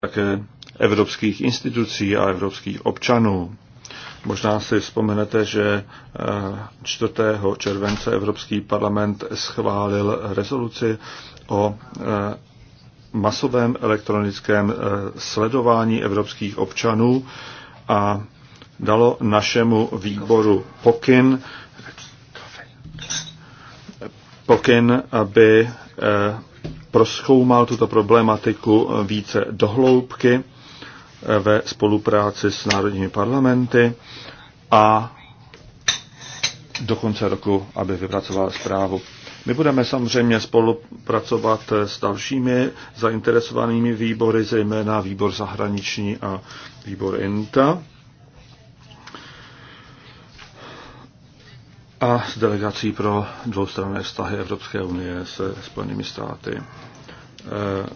také evropských institucí a evropských občanů. Možná si vzpomenete, že 4. Eh, července Evropský parlament schválil rezoluci o eh, masovém elektronickém eh, sledování evropských občanů a dalo našemu výboru pokyn, pokyn aby proskoumal tuto problematiku eh, více dohloubky eh, ve spolupráci s národními parlamenty a do konce roku, aby vypracoval zprávu. My budeme samozřejmě spolupracovat eh, s dalšími zainteresovanými výbory, zejména výbor zahraniční a výbor INTA. a s delegací pro dvoustranné vztahy Evropské unie se Spojenými státy. Eh,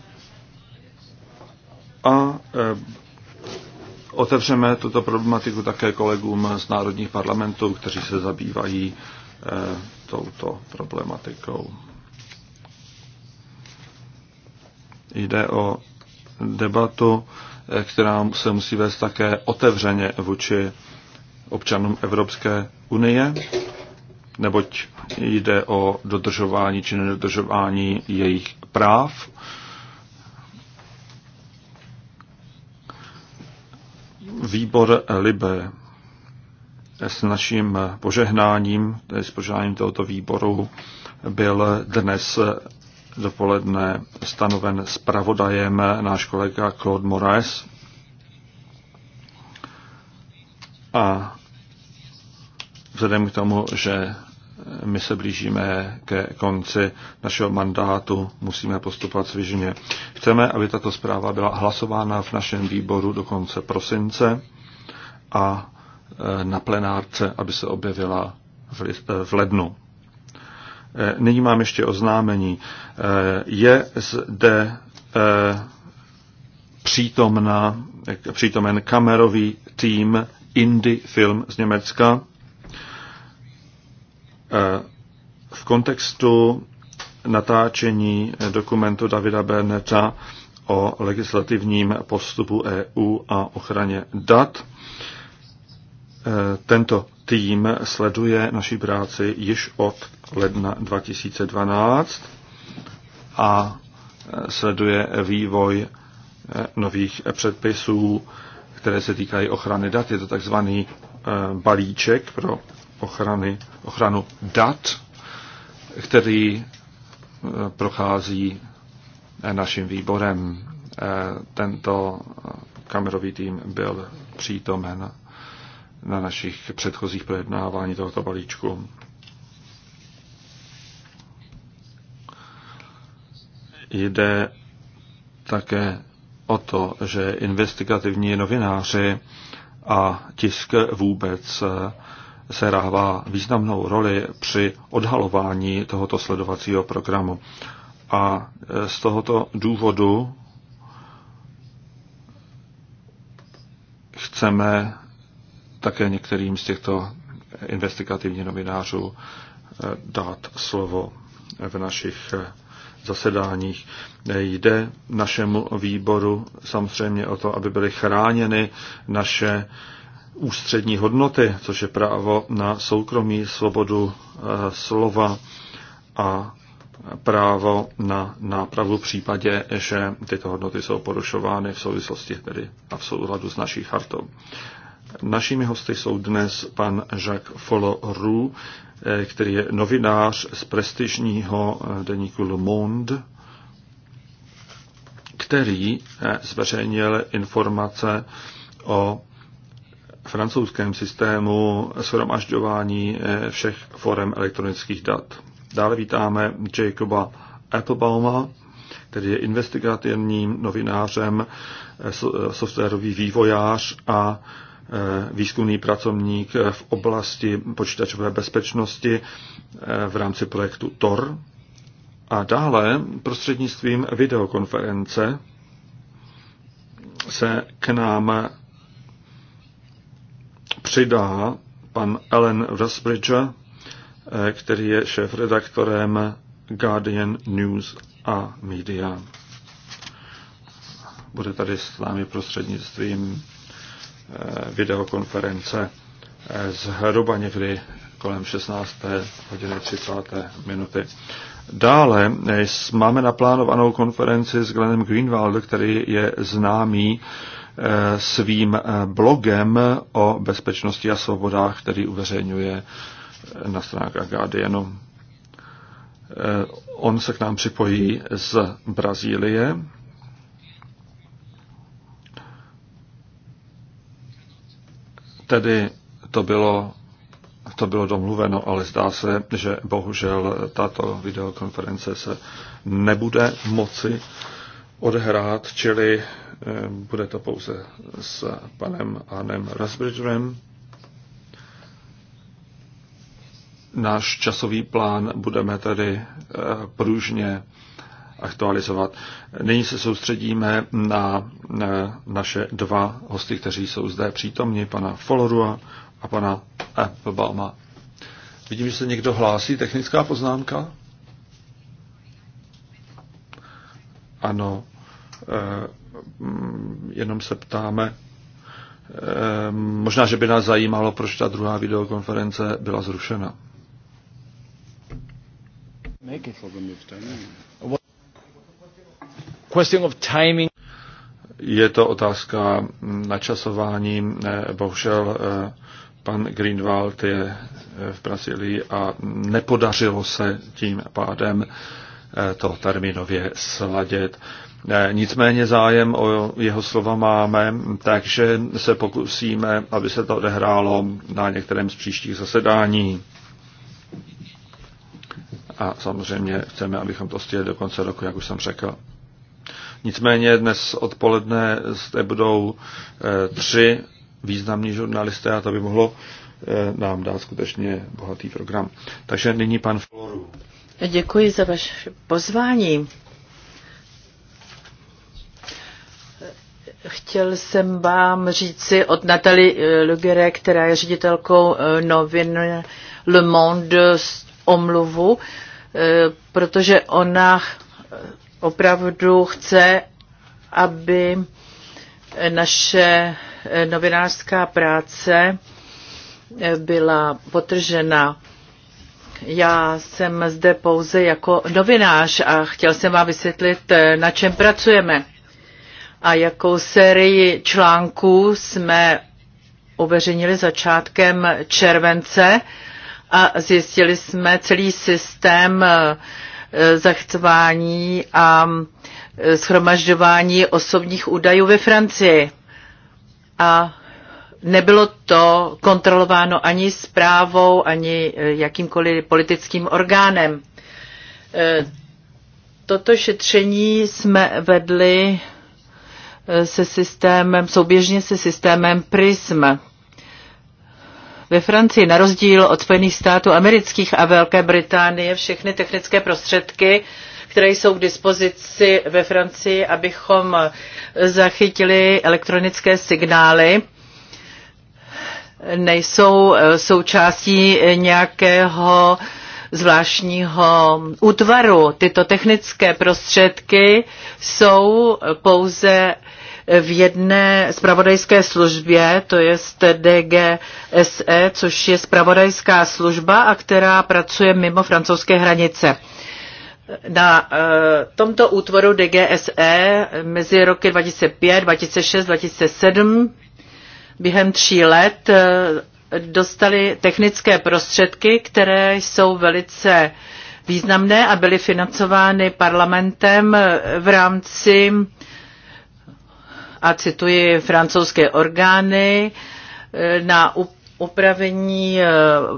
a eh, otevřeme tuto problematiku také kolegům z národních parlamentů, kteří se zabývají eh, touto problematikou. Jde o debatu, která se musí vést také otevřeně vůči občanům Evropské unie neboť jde o dodržování či nedodržování jejich práv. Výbor Libe s naším požehnáním, tedy s požehnáním tohoto výboru, byl dnes dopoledne stanoven zpravodajem náš kolega Claude Moraes. A vzhledem k tomu, že my se blížíme ke konci našeho mandátu, musíme postupovat svěžně. Chceme, aby tato zpráva byla hlasována v našem výboru do konce prosince a e, na plenárce, aby se objevila v e, lednu. E, nyní mám ještě oznámení. Je zde přítomna, přítomen kamerový tým Indie Film z Německa, Eh, v kontextu natáčení dokumentu Davida Berneta o legislativním postupu EU a ochraně dat. Eh, tento tým sleduje naší práci již od ledna 2012 a eh, sleduje vývoj nových předpisů, které se týkají ochrany dat. Je to takzvaný balíček pro ochrany, ochranu dat, který eh, prochází eh, naším výborem. Eh, tento kamerový tým byl přítomen na našich předchozích projednávání tohoto balíčku. Jde také o to, že investigativní novináři a tisk vůbec sehrává významnou roli při odhalování tohoto sledovacího programu. A e, z tohoto důvodu chceme také některým z těchto investigativních novinářů e, dát slovo v našich e, zasedáních. Jde našemu výboru samozřejmě o to, aby byly chráněny naše ústřední hodnoty, což je právo na soukromí, svobodu eh, slova a právo na nápravu v případě, že tyto hodnoty jsou porušovány v souvislosti tedy a v souladu s naší chartou. Našimi hosty jsou dnes pan Jacques Folloru, eh, který je novinář z prestižního eh, deníku Le Monde, který zveřejnil informace o francouzském systému shromažďování eh, všech forem elektronických dat. Dále vítáme Jacoba Applebauma, který je investigativním novinářem, eh, eh, softwarový vývojář a výzkumný pracovník v oblasti počítačové bezpečnosti v rámci projektu TOR. A dále prostřednictvím videokonference se k nám přidá pan Ellen Rusbridge, eh, který je šéf-redaktorem Guardian News a Media. Bude tady s námi prostřednictvím eh, videokonference eh, zhruba někdy kolem 16. hodiny 30. minuty. Dále máme naplánovanou konferenci s Glennem Greenwald, který je známý svým eh, blogem o bezpečnosti a svobodách, který uveřejňuje eh, na stránkách Guardianu. Eh, on se k nám připojí z Brazílie. Tedy to bylo, to bylo domluveno, ale zdá se, že bohužel tato videokonference se nebude moci odehrát, čili Eh, bude to pouze s panem Anem Rasbridgerem. Náš časový plán budeme tedy eh, pružně aktualizovat. Nyní se soustředíme na naše dva hosty, kteří jsou zde přítomní, pana Folorua a pana Applebauma. Vidím, že se někdo hlásí. Technická poznámka? Ano. Eh, jenom se ptáme, eh, možná, že by nás zajímalo, proč ta druhá videokonference byla zrušena. Je to otázka načasování. Eh, bohužel eh, pan Greenwald je v Brazílii a nepodařilo se tím pádem to termínově sladit. Nicméně zájem o jeho slova máme, takže se pokusíme, aby se to odehrálo na některém z příštích zasedání. A samozřejmě chceme, abychom to stihli do konce roku, jak už jsem řekl. Nicméně dnes odpoledne zde budou eh, tři významní žurnalisté a to by mohlo eh, nám dát skutečně bohatý program. Takže nyní pan Floru. Děkuji za vaše pozvání. Chtěl jsem vám říci od Natalie eh, Lugere, která je ředitelkou eh, novin Le Monde omluvu, eh, protože ona opravdu chce, aby naše novinářská práce byla potržena. Já jsem zde pouze jako novinář a chtěl jsem vám vysvětlit, na čem pracujeme a jakou sérii článků jsme uveřejnili začátkem července a zjistili jsme celý systém eh, zachcování a eh, schromažďování osobních údajů ve Francii. A nebylo to kontrolováno ani zprávou, ani eh, jakýmkoliv politickým orgánem. Toto šetření jsme vedli Eh, se systémem, souběžně se systémem PRISM. Ve Francii, na rozdíl od Spojených států amerických a Velké Británie, všechny technické prostředky, které jsou k dispozici ve Francii, abychom zachytili elektronické signály, nejsou eh, součástí nějakého zvláštního útvaru. Tyto technické prostředky jsou pouze v jedné spravodajské službě, to je DGSE, což je spravodajská služba, a která pracuje mimo francouzské hranice. Na uh, tomto útvoru DGSE mezi roky 2005, 2006, 2007 během tří let eh, dostali technické prostředky, které jsou velice významné a byly financovány parlamentem v rámci, a cituji francouzské orgány, eh, na upravení eh,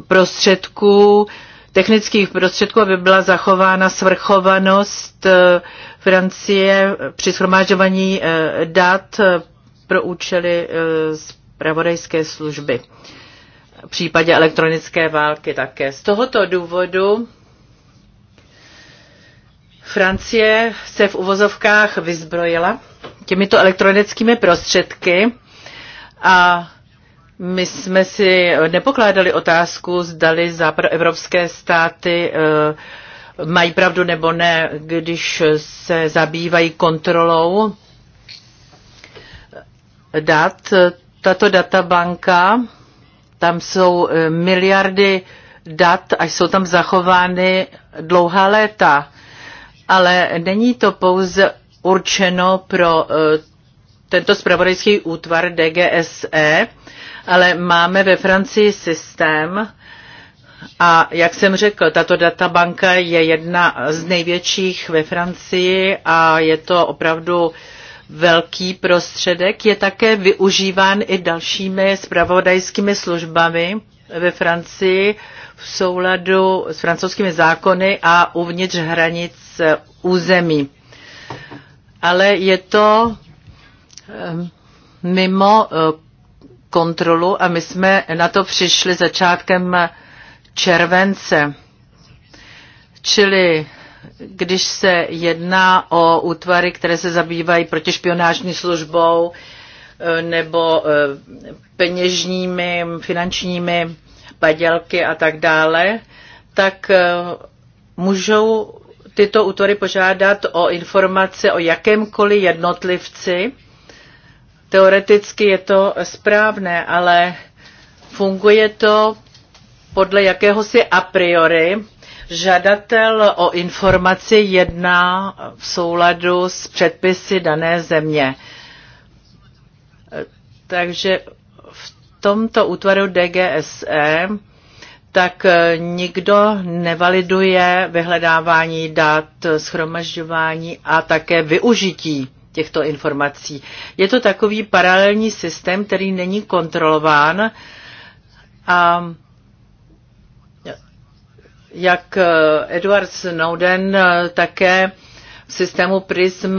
prostředků, technických prostředků, aby byla zachována svrchovanost eh, Francie při schromažďování dat pro účely zpravodajské služby v případě elektronické války také. Z tohoto důvodu Francie se v uvozovkách vyzbrojila těmito elektronickými prostředky a my jsme si nepokládali otázku, zdali evropské státy eh, mají pravdu nebo ne, když se zabývají kontrolou dat. Tato databanka tam jsou e, miliardy dat a jsou tam zachovány dlouhá léta. Ale není to pouze určeno pro e, tento spravodajský útvar DGSE, ale máme ve Francii systém, a jak jsem řekl, tato databanka je jedna z největších ve Francii a je to opravdu velký prostředek, je také využíván i dalšími spravodajskými službami ve Francii v souladu s francouzskými zákony a uvnitř hranic území. Ale je to ehm, mimo eh, kontrolu a my jsme na to přišli začátkem července. Čili když se jedná o útvary, které se zabývají protišpionážní službou eh, nebo eh, peněžními, finančními padělky a tak dále, tak eh, můžou tyto útvary požádat o informace o jakémkoliv jednotlivci. Teoreticky je to správné, ale funguje to podle jakéhosi a priori Žadatel o informaci jedná v souladu s předpisy dané země. Takže v tomto útvaru DGSE tak nikdo nevaliduje vyhledávání dat, schromažďování a také využití těchto informací. Je to takový paralelní systém, který není kontrolován a jak eh, Edward Snowden eh, také v systému PRISM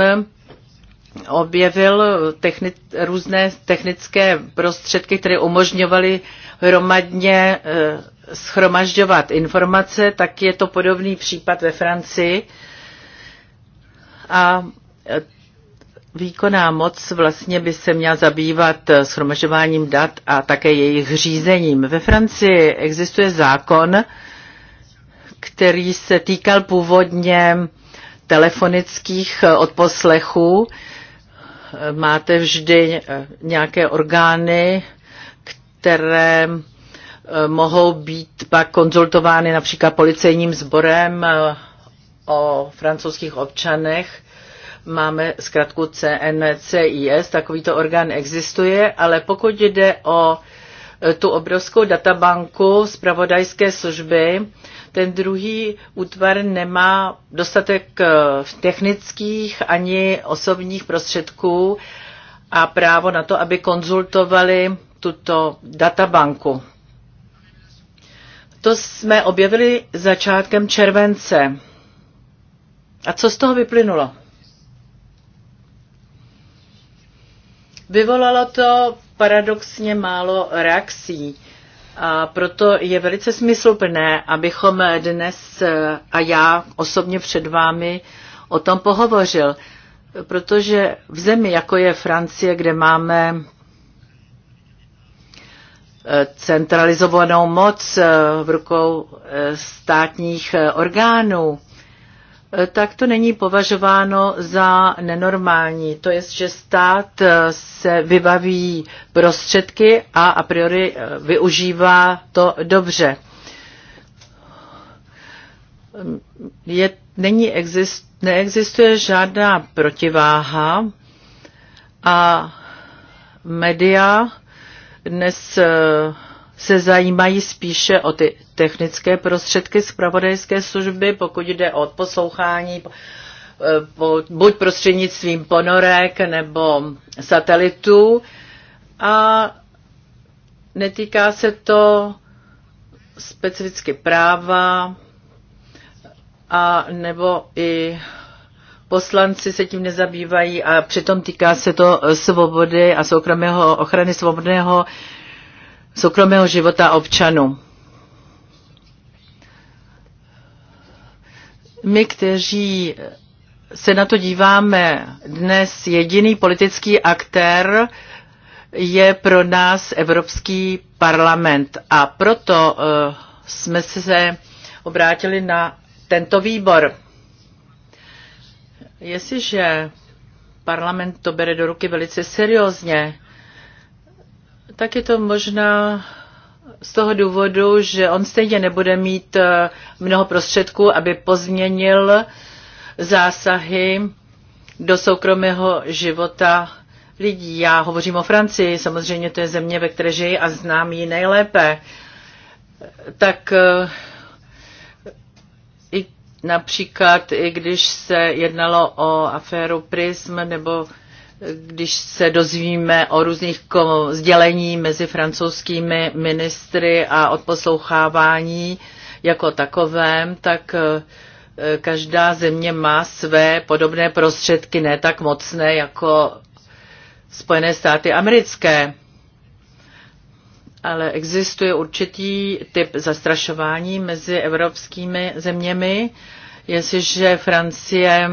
objevil techni- různé technické prostředky, které umožňovaly hromadně eh, schromažďovat informace, tak je to podobný případ ve Francii. A výkonná moc vlastně by se měla zabývat schromažďováním dat a také jejich řízením. Ve Francii existuje zákon, který se týkal původně telefonických eh, odposlechů. Eh, máte vždy eh, nějaké orgány, které mohou být pak konzultovány například policejním sborem o francouzských občanech. Máme zkrátku CNCIS, takovýto orgán existuje, ale pokud jde o tu obrovskou databanku zpravodajské služby, ten druhý útvar nemá dostatek eh, technických ani osobních prostředků a právo na to, aby konzultovali tuto databanku. To jsme objevili začátkem července. A co z toho vyplynulo? Vyvolalo to paradoxně málo reakcí. A proto je velice smysluplné, abychom dnes eh, a já osobně před vámi o tom pohovořil, protože v zemi, jako je Francie, kde máme eh, centralizovanou moc eh, v rukou státních orgánů, Eh, tak to není považováno za nenormální. To je, že stát eh, se vybaví prostředky a a priori eh, využívá to dobře. Je, není exist, neexistuje žádná protiváha a média dnes se zajímají spíše o ty technické prostředky pravodajské služby, pokud jde o poslouchání eh, buď prostřednictvím ponorek nebo satelitů. A netýká se to specificky práva a nebo i poslanci se tím nezabývají a přitom týká se to svobody a soukromého ochrany svobodného soukromého života občanů. My, kteří se na to díváme dnes, jediný politický aktér je pro nás Evropský parlament. A proto uh, jsme se obrátili na tento výbor. Jestliže parlament to bere do ruky velice seriózně, tak je to možná z toho důvodu, že on stejně nebude mít eh, mnoho prostředků, aby pozměnil zásahy do soukromého života lidí. Já hovořím o Francii, samozřejmě to je země, ve které žijí a znám ji nejlépe. Tak eh, i například, i když se jednalo o aféru Prism nebo když se dozvíme o různých sdělení mezi francouzskými ministry a odposlouchávání jako takovém, tak eh, každá země má své podobné prostředky, ne tak mocné jako Spojené státy americké. Ale existuje určitý typ zastrašování mezi evropskými zeměmi, jestliže Francie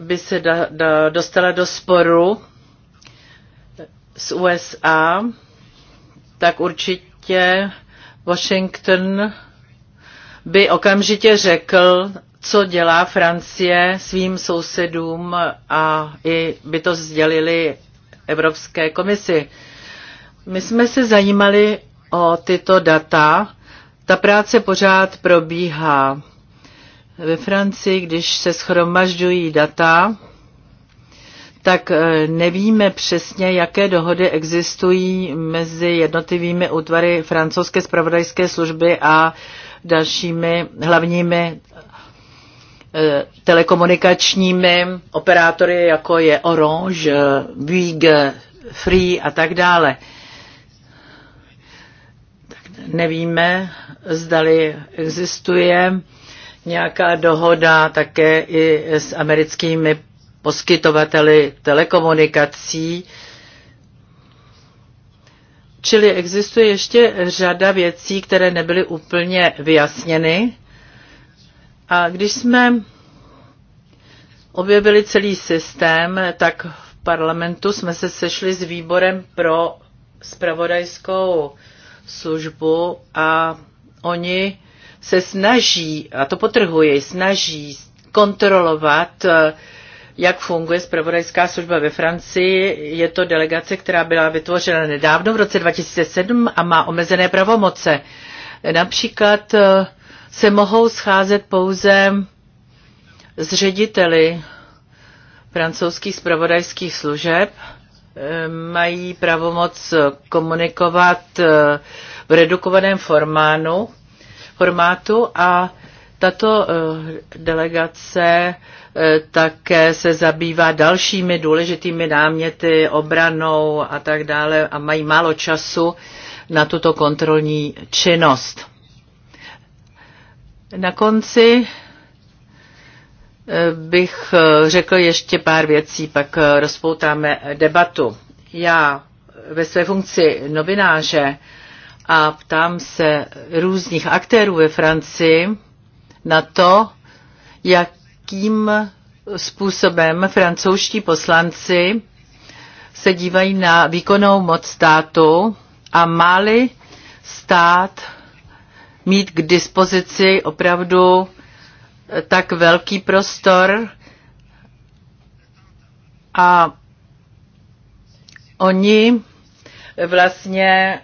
by se da, da, dostala do sporu s USA, tak určitě Washington by okamžitě řekl, co dělá Francie svým sousedům a i by to sdělili Evropské komisi. My jsme se zajímali o tyto data. Ta práce pořád probíhá. Ve Francii, když se schromažďují data, tak e, nevíme přesně, jaké dohody existují mezi jednotlivými útvary francouzské spravodajské služby a dalšími hlavními e, telekomunikačními operátory, jako je Orange, e, Bouygues, Free a tak dále. Tak nevíme, zdali existuje nějaká dohoda také i s americkými poskytovateli telekomunikací. Čili existuje ještě řada věcí, které nebyly úplně vyjasněny. A když jsme objevili celý systém, tak v parlamentu jsme se sešli s výborem pro spravodajskou službu a oni se snaží, a to potrhuje, snaží kontrolovat, eh, jak funguje zpravodajská služba ve Francii. Je to delegace, která byla vytvořena nedávno v roce 2007 a má omezené pravomoce. Například eh, se mohou scházet pouze s řediteli francouzských zpravodajských služeb, eh, mají pravomoc komunikovat v redukovaném formánu, formátu a tato eh, delegace eh, také se zabývá dalšími důležitými náměty, obranou a tak dále a mají málo času na tuto kontrolní činnost. Na konci eh, bych řekl ještě pár věcí, pak rozpoutáme debatu. Já ve své funkci novináře a ptám se různých aktérů ve Francii na to, jakým způsobem francouzští poslanci se dívají na výkonnou moc státu a máli stát mít k dispozici opravdu tak velký prostor a oni vlastně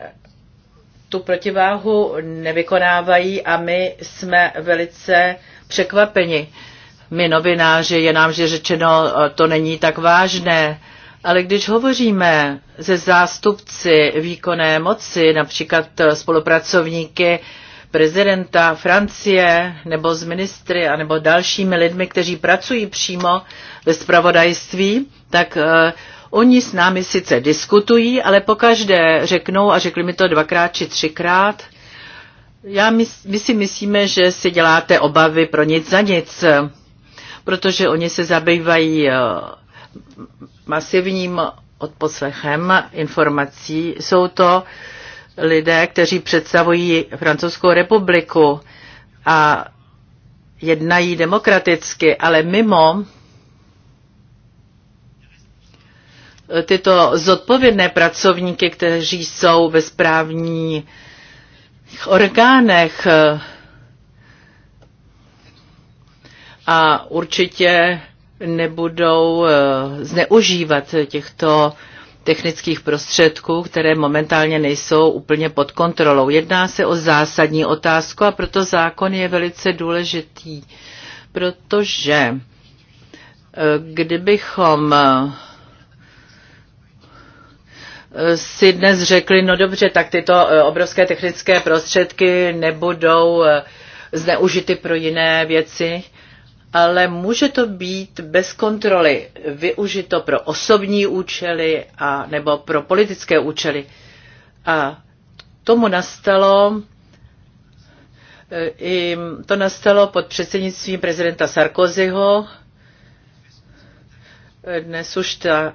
tu protiváhu nevykonávají a my jsme velice překvapeni. My novináři, je nám že řečeno, to není tak vážné, ale když hovoříme se zástupci výkonné moci, například spolupracovníky prezidenta Francie nebo z ministry a nebo dalšími lidmi, kteří pracují přímo ve spravodajství, tak uh, Oni s námi sice diskutují, ale pokaždé řeknou, a řekli mi to dvakrát či třikrát, já my, my si myslíme, že si děláte obavy pro nic za nic, protože oni se zabývají eh, masivním odposlechem informací. Jsou to lidé, kteří představují Francouzskou republiku a jednají demokraticky, ale mimo tyto zodpovědné pracovníky, kteří jsou ve správních orgánech. A určitě nebudou eh, zneužívat těchto technických prostředků, které momentálně nejsou úplně pod kontrolou. Jedná se o zásadní otázku a proto zákon je velice důležitý, protože eh, kdybychom eh, Eh, si dnes řekli, no dobře, tak tyto eh, obrovské technické prostředky nebudou eh, zneužity pro jiné věci, ale může to být bez kontroly využito pro osobní účely a nebo pro politické účely. A tomu nastalo i to nastalo pod předsednictvím prezidenta Sarkozyho. Dnes už ta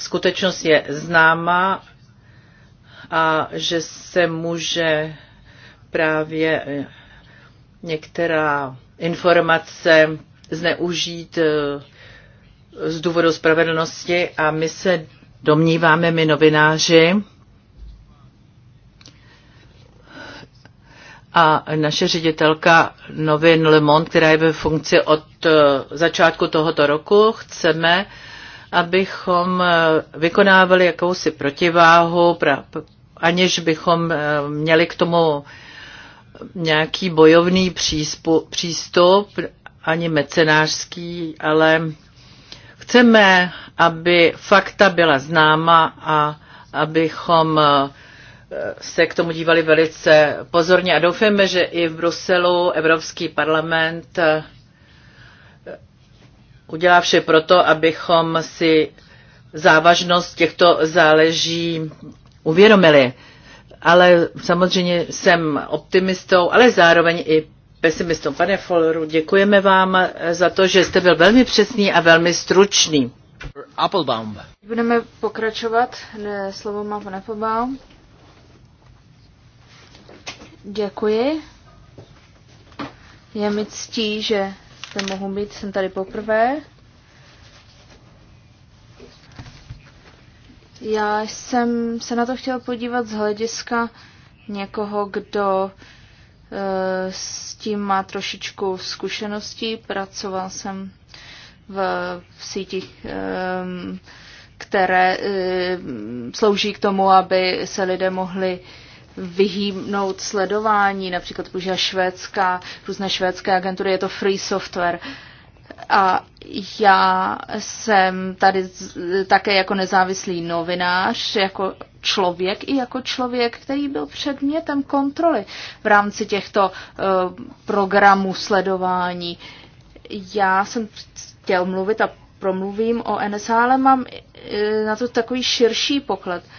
skutečnost je známa a že se může právě eh, některá informace zneužít eh, z důvodu spravedlnosti a my se domníváme, my novináři, a naše ředitelka novin Le Monde, která je ve funkci od eh, začátku tohoto roku, chceme abychom eh, vykonávali jakousi protiváhu, aniž bychom eh, měli k tomu nějaký bojovný přístup, ani mecenářský, ale chceme, aby fakta byla známa a abychom eh, se k tomu dívali velice pozorně a doufáme, že i v Bruselu Evropský parlament udělá vše proto, abychom si závažnost těchto záleží uvědomili. Ale samozřejmě jsem optimistou, ale zároveň i pesimistou. Pane Folleru, děkujeme vám za to, že jste byl velmi přesný a velmi stručný. Applebaum. Budeme pokračovat. Slovo má pan Applebaum. Děkuji. Je mi ctí, že zde mohu být, jsem tady poprvé. Já jsem se na to chtěl podívat z hlediska někoho, kdo e, s tím má trošičku zkušeností. Pracoval jsem v, v sítích, e, které e, slouží k tomu, aby se lidé mohli vyhýbnout sledování, například používá švédská, různé švédské agentury, je to free software. A já jsem tady také jako nezávislý novinář, jako člověk i jako člověk, který byl předmětem kontroly v rámci těchto uh, programů sledování. Já jsem chtěl mluvit a promluvím o NSA, ale mám eh, na to takový širší poklad. Uh,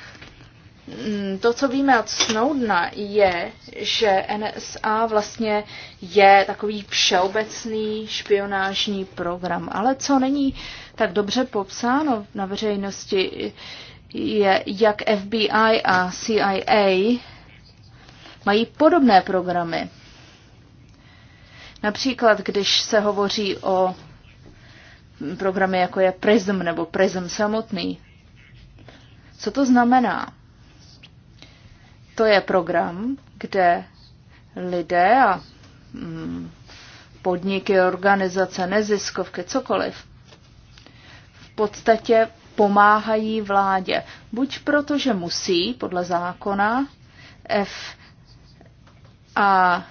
Mm, to, co víme od Snowdena, je, že NSA vlastně je takový všeobecný špionážní program. Ale co není tak dobře popsáno na veřejnosti, je, jak FBI a CIA mají podobné programy. Například, když se hovoří o programy jako je PRISM nebo PRISM samotný. Co to znamená? To je program, kde lidé a mm, podniky, organizace, neziskovky, cokoliv, v podstatě pomáhají vládě. Buď proto, že musí podle zákona F a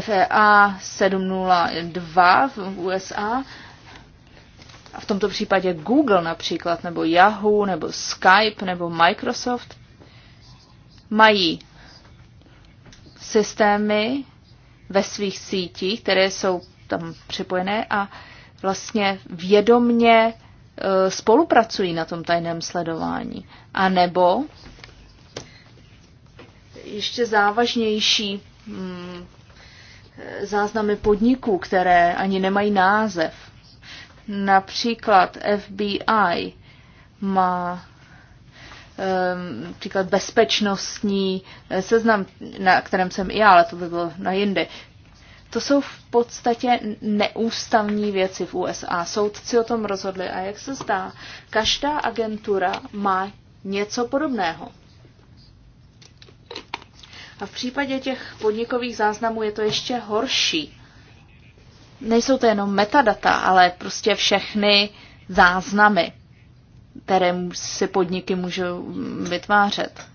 FEA 702 v USA, a v tomto případě Google například, nebo Yahoo, nebo Skype, nebo Microsoft, mají systémy ve svých sítích, které jsou tam připojené a vlastně vědomně e, spolupracují na tom tajném sledování. A nebo ještě závažnější mm, záznamy podniků, které ani nemají název. Například FBI má Ehm, příklad bezpečnostní eh, seznam, na kterém jsem i já, ale to by bylo na jindy. To jsou v podstatě neústavní věci v USA. Soudci o tom rozhodli a jak se zdá, každá agentura má něco podobného. A v případě těch podnikových záznamů je to ještě horší. Nejsou to jenom metadata, ale prostě všechny záznamy které si podniky můžou vytvářet.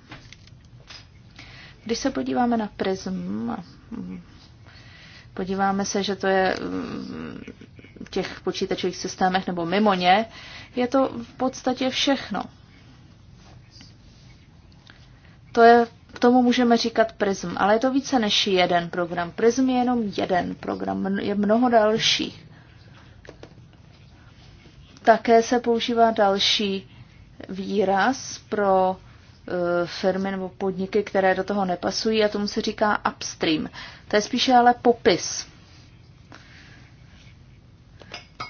Když se podíváme na prism, podíváme se, že to je v těch počítačových systémech nebo mimo ně, je to v podstatě všechno. To je, k tomu můžeme říkat prism, ale je to více než jeden program. Prism je jenom jeden program, je mnoho dalších. Také se používá další výraz pro e, firmy nebo podniky, které do toho nepasují a tomu se říká upstream. To je spíše ale popis.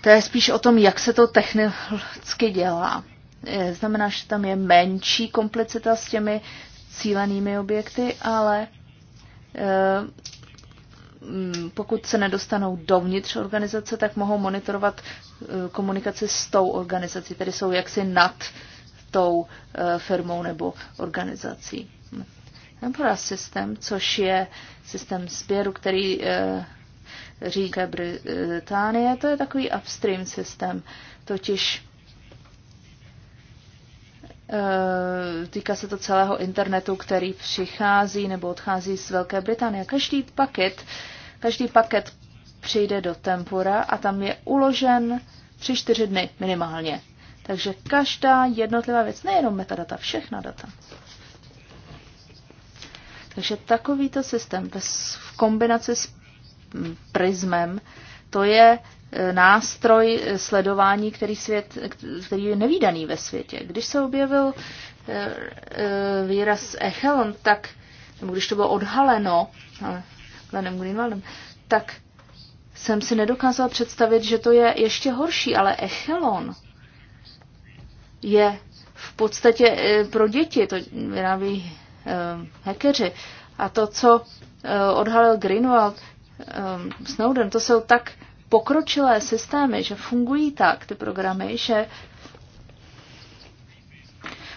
To je spíš o tom, jak se to technicky dělá. E, znamená, že tam je menší komplicita s těmi cílenými objekty, ale e, Mm, pokud se nedostanou dovnitř organizace, tak mohou monitorovat e, komunikaci s tou organizací, tedy jsou jaksi nad tou e, firmou nebo organizací. Empora systém, což je systém sběru, který e, říká Británie, to je takový upstream systém, totiž Eh, týká se to celého internetu, který přichází nebo odchází z Velké Británie. Každý paket, každý paket přijde do tempora a tam je uložen 3-4 dny minimálně. Takže každá jednotlivá věc, nejenom metadata, všechna data. Takže takovýto systém v kombinaci s mm, prismem, to je nástroj sledování, který, svět, který je nevýdaný ve světě. Když se objevil eh, eh, výraz Echelon, tak, nebo když to bylo odhaleno eh, Glennem Greenwaldem, tak jsem si nedokázal představit, že to je ještě horší, ale Echelon je v podstatě pro děti, to vyrábí hekeři. A to, co odhalil Greenwald, Snowden, to jsou tak pokročilé systémy, že fungují tak ty programy, že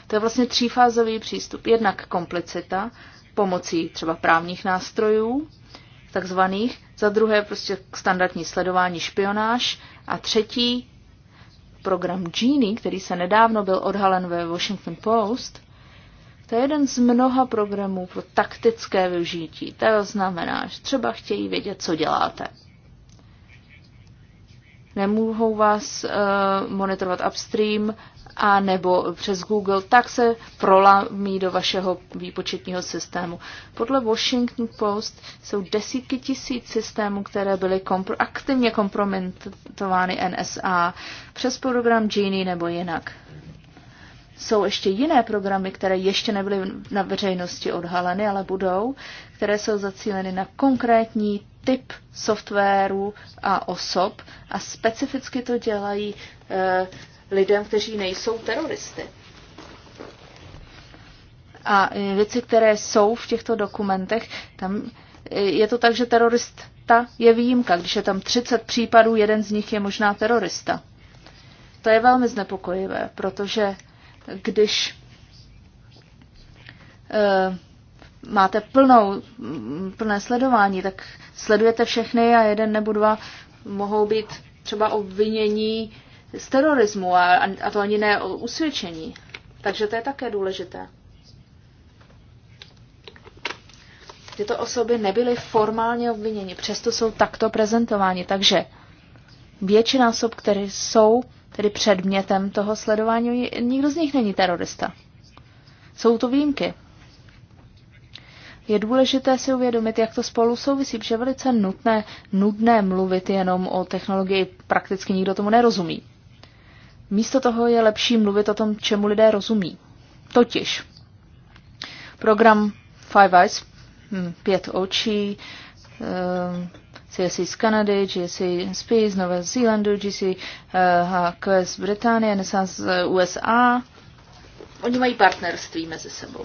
to je vlastně třífázový přístup. Jednak komplicita pomocí třeba právních nástrojů, takzvaných, za druhé prostě standardní sledování špionáž a třetí program Genie, který se nedávno byl odhalen ve Washington Post, to je jeden z mnoha programů pro taktické využití. To znamená, že třeba chtějí vědět, co děláte nemohou vás eh, monitorovat upstream a nebo přes Google, tak se prolamí do vašeho výpočetního systému. Podle Washington Post jsou desítky tisíc systémů, které byly kompro- aktivně kompromitovány NSA přes program Genie nebo jinak. Jsou ještě jiné programy, které ještě nebyly na veřejnosti odhaleny, ale budou, které jsou zacíleny na konkrétní typ softwaru a osob a specificky to dělají e, lidem, kteří nejsou teroristy. A eh, věci, které jsou v těchto dokumentech, tam eh, je to tak, že terorista je výjimka. Když je tam 30 případů, jeden z nich je možná terorista. To je velmi znepokojivé, protože když máte plnou, plné sledování, tak sledujete všechny a jeden nebo dva mohou být třeba obvinění z terorismu a, a to ani ne o usvědčení. Takže to je také důležité. Tyto osoby nebyly formálně obviněni, přesto jsou takto prezentováni. Takže většina osob, které jsou tedy předmětem toho sledování, nikdo z nich není terorista. Jsou to výjimky je důležité si uvědomit, jak to spolu souvisí, protože je velice nutné, nudné mluvit jenom o technologii, prakticky nikdo tomu nerozumí. Místo toho je lepší mluvit o tom, čemu lidé rozumí. Totiž program Five Eyes, hm, pět očí, eh, CSI z Kanady, GSI z z Nové Zélandu, GSI HQ eh, z Británie, NSA z USA. Oni mají partnerství mezi sebou.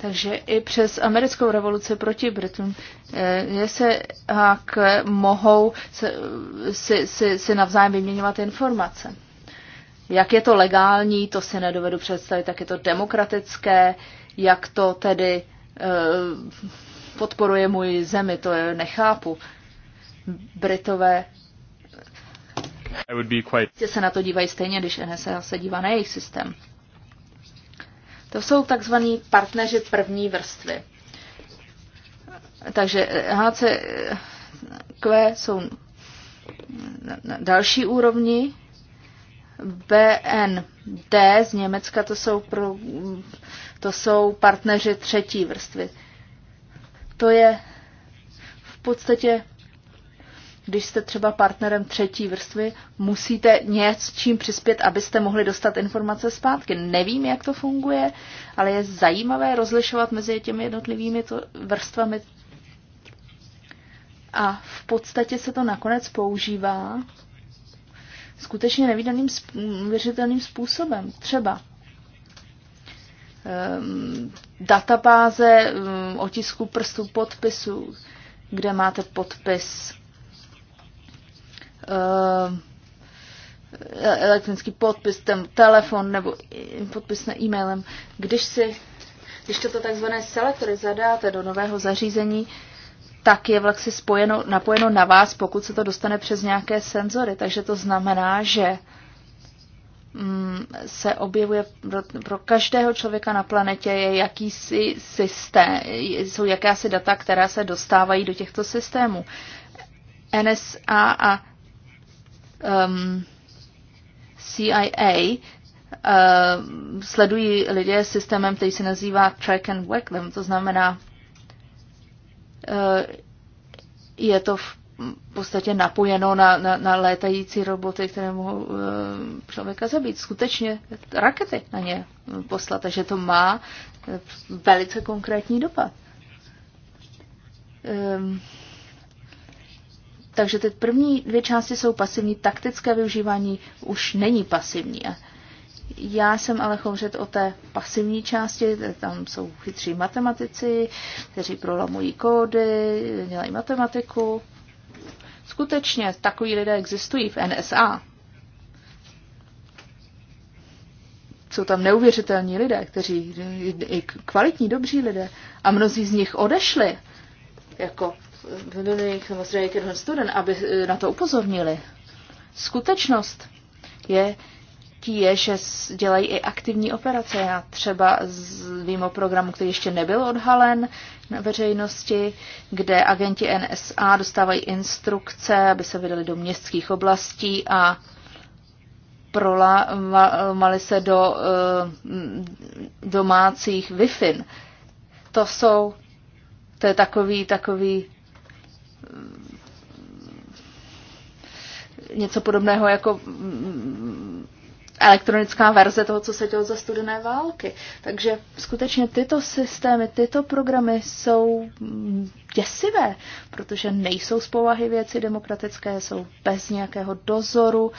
Takže i přes americkou revoluci proti Britům eh, je se jak mohou si, si, si navzájem vyměňovat informace. Jak je to legální, to si nedovedu představit, tak je to demokratické, jak to tedy eh, podporuje můj zemi, to je, nechápu. Britové I would be quite... se na to dívají stejně, když NSA se dívá na jejich systém. To jsou takzvaní partneři první vrstvy. Takže HCQ eh, jsou na další úrovni. BND z Německa to jsou, pro, to jsou partneři třetí vrstvy. To je v podstatě když jste třeba partnerem třetí vrstvy, musíte něco čím přispět, abyste mohli dostat informace zpátky. Nevím, jak to funguje, ale je zajímavé rozlišovat mezi těmi jednotlivými to vrstvami. A v podstatě se to nakonec používá skutečně nevýdaným, věřitelným způsobem. Třeba um, databáze um, otisku prstů podpisu, kde máte podpis Eh, elektronický podpis, ten telefon nebo podpis na e-mailem. Když si, když toto takzvané selektory zadáte do nového zařízení, tak je vlastně spojeno, napojeno na vás, pokud se to dostane přes nějaké senzory. Takže to znamená, že mm, se objevuje pro každého člověka na planetě je jakýsi systém, jsou jakási data, která se dostávají do těchto systémů. NSA a um, CIA uh, sledují lidé s systémem, který se nazývá track and whack them, to znamená, uh, je to v podstatě napojeno na, na, na létající roboty, které mohou uh, člověka zabít. Skutečně rakety na ně poslat, takže to má uh, velice konkrétní dopad. Um, takže ty první dvě části jsou pasivní, taktické využívání už není pasivní. Já jsem ale hovořit o té pasivní části, tam jsou chytří matematici, kteří prolamují kódy, dělají matematiku. Skutečně takový lidé existují v NSA. Jsou tam neuvěřitelní lidé, kteří i kvalitní, dobří lidé. A mnozí z nich odešli jako vedli jejich nebo jejich student, aby eh, na to upozornili. Skutečnost je, je, že dělají i aktivní operace. Já třeba vím o programu, který ještě nebyl odhalen na veřejnosti, kde agenti NSA dostávají instrukce, aby se vydali do městských oblastí a prolamali se do eh, domácích Wi-Fi. To jsou, to je takový, takový Eh, něco podobného jako mm, elektronická verze toho, co se dělo za studené války. Takže skutečně tyto systémy, tyto programy jsou mm, děsivé, protože nejsou z povahy věci demokratické, jsou bez nějakého dozoru.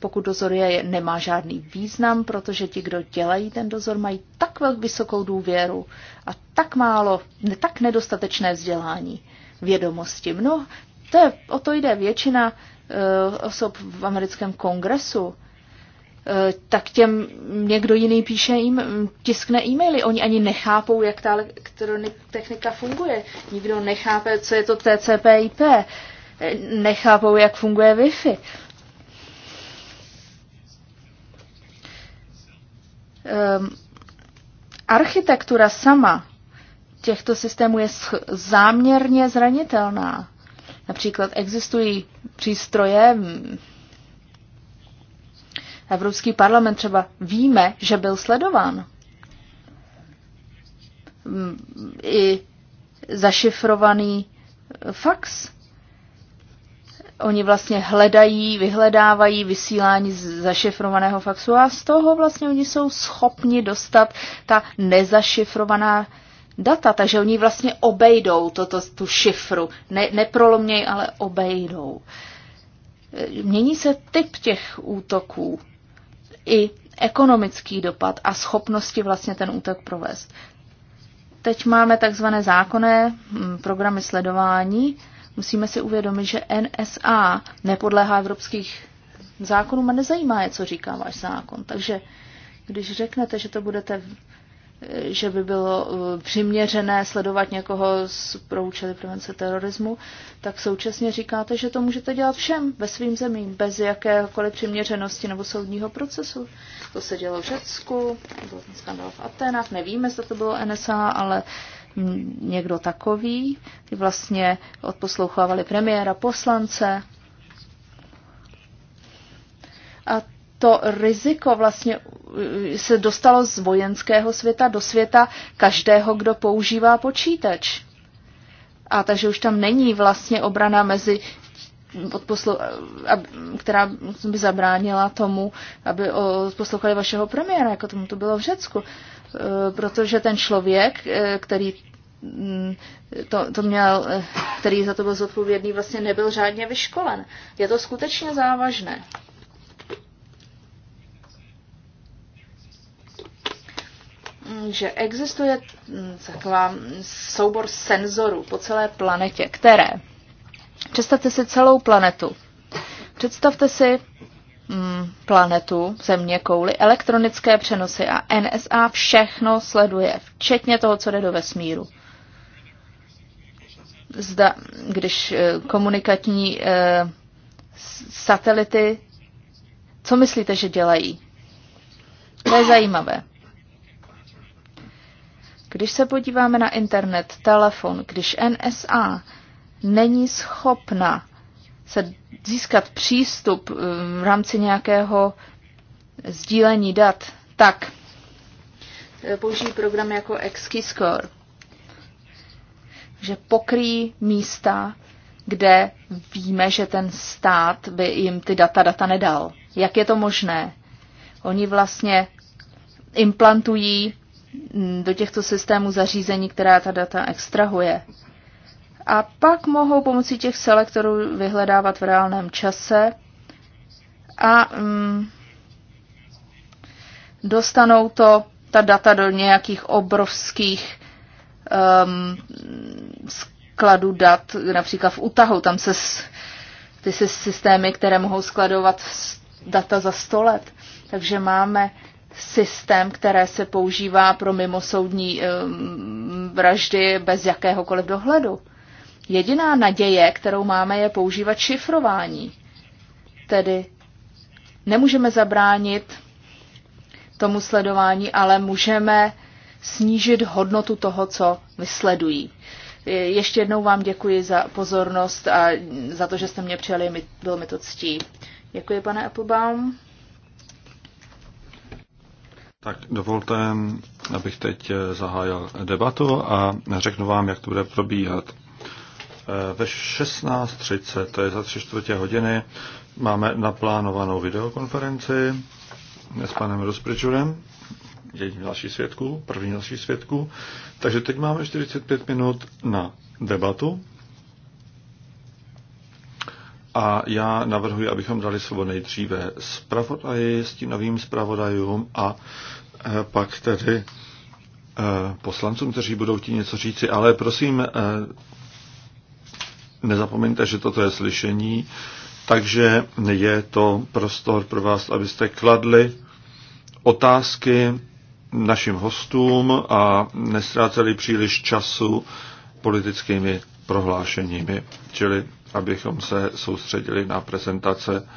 Pokud dozor je, nemá žádný význam, protože ti, kdo dělají ten dozor, mají tak velkou vysokou důvěru a tak málo, tak nedostatečné vzdělání vědomosti. Mno, to je, o to jde většina uh, osob v americkém kongresu, eh, tak těm někdo jiný píše jim, tiskne e-maily. Oni ani nechápou, jak ta technika funguje. Nikdo nechápe, co je to TCP IP. Nechápou, jak funguje Wi-Fi. Um, architektura sama těchto systémů je záměrně zranitelná. Například existují přístroje, Evropský parlament třeba víme, že byl sledován. I zašifrovaný e, fax. Oni vlastně hledají, vyhledávají vysílání zašifrovaného faxu a z toho vlastně oni jsou schopni dostat ta nezašifrovaná data, takže oni vlastně obejdou toto, tu šifru. Ne, neproloměj, ale obejdou. Mění se typ těch útoků i ekonomický dopad a schopnosti vlastně ten útok provést. Teď máme takzvané zákonné hm, programy sledování. Musíme si uvědomit, že NSA nepodléhá evropských zákonům a nezajímá je, co říká váš zákon. Takže když řeknete, že to budete že by bylo eh, přiměřené sledovat někoho z proučely prevence terorismu, tak současně říkáte, že to můžete dělat všem ve svým zemím, bez jakékoliv přiměřenosti nebo soudního procesu. To se dělo v Řecku, byl ten skandal v Atenách, nevíme, zda to bylo NSA, ale někdo takový, kdy vlastně odposlouchávali premiéra, poslance. A to riziko vlastně eh, se dostalo z vojenského světa do světa každého, kdo používá počítač. A takže už tam není vlastně obrana mezi eh, odposlu, eh, která by zabránila tomu, aby poslouchali vašeho premiéra, jako tomu to bylo v Řecku. Protože ten člověk, který mm, to, to měl, který za to byl zodpovědný, vlastně nebyl řádně vyškolen. Je to skutečně závažné. Mm, že existuje mm, taková soubor senzorů po celé planetě, které představte si celou planetu. Představte si mm, planetu, země, kouly, elektronické přenosy a NSA všechno sleduje, včetně toho, co jde do vesmíru. Zda, když eh, komunikační e, satelity, co myslíte, že dělají? To je zajímavé. Když se podíváme na internet, telefon, když NSA není schopna se získat přístup eh, v rámci nějakého sdílení dat, tak eh, použijí program jako XKeyscore, že pokryjí místa, kde víme, že ten stát by jim ty data data nedal. Jak je to možné? Oni vlastně implantují do těchto systémů zařízení, která ta data extrahuje. A pak mohou pomocí těch selektorů vyhledávat v reálném čase a mm, dostanou to, ta data do nějakých obrovských um, skladů dat, například v Utahu, tam se ty se systémy, které mohou skladovat data za 100 let. Takže máme systém, které se používá pro mimosoudní eh, vraždy bez jakéhokoliv dohledu. Jediná naděje, kterou máme, je používat šifrování. Tedy nemůžeme zabránit tomu sledování, ale můžeme snížit hodnotu toho, co vysledují. Eh, ještě jednou vám děkuji za pozornost a za to, že jste mě přijali, bylo mi to ctí. Děkuji, pane Applebaum. Tak dovolte, abych teď zahájil debatu a řeknu vám, jak to bude probíhat. Ve 16.30, to je za tři čtvrtě hodiny, máme naplánovanou videokonferenci s panem Rozpričurem, jedním další svědků, první další svědků. Takže teď máme 45 minut na debatu. A já navrhuji, abychom dali slovo nejdříve zpravodaji, s tím novým zpravodajům a Eh, pak tedy eh, poslancům, kteří budou ti něco říci, ale prosím, eh, nezapomeňte, že toto je slyšení, takže je to prostor pro vás, abyste kladli otázky našim hostům a nestráceli příliš času politickými prohlášeními, čili abychom se soustředili na prezentace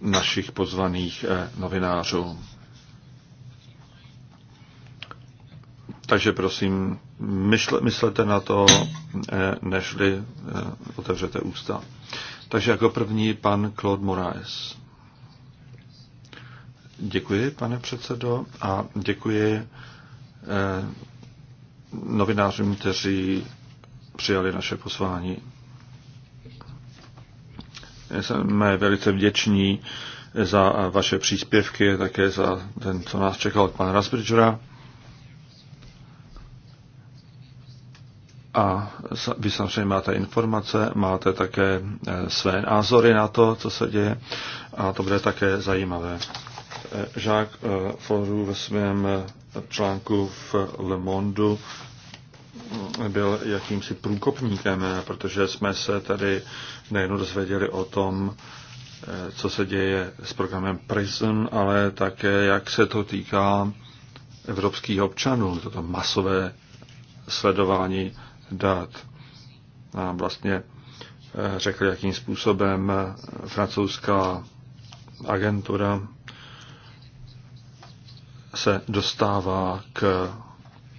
našich pozvaných novinářů. Takže prosím, myšle, myslete na to, eh, nežli eh, otevřete ústa. Takže jako první pan Claude Moraes. Děkuji, pane předsedo, a děkuji eh, novinářům, kteří přijali naše poslání. Jsme velice vděční za vaše příspěvky, také za ten, co nás čekal od pana Rasbridgera. A vy samozřejmě máte informace, máte také e, své názory na to, co se děje a to bude také zajímavé. E, Jacques e, Foru ve svém článku v Le Monde byl jakýmsi průkopníkem, protože jsme se tady nejen dozvěděli o tom, co se děje s programem Prison, ale také jak se to týká evropských občanů, toto masové sledování dat. A vlastně eh, řekl, jakým způsobem eh, francouzská agentura se dostává k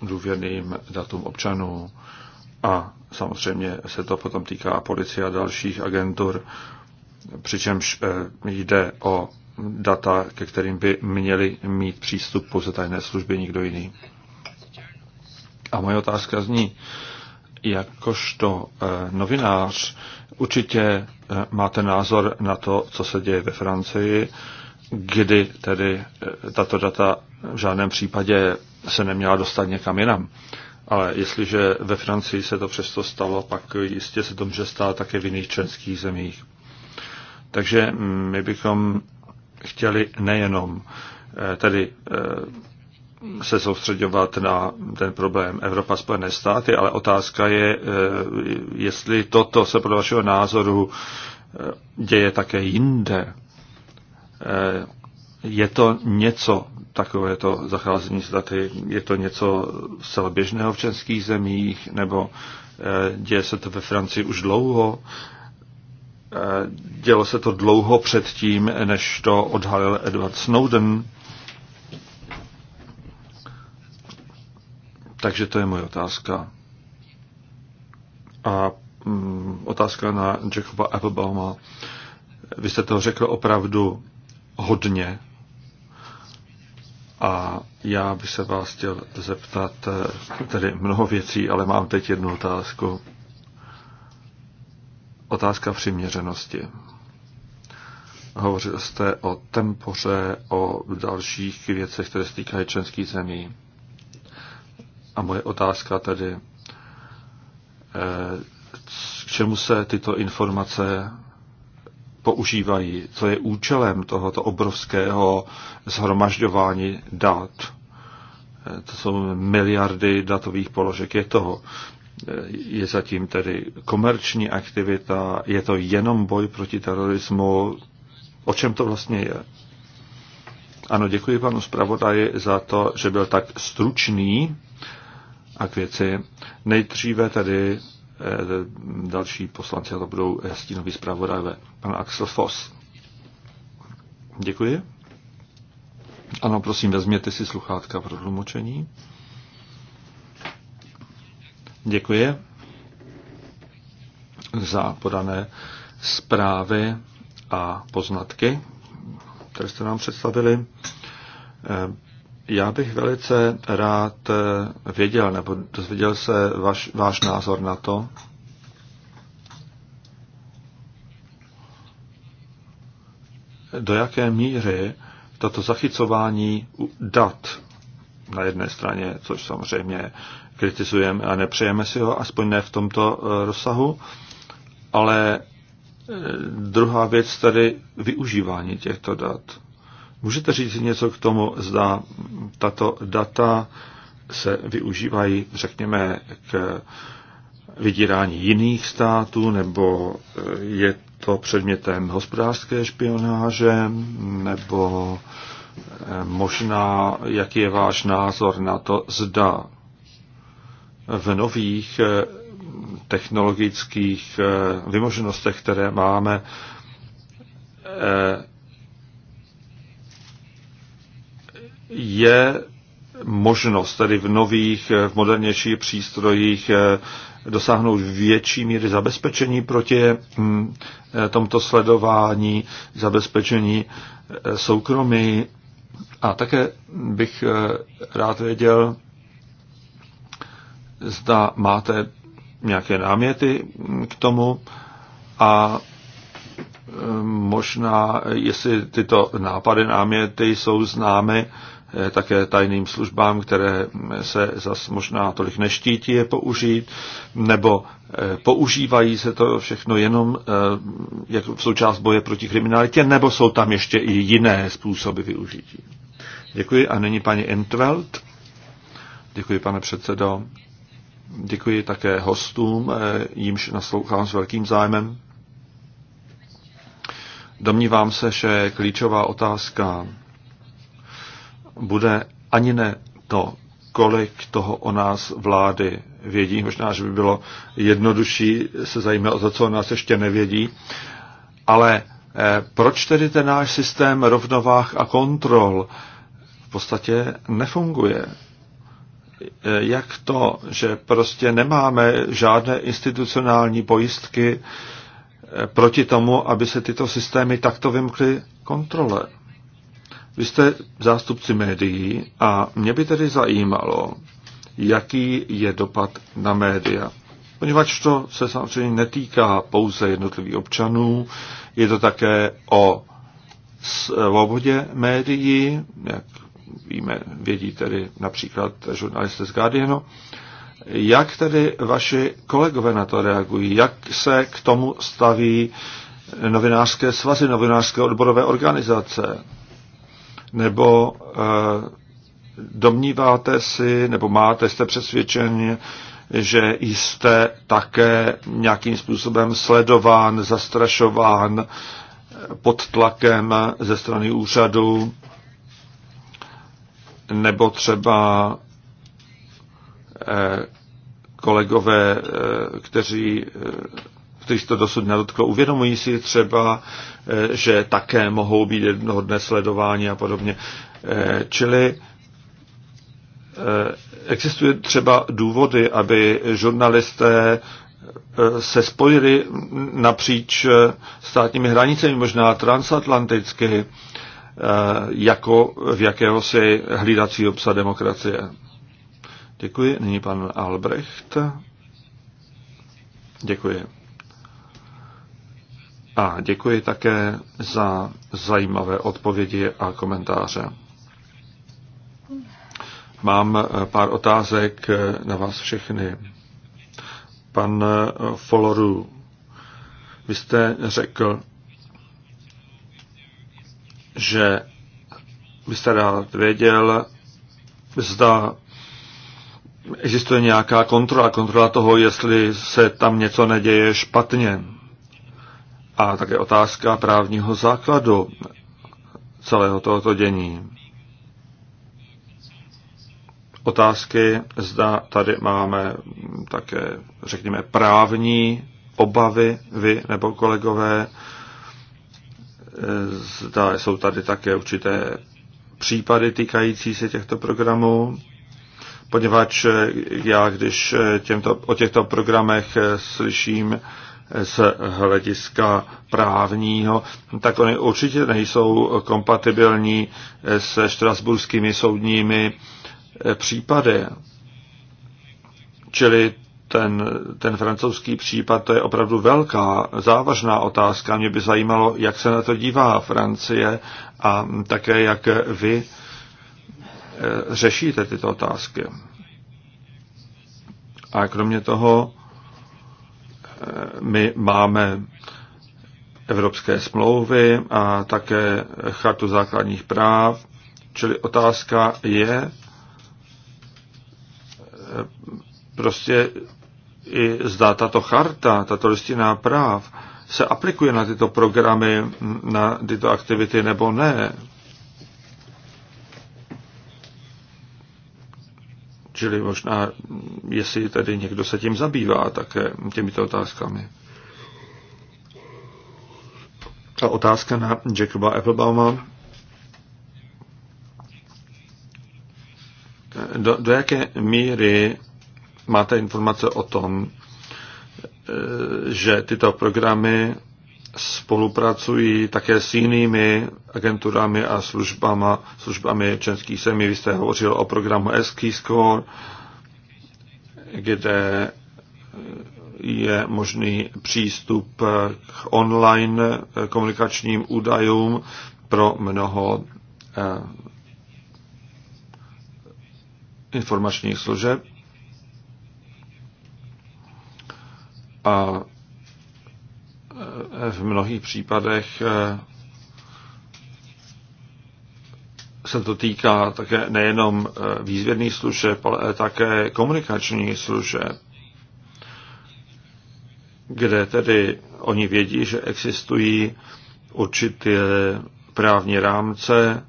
důvěrným datům občanů a samozřejmě se to potom týká policie a dalších agentur, přičemž eh, jde o data, ke kterým by měli mít přístup pouze tajné služby nikdo jiný. A moje otázka zní, jakožto eh, novinář určitě eh, máte názor na to, co se děje ve Francii, kdy tedy eh, tato data v žádném případě se neměla dostat někam jinam. Ale jestliže ve Francii se to přesto stalo, pak jistě se to může stát také v jiných členských zemích. Takže my bychom chtěli nejenom tedy se soustředovat na ten problém Evropa Spojené státy, ale otázka je, eh, jestli toto se podle vašeho názoru eh, děje také jinde. Eh, je to něco, takové to zacházení státy, je to něco zcela běžného v českých zemích, nebo děje se to ve Francii už dlouho? Dělo se to dlouho předtím, než to odhalil Edward Snowden. Takže to je moje otázka. A mm, otázka na Jacoba Applebauma. Vy jste toho řekl opravdu hodně a já bych se vás chtěl zeptat eh, tedy mnoho věcí, ale mám teď jednu otázku. Otázka přiměřenosti. Hovořil jste o tempoře, o dalších věcech, které se týkají členských zemí. A moje otázka tedy, eh, k čemu se tyto informace používají, co je účelem tohoto obrovského zhromažďování dat. Eh, to jsou miliardy datových položek. Je toho eh, je zatím tedy komerční aktivita, je to jenom boj proti terorismu. O čem to vlastně je? Ano, děkuji panu zpravodaji za to, že byl tak stručný a k věci. Nejdříve tedy eh, další poslanci, a to budou eh, stínoví zpravodajové. Pan Axel Foss. Děkuji. Ano, prosím, vezměte si sluchátka pro tlumočení. Děkuji za podané zprávy a poznatky, které jste nám představili. Eh, já bych velice rád eh, věděl nebo dozvěděl se vaš, váš názor na to, do jaké míry toto zachycování dat na jedné straně, což samozřejmě kritizujeme a nepřejeme si ho, aspoň ne v tomto eh, rozsahu, ale eh, druhá věc tady využívání těchto dat. Můžete říct něco k tomu, zda tato data se využívají, řekněme, k vydírání jiných států, nebo je to předmětem hospodářské špionáže, nebo eh, možná, jaký je váš názor na to, zda v nových eh, technologických eh, vymoženostech, které máme, je možnost tedy v nových, v modernějších přístrojích eh, dosáhnout větší míry zabezpečení proti hm, eh, tomto sledování, zabezpečení eh, soukromí. A také bych rád věděl, zda máte nějaké náměty hm, k tomu a hm, možná, jestli tyto nápady, náměty jsou známy Eh, také tajným službám, které eh, se zas možná tolik neštítí je použít, nebo eh, používají se to všechno jenom jako v součást boje proti kriminalitě, nebo jsou tam ještě i jiné způsoby využití. Děkuji a nyní paní Entveld. Děkuji, pane předsedo. Děkuji také hostům, jimž naslouchám s velkým zájmem. Domnívám se, že klíčová otázka bude ani ne to, kolik toho o nás vlády vědí. Možná, že by bylo jednodušší se zajímat o to, co o nás ještě nevědí. Ale eh, proč tedy ten náš systém rovnovách a kontrol v podstatě nefunguje? Eh, jak to, že prostě nemáme žádné institucionální pojistky eh, proti tomu, aby se tyto systémy takto vymkly kontrole? Vy jste zástupci médií a mě by tedy zajímalo, jaký je dopad na média. Poněvadž to se samozřejmě netýká pouze jednotlivých občanů, je to také o svobodě médií, jak víme, vědí tedy například žurnalisté z Guardianu. Jak tedy vaši kolegové na to reagují? Jak se k tomu staví novinářské svazy, novinářské odborové organizace? nebo eh, domníváte si, nebo máte, jste přesvědčen, že jste také nějakým způsobem sledován, zastrašován pod tlakem ze strany úřadu, nebo třeba eh, kolegové, eh, kteří kteří to dosud nedotklo. Uvědomují si třeba, eh, že také mohou být jednoho dne sledování a podobně. Eh, čili eh, existuje třeba důvody, aby žurnalisté se spojili napříč státními hranicemi, možná transatlanticky, jako v jakéhosi hlídací obsa demokracie. Děkuji. Nyní pan Albrecht. Děkuji. A děkuji také za zajímavé odpovědi a komentáře. Mám pár otázek na vás všechny. Pan Foloru, vy jste řekl, že byste rád věděl, zda existuje nějaká kontrola, kontrola toho, jestli se tam něco neděje špatně a také otázka právního základu celého tohoto dění. Otázky, zda tady máme také, řekněme, právní obavy, vy nebo kolegové, zda jsou tady také určité případy týkající se těchto programů, poněvadž já, když těmto, o těchto programech slyším, z hlediska právního, tak oni určitě nejsou kompatibilní se štrasburskými soudními eh, případy. Čili ten, ten francouzský případ, to je opravdu velká, závažná otázka. Mě by zajímalo, jak se na to dívá Francie a také, jak vy eh, řešíte tyto otázky. A kromě toho my máme evropské smlouvy a také chartu základních práv, čili otázka je prostě i zda tato charta, tato listina práv se aplikuje na tyto programy, na tyto aktivity nebo ne. Čili možná, jestli tady někdo se tím zabývá také těmito otázkami. A otázka na Jacoba Applebauma. Do, do jaké míry máte informace o tom, e, že tyto programy spolupracují také s jinými agenturami a službama, službami českých zemí. Vy jste hovořil o programu SK Score, kde eh, je možný přístup k online eh, komunikačním údajům pro mnoho eh, informačních služeb. A v mnohých případech eh, se to týká také nejenom eh, výzvědných služeb, ale také komunikační služeb, kde tedy oni vědí, že existují určité právní rámce.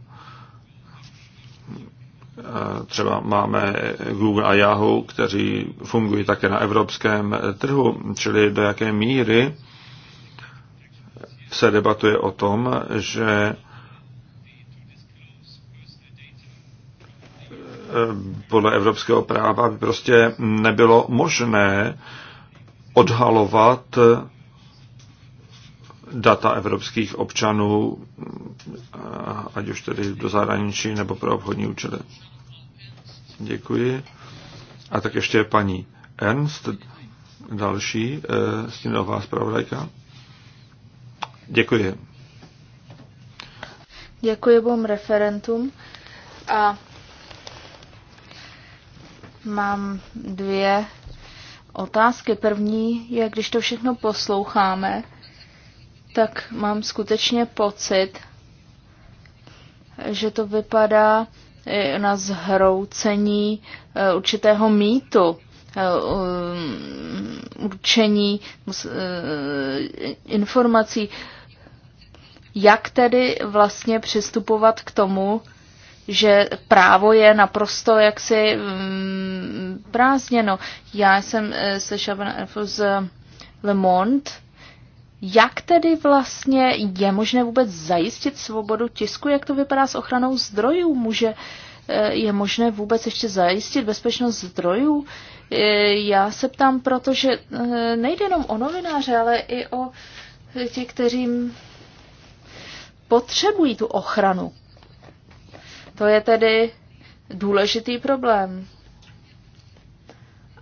Eh, třeba máme Google a Yahoo, kteří fungují také na evropském trhu, čili do jaké míry se debatuje o tom, že eh, podle evropského práva by prostě nebylo možné odhalovat data evropských občanů, eh, ať už tedy do zahraničí nebo pro obchodní účely. Děkuji. A tak ještě paní Ernst, další eh, stínová zpravodajka. Děkuji. Děkuji vám referentům. A mám dvě otázky. První je, když to všechno posloucháme, tak mám skutečně pocit, že to vypadá eh, na zhroucení eh, určitého mýtu, eh, mm, určení informací. Jak tedy vlastně přistupovat k tomu, že právo je naprosto jaksi mm, prázdněno. Já jsem e, slyšela z Le Monde, jak tedy vlastně je možné vůbec zajistit svobodu tisku, jak to vypadá s ochranou zdrojů? Může, eh, je možné vůbec ještě zajistit bezpečnost zdrojů? Eh, já se ptám, protože nejde jenom o novináře, ale i o ti, kteří potřebují tu ochranu. To je tedy důležitý problém.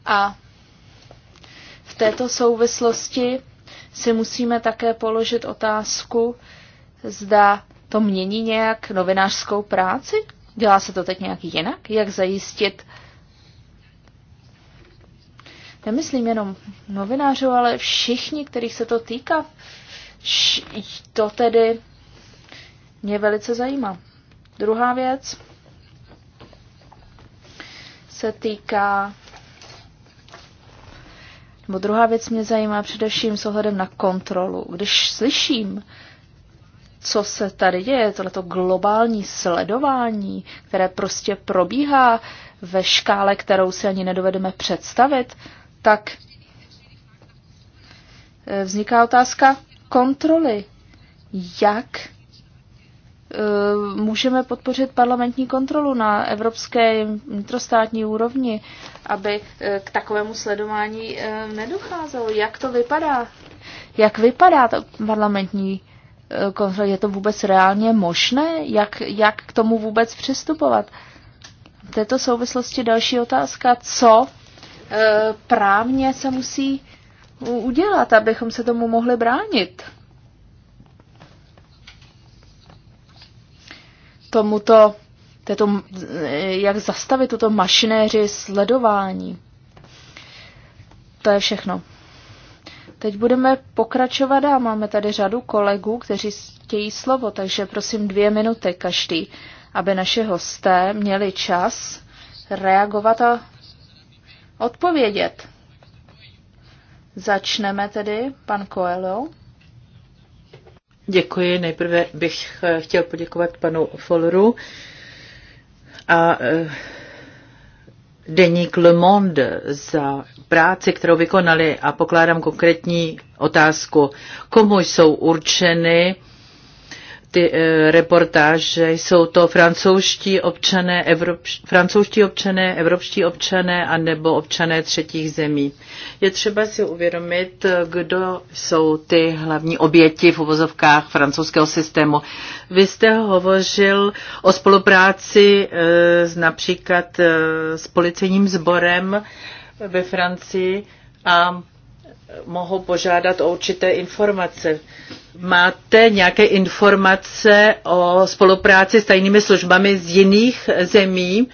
A v této souvislosti si musíme také položit otázku, zda to mění nějak novinářskou práci? Dělá se to teď nějak jinak? Jak zajistit? Nemyslím jenom novinářů, ale všichni, kterých se to týká, to tedy mě velice zajímá. Druhá věc se týká, nebo druhá věc mě zajímá především s ohledem na kontrolu. Když slyším, co se tady děje, tohleto globální sledování, které prostě probíhá ve škále, kterou si ani nedovedeme představit, tak eh, vzniká otázka kontroly. Jak Eh, můžeme podpořit parlamentní kontrolu na evropské vnitrostátní úrovni, aby eh, k takovému sledování eh, nedocházelo. Jak to vypadá? Jak vypadá to parlamentní kontrola? Je to vůbec reálně možné? Jak, jak k tomu vůbec přistupovat? V této souvislosti další otázka, co právně se musí udělat, abychom se tomu mohli bránit? tomuto, této, jak zastavit tuto mašinéři sledování. To je všechno. Teď budeme pokračovat a máme tady řadu kolegů, kteří chtějí slovo, takže prosím dvě minuty každý, aby naše hosté měli čas reagovat a odpovědět. Začneme tedy, pan Coelho. Děkuji. Nejprve bych eh, chtěl poděkovat panu Folleru a eh, deník Le Monde za práci, kterou vykonali a pokládám konkrétní otázku, komu jsou určeny ty e, reportáže. Jsou to francouzští občané, evropští, francouzští občané, evropští občané a nebo občané třetích zemí. Je třeba si uvědomit, kdo jsou ty hlavní oběti v uvozovkách francouzského systému. Vy jste hovořil o spolupráci e, s, například e, s policejním sborem ve Francii a mohou požádat o určité informace. Máte nějaké informace o spolupráci s tajnými službami z jiných zemí?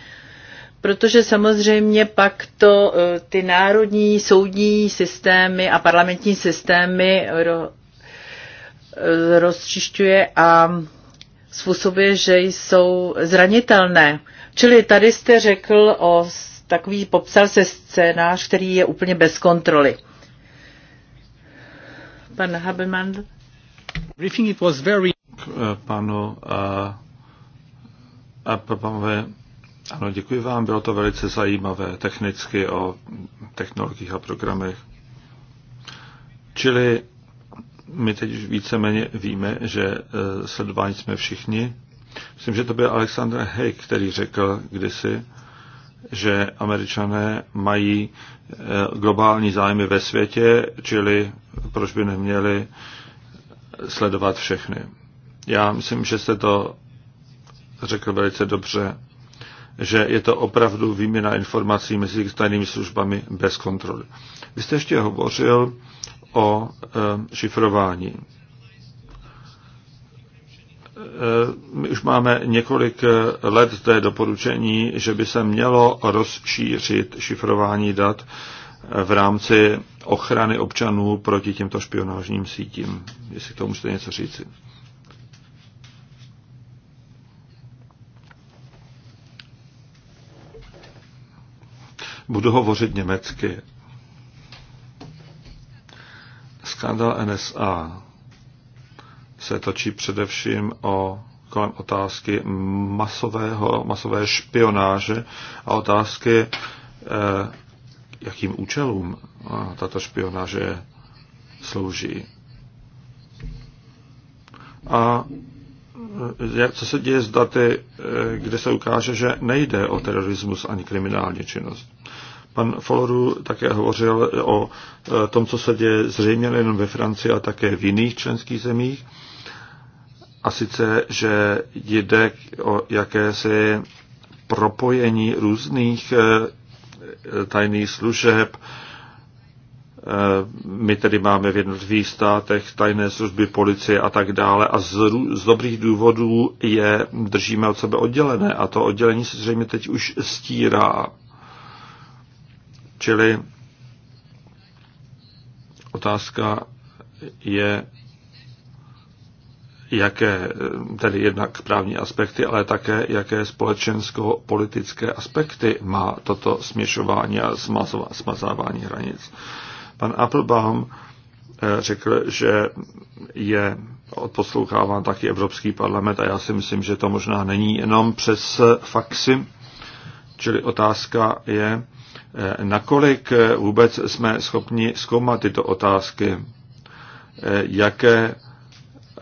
Protože samozřejmě pak to e, ty národní soudní systémy a parlamentní systémy e, rozčišťuje a způsobuje, že jsou zranitelné. Čili tady jste řekl o takový, popsal se scénář, který je úplně bez kontroly pan Haberman. Briefing it was very... Eh, panu eh, a, a panové, ano, děkuji vám, bylo to velice zajímavé technicky o technologiích a programech. Čili my teď víceméně víme, že eh, sledování jsme všichni. Myslím, že to byl Alexander Haig, který řekl kdysi, že američané mají globální zájmy ve světě, čili proč by neměli sledovat všechny. Já myslím, že jste to řekl velice dobře, že je to opravdu výměna informací mezi tajnými službami bez kontroly. Vy jste ještě hovořil o e, šifrování. Eh, my už máme několik eh, let zde doporučení, že by se mělo rozšířit šifrování dat v rámci ochrany občanů proti těmto špionážním sítím. Jestli k tomu můžete něco říci. Budu hovořit německy. Skandal NSA se točí především o kolem otázky masového, masové špionáže a otázky eh, jakým účelům tato špionáže slouží. A e, co se děje s daty, e, kde se ukáže, že nejde o terorismus ani kriminální činnost. Pan Foloru také hovořil o e, tom, co se děje zřejmě nejen ve Francii, ale také v jiných členských zemích. A sice, že jde o jakési propojení různých tajných služeb. Eh, my tedy máme v jednotlivých státech tajné služby policie a tak dále a z, z dobrých důvodů je držíme od sebe oddělené a to oddělení se zřejmě teď už stírá. Čili otázka je, jaké eh, tedy jednak právní aspekty, ale také jaké společensko-politické aspekty má toto směšování a smazávání hranic. Pan Applebaum eh, řekl, že je odposloucháván taky Evropský parlament a já si myslím, že to možná není jenom přes faxy. Čili otázka je, eh, nakolik vůbec jsme schopni zkoumat tyto otázky, jaké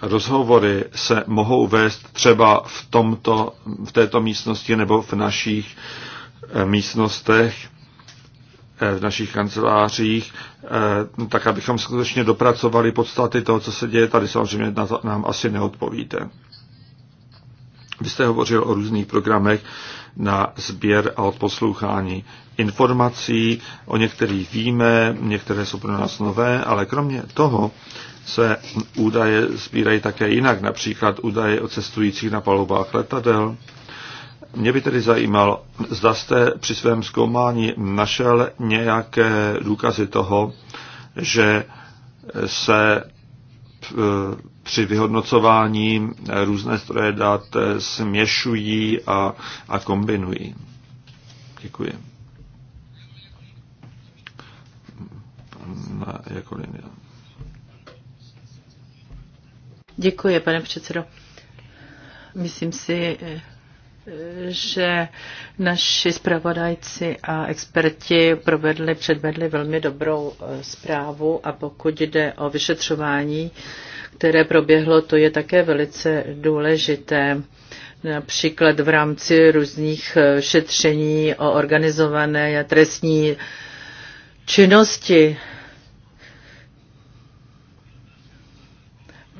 rozhovory se mohou vést třeba v, tomto, v této místnosti nebo v našich eh, místnostech, eh, v našich kancelářích, eh, no tak abychom skutečně dopracovali podstaty toho, co se děje tady. Samozřejmě na to nám asi neodpovíte. Vy jste hovořil o různých programech na sběr a odposlouchání informací. O některých víme, některé jsou pro nás nové, ale kromě toho se údaje sbírají také jinak, například údaje o cestujících na palubách letadel. Mě by tedy zajímalo, zda jste při svém zkoumání našel nějaké důkazy toho, že se eh, při vyhodnocování různé stroje dat eh, směšují a, a kombinují. Děkuji. Pan Jakolinian. Děkuji, pane předsedo. Myslím si, že naši zpravodajci a experti provedli, předvedli velmi dobrou eh, zprávu a pokud jde o vyšetřování, které proběhlo, to je také velice důležité. Například v rámci různých eh, šetření o organizované a trestní činnosti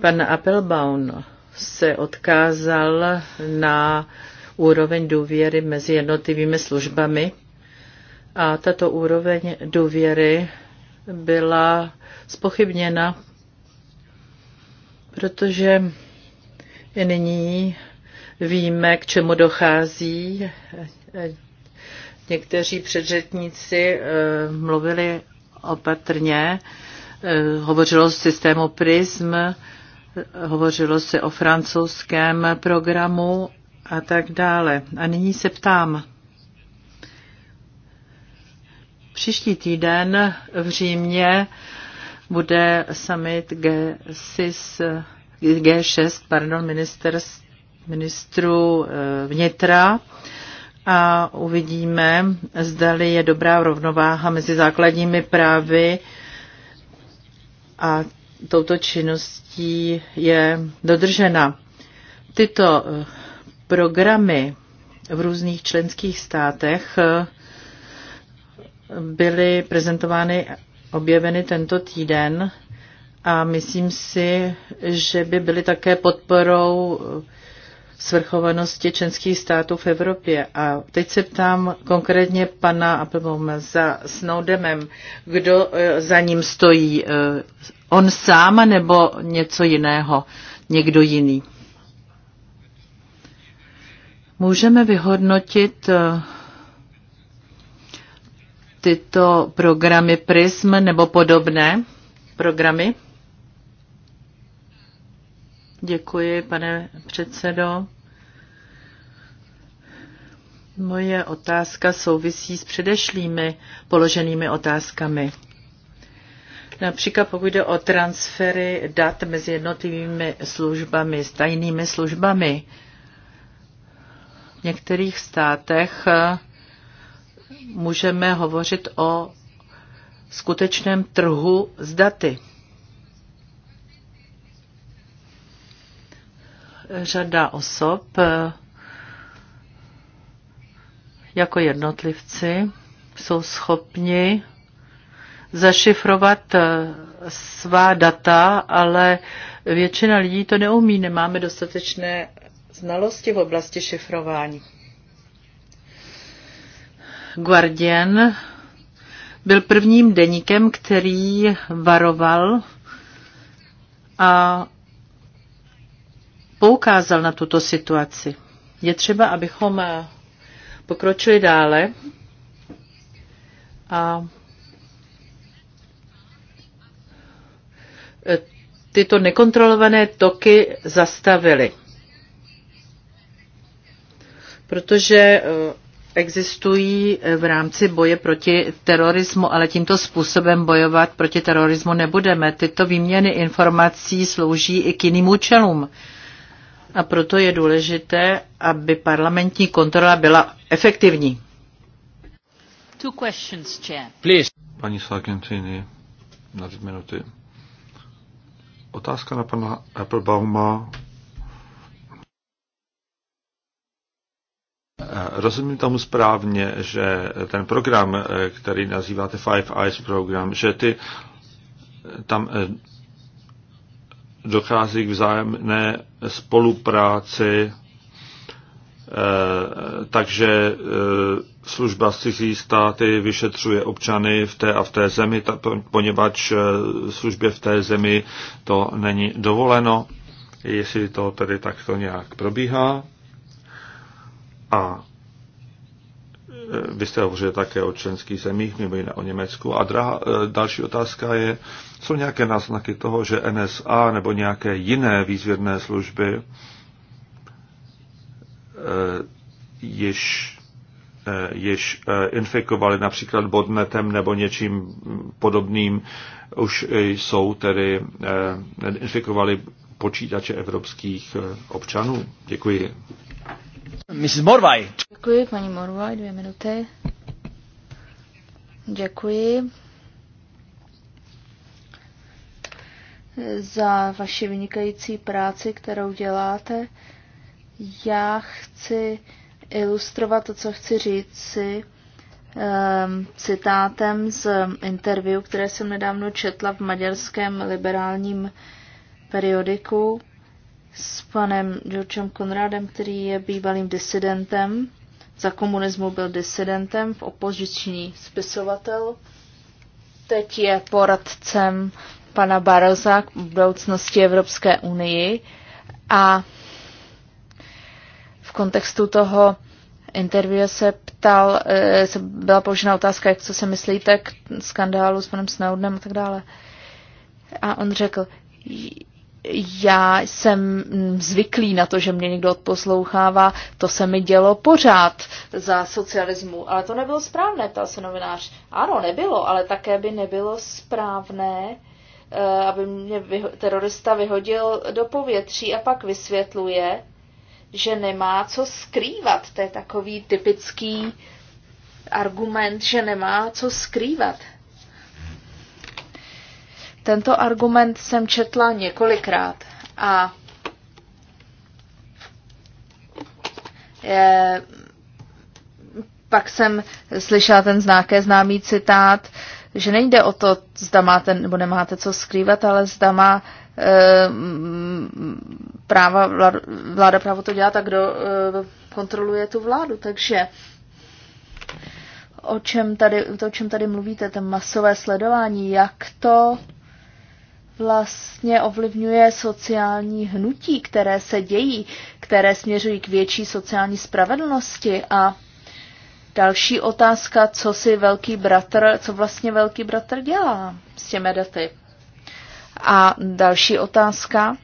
Pan Appelbaum se odkázal na úroveň důvěry mezi jednotlivými službami a tato úroveň důvěry byla spochybněna, protože nyní víme, k čemu dochází. Někteří předřetníci eh, mluvili opatrně, eh, hovořilo o systému PRISM, hovořilo se o francouzském programu a tak dále. A nyní se ptám, příští týden v Římě bude summit G6, G6 pardon, minister, ministru eh, vnitra a uvidíme, zda je dobrá rovnováha mezi základními právy a touto činností je dodržena. Tyto eh, programy v různých členských státech eh, byly prezentovány, objeveny tento týden a myslím si, že by byly také podporou eh, svrchovanosti členských států v Evropě. A teď se ptám konkrétně pana Applebaum za Snowdemem, kdo eh, za ním stojí, eh, on sám nebo něco jiného, někdo jiný. Můžeme vyhodnotit eh, tyto programy PRISM nebo podobné programy? Děkuji, pane předsedo. Moje otázka souvisí s předešlými položenými otázkami. Například pokud jde o transfery dat mezi jednotlivými službami, s tajnými službami. V některých státech eh, můžeme hovořit o skutečném trhu s daty. řada osob eh, jako jednotlivci jsou schopni zašifrovat eh, svá data, ale většina lidí to neumí, nemáme dostatečné znalosti v oblasti šifrování. Guardian byl prvním deníkem, který varoval a poukázal na tuto situaci. Je třeba, abychom eh, pokročili dále a eh, tyto nekontrolované toky zastavili. Protože eh, existují v rámci boje proti terorismu, ale tímto způsobem bojovat proti terorismu nebudeme. Tyto výměny informací slouží i k jiným účelům a proto je důležité, aby parlamentní kontrola byla efektivní. Two questions, chair. Please. Paní Sargentini, na dvě minuty. Otázka na pana Applebauma. Rozumím tomu správně, že ten program, který nazýváte Five Eyes program, že ty tam dochází k vzájemné spolupráci, eh, takže eh, služba z cizí státy vyšetřuje občany v té a v té zemi, poněvadž eh, službě v té zemi to není dovoleno, jestli to tedy takto nějak probíhá. A vy jste hovořili také o členských zemích, mimo jiné o Německu. A draha, e, další otázka je, jsou nějaké náznaky toho, že NSA nebo nějaké jiné výzvědné služby e, již e, již infikovaly například bodnetem nebo něčím podobným, už jsou tedy infikovaly počítače evropských občanů. Děkuji. Mrs. Morvaj. Děkuji, paní Morvaj, dvě minuty. Děkuji za vaši vynikající práci, kterou děláte. Já chci ilustrovat to, co chci říct si um, citátem z interview, které jsem nedávno četla v maďarském liberálním periodiku s panem Georgem Konradem, který je bývalým disidentem. Za komunismu byl disidentem, v opoziční spisovatel. Teď je poradcem pana Baroza k budoucnosti Evropské unii a v kontextu toho interview se ptal, eh, se byla položena otázka, jak co si myslíte k skandálu s panem Snowdenem a tak dále. A on řekl, já jsem zvyklý na to, že mě někdo odposlouchává, to se mi dělo pořád za socialismu, ale to nebylo správné, ptal se novinář. Ano, nebylo, ale také by nebylo správné, eh, aby mě terorista vyhodil do povětří a pak vysvětluje, že nemá co skrývat. To je takový typický argument, že nemá co skrývat. Tento argument jsem četla několikrát a je, eh, pak jsem slyšela ten znáké známý citát, že nejde o to, zda máte nebo nemáte co skrývat, ale zda má e, práva, vláda, vláda právo to dělat a kdo e, kontroluje tu vládu. Takže o čem tady, to, o čem tady mluvíte, to masové sledování, jak to vlastně ovlivňuje sociální hnutí, které se dějí, které směřují k větší sociální spravedlnosti a Další otázka, co si velký bratr, co vlastně velký bratr dělá s těmi daty. A další otázka,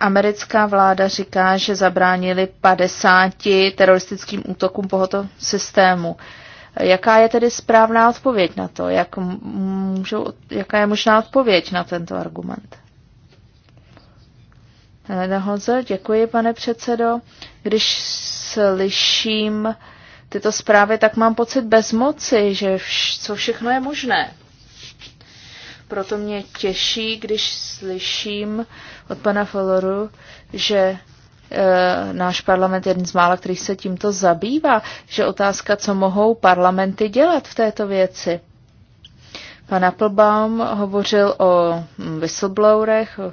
americká vláda říká, že zabránili 50 teroristickým útokům pohoto systému. Jaká je tedy správná odpověď na to? Jak můžu, jaká je možná odpověď na tento argument? Helena Honzel, děkuji, pane předsedo. Když slyším tyto zprávy, tak mám pocit bezmoci, že vš- co všechno je možné. Proto mě těší, když slyším od pana Foloru, že Eh, náš parlament je jeden z mála, který se tímto zabývá, že otázka, co mohou parlamenty dělat v této věci. Pan Applebaum hovořil o whistleblowerech, o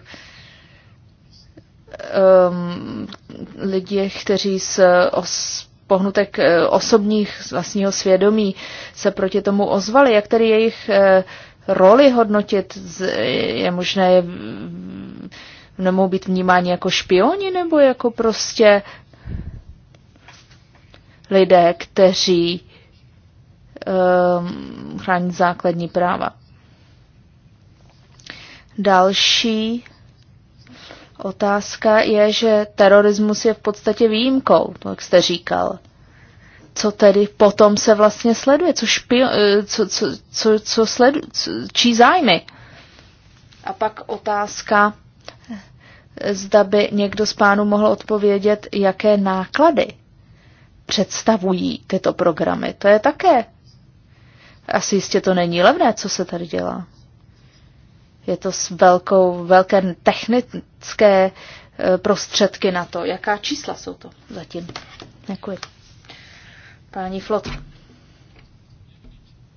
um, lidi, kteří z os, pohnutek eh, osobních vlastního svědomí se proti tomu ozvali, jak tedy jejich eh, roli hodnotit, je možné nemohou být vnímáni jako špioni nebo jako prostě lidé, kteří um, chrání základní práva. Další otázka je, že terorismus je v podstatě výjimkou, jak jste říkal. Co tedy potom se vlastně sleduje? Co, špio, eh, co, co, co, co sledu, co, čí zájmy? A pak otázka zda by někdo z pánů mohl odpovědět, jaké náklady představují tyto programy. To je také. Asi jistě to není levné, co se tady dělá. Je to s velkou, velké technické e, prostředky na to. Jaká čísla jsou to zatím? Děkuji. Pání Flot.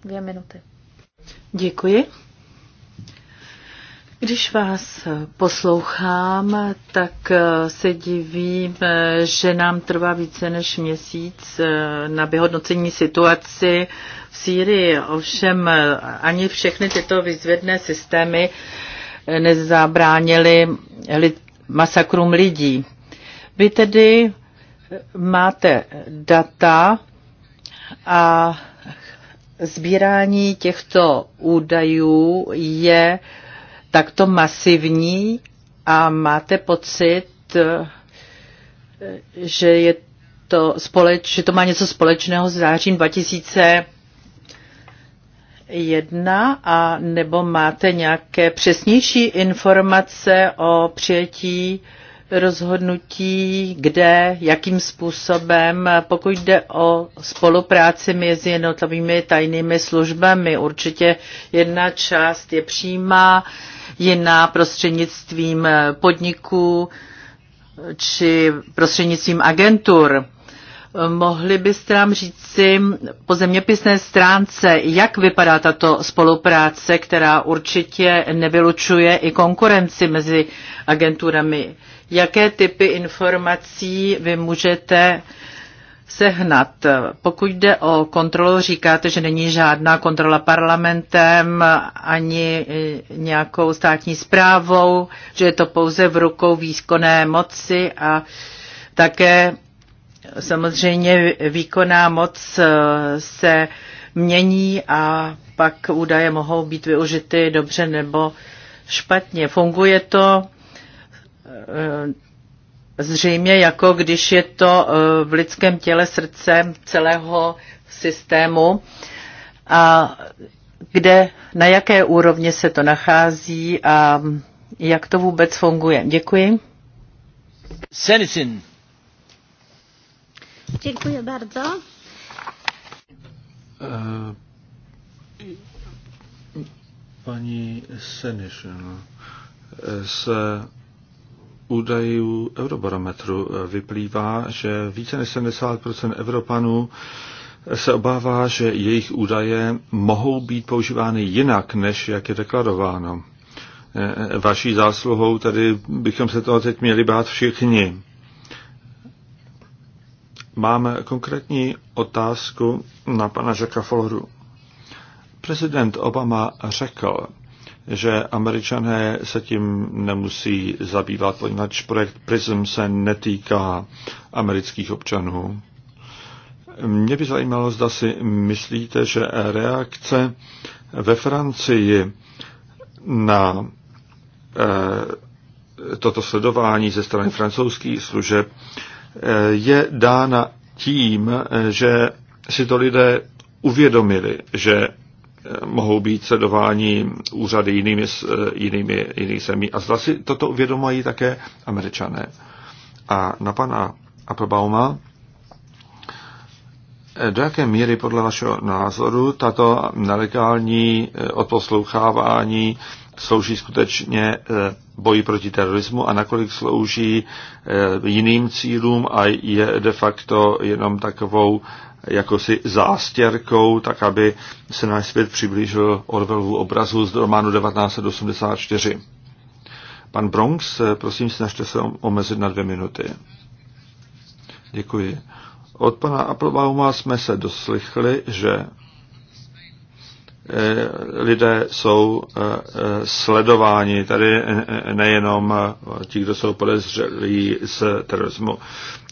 Dvě minuty. Děkuji. Když vás poslouchám, tak eh, se divím, eh, že nám trvá více než měsíc eh, na vyhodnocení situaci v Sýrii. Ovšem ani všechny tyto vyzvědné systémy nezabránily masakrům lidí. Vy tedy máte data a sbírání těchto údajů je takto masivní a máte pocit, že je to, společ, že to má něco společného s zářím 2001 a nebo máte nějaké přesnější informace o přijetí uh, rozhodnutí, kde, jakým způsobem, pokud jde o spolupráci mezi jednotlivými tajnými službami. Určitě jedna část je přímá, jiná prostřednictvím podniků či prostřednictvím agentur. Mohli byste nám říci po zeměpisné stránce, jak vypadá tato spolupráce, která určitě nevylučuje i konkurenci mezi agenturami? jaké typy informací vy můžete sehnat. Pokud jde o kontrolu, říkáte, že není žádná kontrola parlamentem ani e, nějakou státní zprávou, že je to pouze v rukou výkonné moci a také samozřejmě výkonná moc e, se mění a pak údaje mohou být využity dobře nebo špatně. Funguje to Eh, zřejmě jako když je to eh, v lidském těle srdce celého systému a kde, na jaké úrovni se to nachází a jak to vůbec funguje. Děkuji. Senicin. Děkuji bardzo. Eh, paní Senišin se údajů Eurobarometru eh, vyplývá, že více než 70 Evropanů se obává, že jejich údaje mohou být používány jinak, než jak je deklarováno. Eh, vaší zásluhou tady bychom se toho teď měli bát všichni. Mám konkrétní otázku na pana Žaka Folhru. Prezident Obama řekl, že američané se tím nemusí zabývat, poněvadž projekt PRISM se netýká amerických občanů. Mě by zajímalo, zda si myslíte, že reakce ve Francii na eh, toto sledování ze strany francouzských služeb eh, je dána tím, eh, že si to lidé uvědomili, že mohou být sledováni úřady jinými, jinými, jinými zemí. A zda si toto uvědomují také američané. A na pana Applebauma, do jaké míry podle vašeho názoru tato nelegální eh, odposlouchávání slouží skutečně eh, boji proti terorismu a nakolik slouží eh, jiným cílům a je de facto jenom takovou jakosi zástěrkou, tak aby se náš svět přiblížil Orwellovu obrazu z románu 1984. Pan Bronx, prosím, snažte se omezit na dvě minuty. Děkuji. Od pana Applebauma jsme se doslychli, že eh, lidé jsou eh, sledováni, tady eh, nejenom ti, kdo jsou podezřelí z terorismu.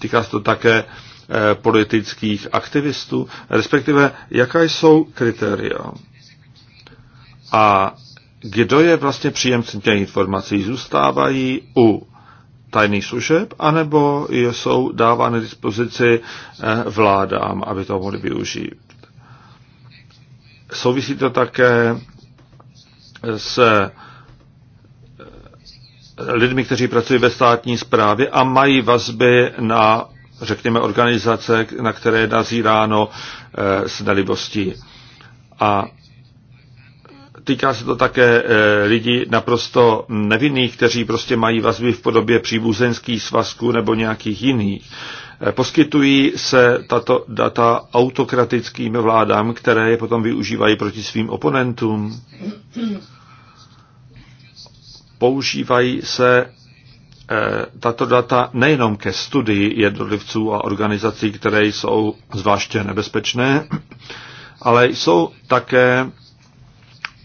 Týká se to také Eh, politických aktivistů, respektive jaká jsou kritéria. A kdo je vlastně příjemcem těch informací? Zůstávají u tajných služeb, anebo jsou dávány dispozici eh, vládám, aby to mohli využít. Souvisí to také s eh, lidmi, kteří pracují ve státní správě a mají vazby na řekněme, organizace, na které je nazíráno eh, s nelibostí. A týká se to také eh, lidí naprosto nevinných, kteří prostě mají vazby v podobě příbuzenských svazků nebo nějakých jiných. Eh, poskytují se tato data autokratickým vládám, které je potom využívají proti svým oponentům. Používají se Eh, tato data nejenom ke studii jednotlivců a organizací, které jsou zvláště nebezpečné, ale jsou také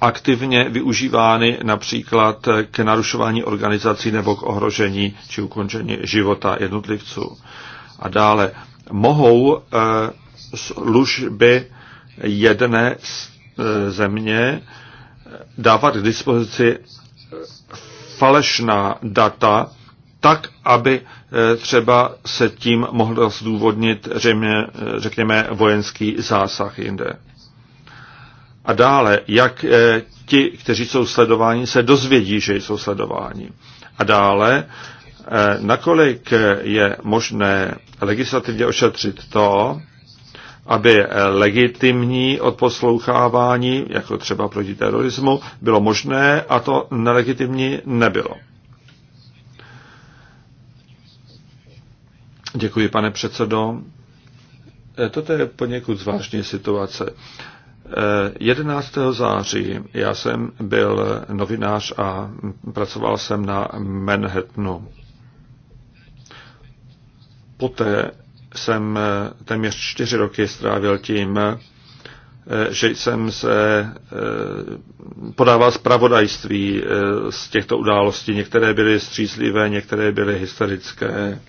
aktivně využívány například k narušování organizací nebo k ohrožení či ukončení života jednotlivců. A dále mohou eh, služby jedné eh, země dávat k dispozici falešná data tak, aby eh, třeba se tím mohl zdůvodnit, řekněme, eh, řekněme vojenský zásah jinde. A dále, jak eh, ti, kteří jsou sledováni, se dozvědí, že jsou sledováni. A dále, nakolik je možné legislativně ošetřit to, aby legitimní odposlouchávání, jako třeba proti terorismu, bylo možné a to nelegitimní nebylo. Děkuji, pane předsedo. E, toto je poněkud zvláštní situace. 11. E, září já jsem byl novinář a pracoval jsem na Manhattanu. Poté jsem téměř čtyři roky strávil tím, e, že jsem se podával zpravodajství z těchto událostí. Některé byly střízlivé, některé byly hysterické.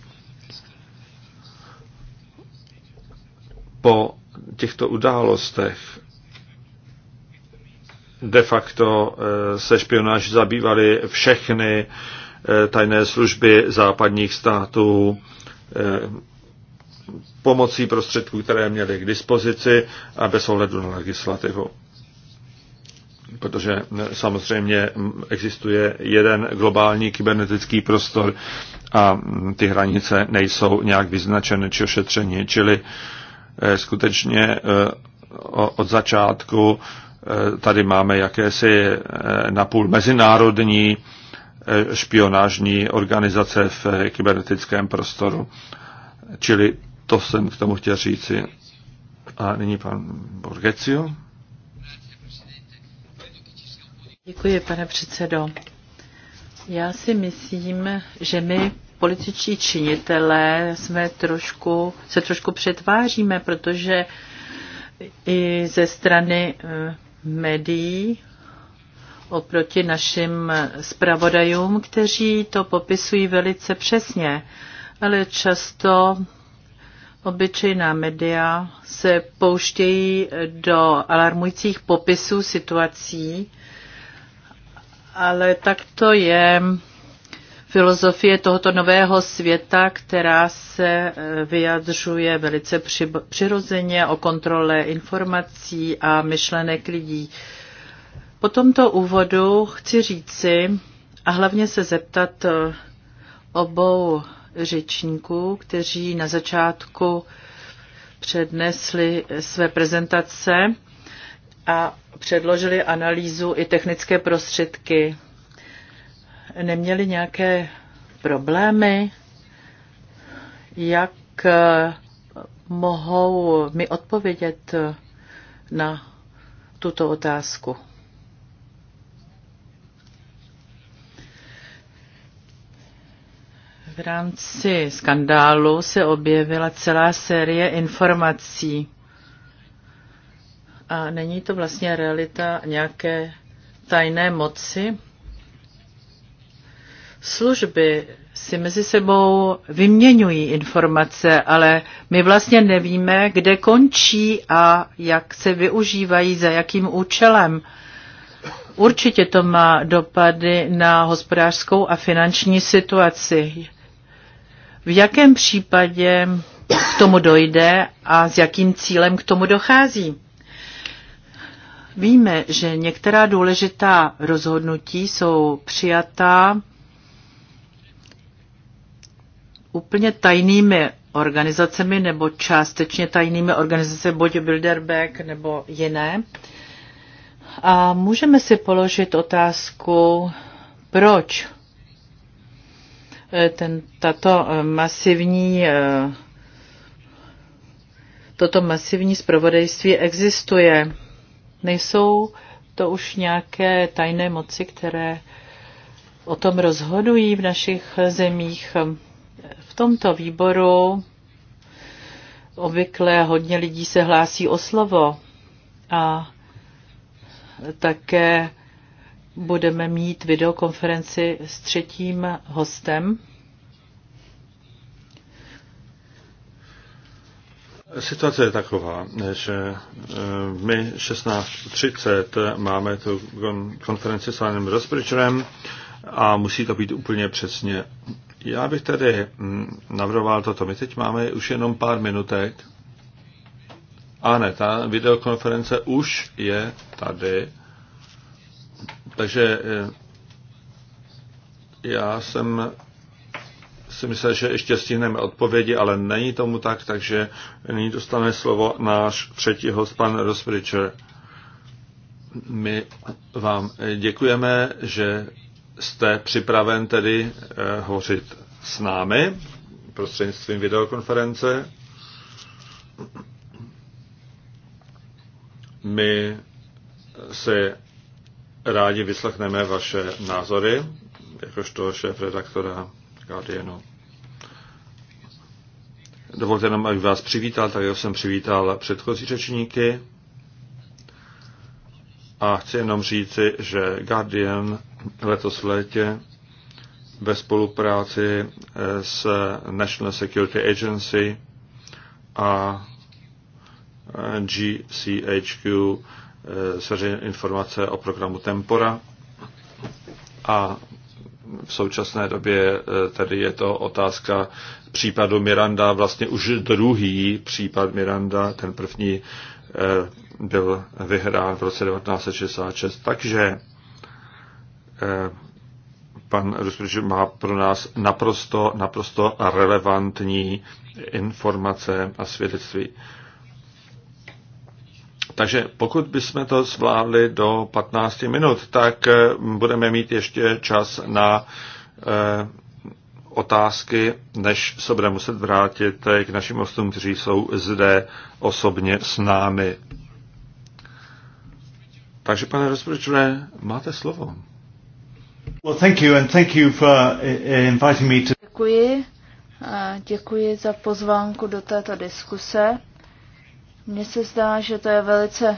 po těchto událostech de facto eh, se špionáž zabývaly všechny eh, tajné služby západních států eh, pomocí prostředků, které měly k dispozici a bez ohledu na legislativu. Protože samozřejmě existuje jeden globální kybernetický prostor a mm, ty hranice nejsou nějak vyznačeny či ošetřeny, čili eh, Eh, skutečně eh, od začátku eh, tady máme jakési napůl mezinárodní špionážní organizace v kybernetickém prostoru. Čili to jsem k tomu chtěl říci. A nyní pan Borgecio. Děkuji, pane předsedo. Já si myslím, že my političtí činitelé jsme trošku, se trošku přetváříme, protože i ze strany eh, médií oproti našim zpravodajům, kteří to popisují velice přesně, ale často obyčejná média se pouštějí do alarmujících popisů situací, ale tak to je filozofie tohoto nového světa, která se e, vyjadřuje velice přirozeně o kontrole informací a myšlenek lidí. Po tomto úvodu chci říci a hlavně se zeptat e, obou řečníků, kteří na začátku přednesli své prezentace a předložili analýzu i technické prostředky neměli nějaké problémy, jak eh, mohou mi odpovědět eh, na tuto otázku. V rámci skandálu se objevila celá série informací. A není to vlastně realita nějaké tajné moci? Služby si mezi sebou vyměňují informace, ale my vlastně nevíme, kde končí a jak se využívají, za jakým účelem. Určitě to má dopady na hospodářskou a finanční situaci. V jakém případě k tomu dojde a s jakým cílem k tomu dochází? Víme, že některá důležitá rozhodnutí jsou přijatá úplně tajnými organizacemi nebo částečně tajnými organizacemi, buď Bilderberg nebo jiné. A můžeme si položit otázku, proč eh, ten, tato eh, masivní, eh, toto masivní zpravodajství existuje. Nejsou to už nějaké tajné moci, které o tom rozhodují v našich zemích. V tomto výboru obvykle hodně lidí se hlásí o slovo a také budeme mít videokonferenci s třetím hostem. Situace je taková, že eh, my 16.30 máme tu konferenci s Alanem Rozpričerem a musí to být úplně přesně já bych tady hm, navrhoval toto. My teď máme už jenom pár minutek. A ne, ta videokonference už je tady. Takže eh, já jsem si myslel, že ještě stihneme odpovědi, ale není tomu tak, takže nyní dostane slovo náš třetí host, pan Rospričer. My vám eh, děkujeme, že jste připraven tedy eh, hovořit s námi prostřednictvím videokonference. My se rádi vyslechneme vaše názory, jakožto šéf redaktora Guardianu. Dovolte nám, abych vás přivítal, tak jsem přivítal předchozí řečníky. A chci jenom říci, že Guardian letos v létě ve spolupráci eh, s National Security Agency a eh, GCHQ eh, seřej informace o programu Tempora a v současné době tedy je to otázka případu Miranda, vlastně už druhý případ Miranda, ten první Eh, byl vyhrán v roce 1966. Takže eh, pan Rusprič má pro nás naprosto, naprosto relevantní informace a svědectví. Takže pokud bychom to zvládli do 15 minut, tak eh, budeme mít ještě čas na otázky, než se budeme muset vrátit eh, k našim hostům, kteří jsou zde osobně s námi. Takže, pane rozpočtové, máte slovo. Well, thank you and thank you for eh, eh, me to... Děkuji. Děkuji za pozvánku do této diskuse. Mně se zdá, že to je velice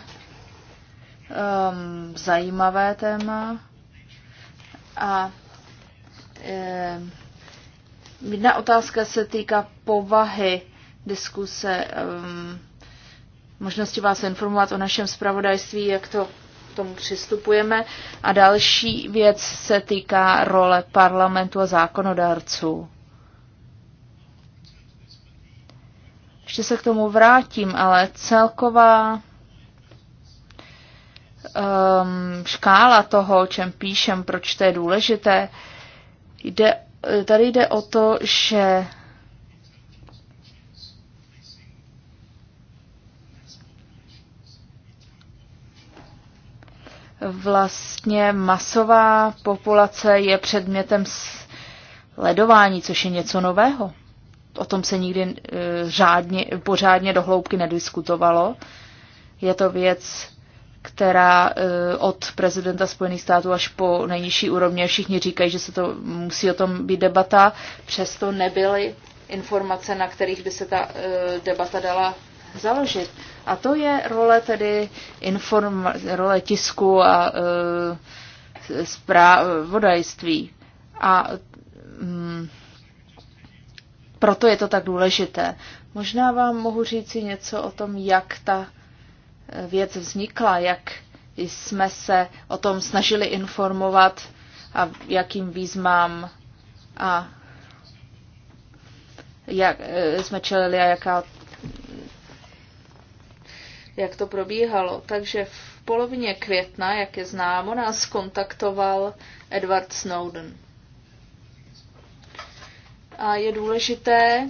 um, zajímavé téma a um, Jedna otázka se týká povahy diskuse, um, možnosti vás informovat o našem spravodajství, jak to k tomu přistupujeme. A další věc se týká role parlamentu a zákonodárců. Ještě se k tomu vrátím, ale celková um, škála toho, o čem píšem, proč to je důležité, jde Eh, tady jde o to, že vlastně masová populace je předmětem sledování, což je něco nového. O tom se nikdy eh, řádně, pořádně dohloubky nediskutovalo. Je to věc která eh, od prezidenta Spojených států až po nejnižší úrovně všichni říkají, že se to musí o tom být debata, přesto nebyly informace, na kterých by se ta eh, debata dala založit. A to je role tedy informa, role tisku a e, eh, zpravodajství. A mm, proto je to tak důležité. Možná vám mohu říci něco o tom, jak ta věc vznikla, jak jsme se o tom snažili informovat a jakým výzvám a jak eh, jsme čelili a jaká, jak to probíhalo. Takže v polovině května, jak je známo, nás kontaktoval Edward Snowden. A je důležité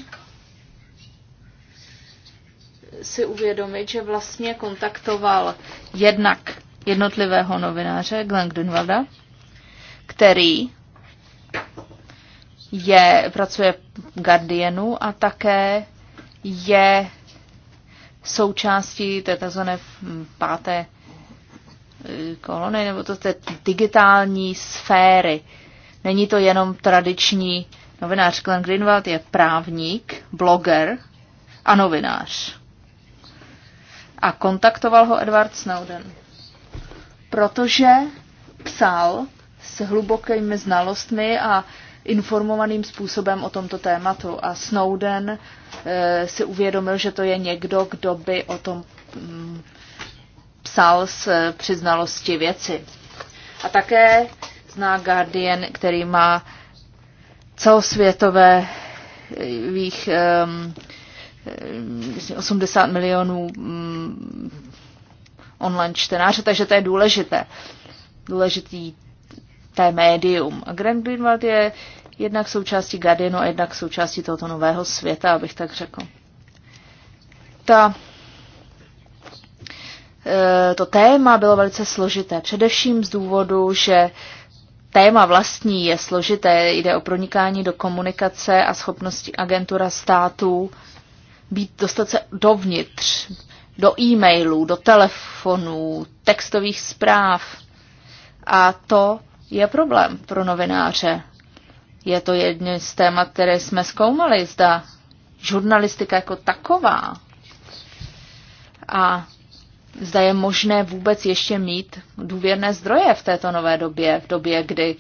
si uvědomit, že vlastně kontaktoval jednak jednotlivého novináře Glenn Grunwalda, který je, pracuje v Guardianu a také je součástí té tzv. páté eh, kolony, nebo to té digitální sféry. Není to jenom tradiční novinář. Glenn Greenwald je právník, bloger a novinář a kontaktoval ho Edward Snowden, protože psal s hlubokými znalostmi a informovaným způsobem o tomto tématu. A Snowden e, si uvědomil, že to je někdo, kdo by o tom m, mm, psal s eh, přiznalosti věci. A také zná Guardian, který má celosvětové e, eh, 80 milionů mm, online čtenáře, takže to je důležité. Důležitý té médium. A Grand Greenwald je jednak součástí Guardianu a jednak součástí tohoto nového světa, abych tak řekl. Ta, eh, to téma bylo velice složité, především z důvodu, že téma vlastní je složité, jde o pronikání do komunikace a schopnosti agentura států být, dostat se dovnitř, do e-mailů, do telefonů, textových zpráv. A to je problém pro novináře. Je to jedno z témat, které jsme zkoumali, zda žurnalistika jako taková a zda je možné vůbec ještě mít důvěrné zdroje v této nové době, v době, kdy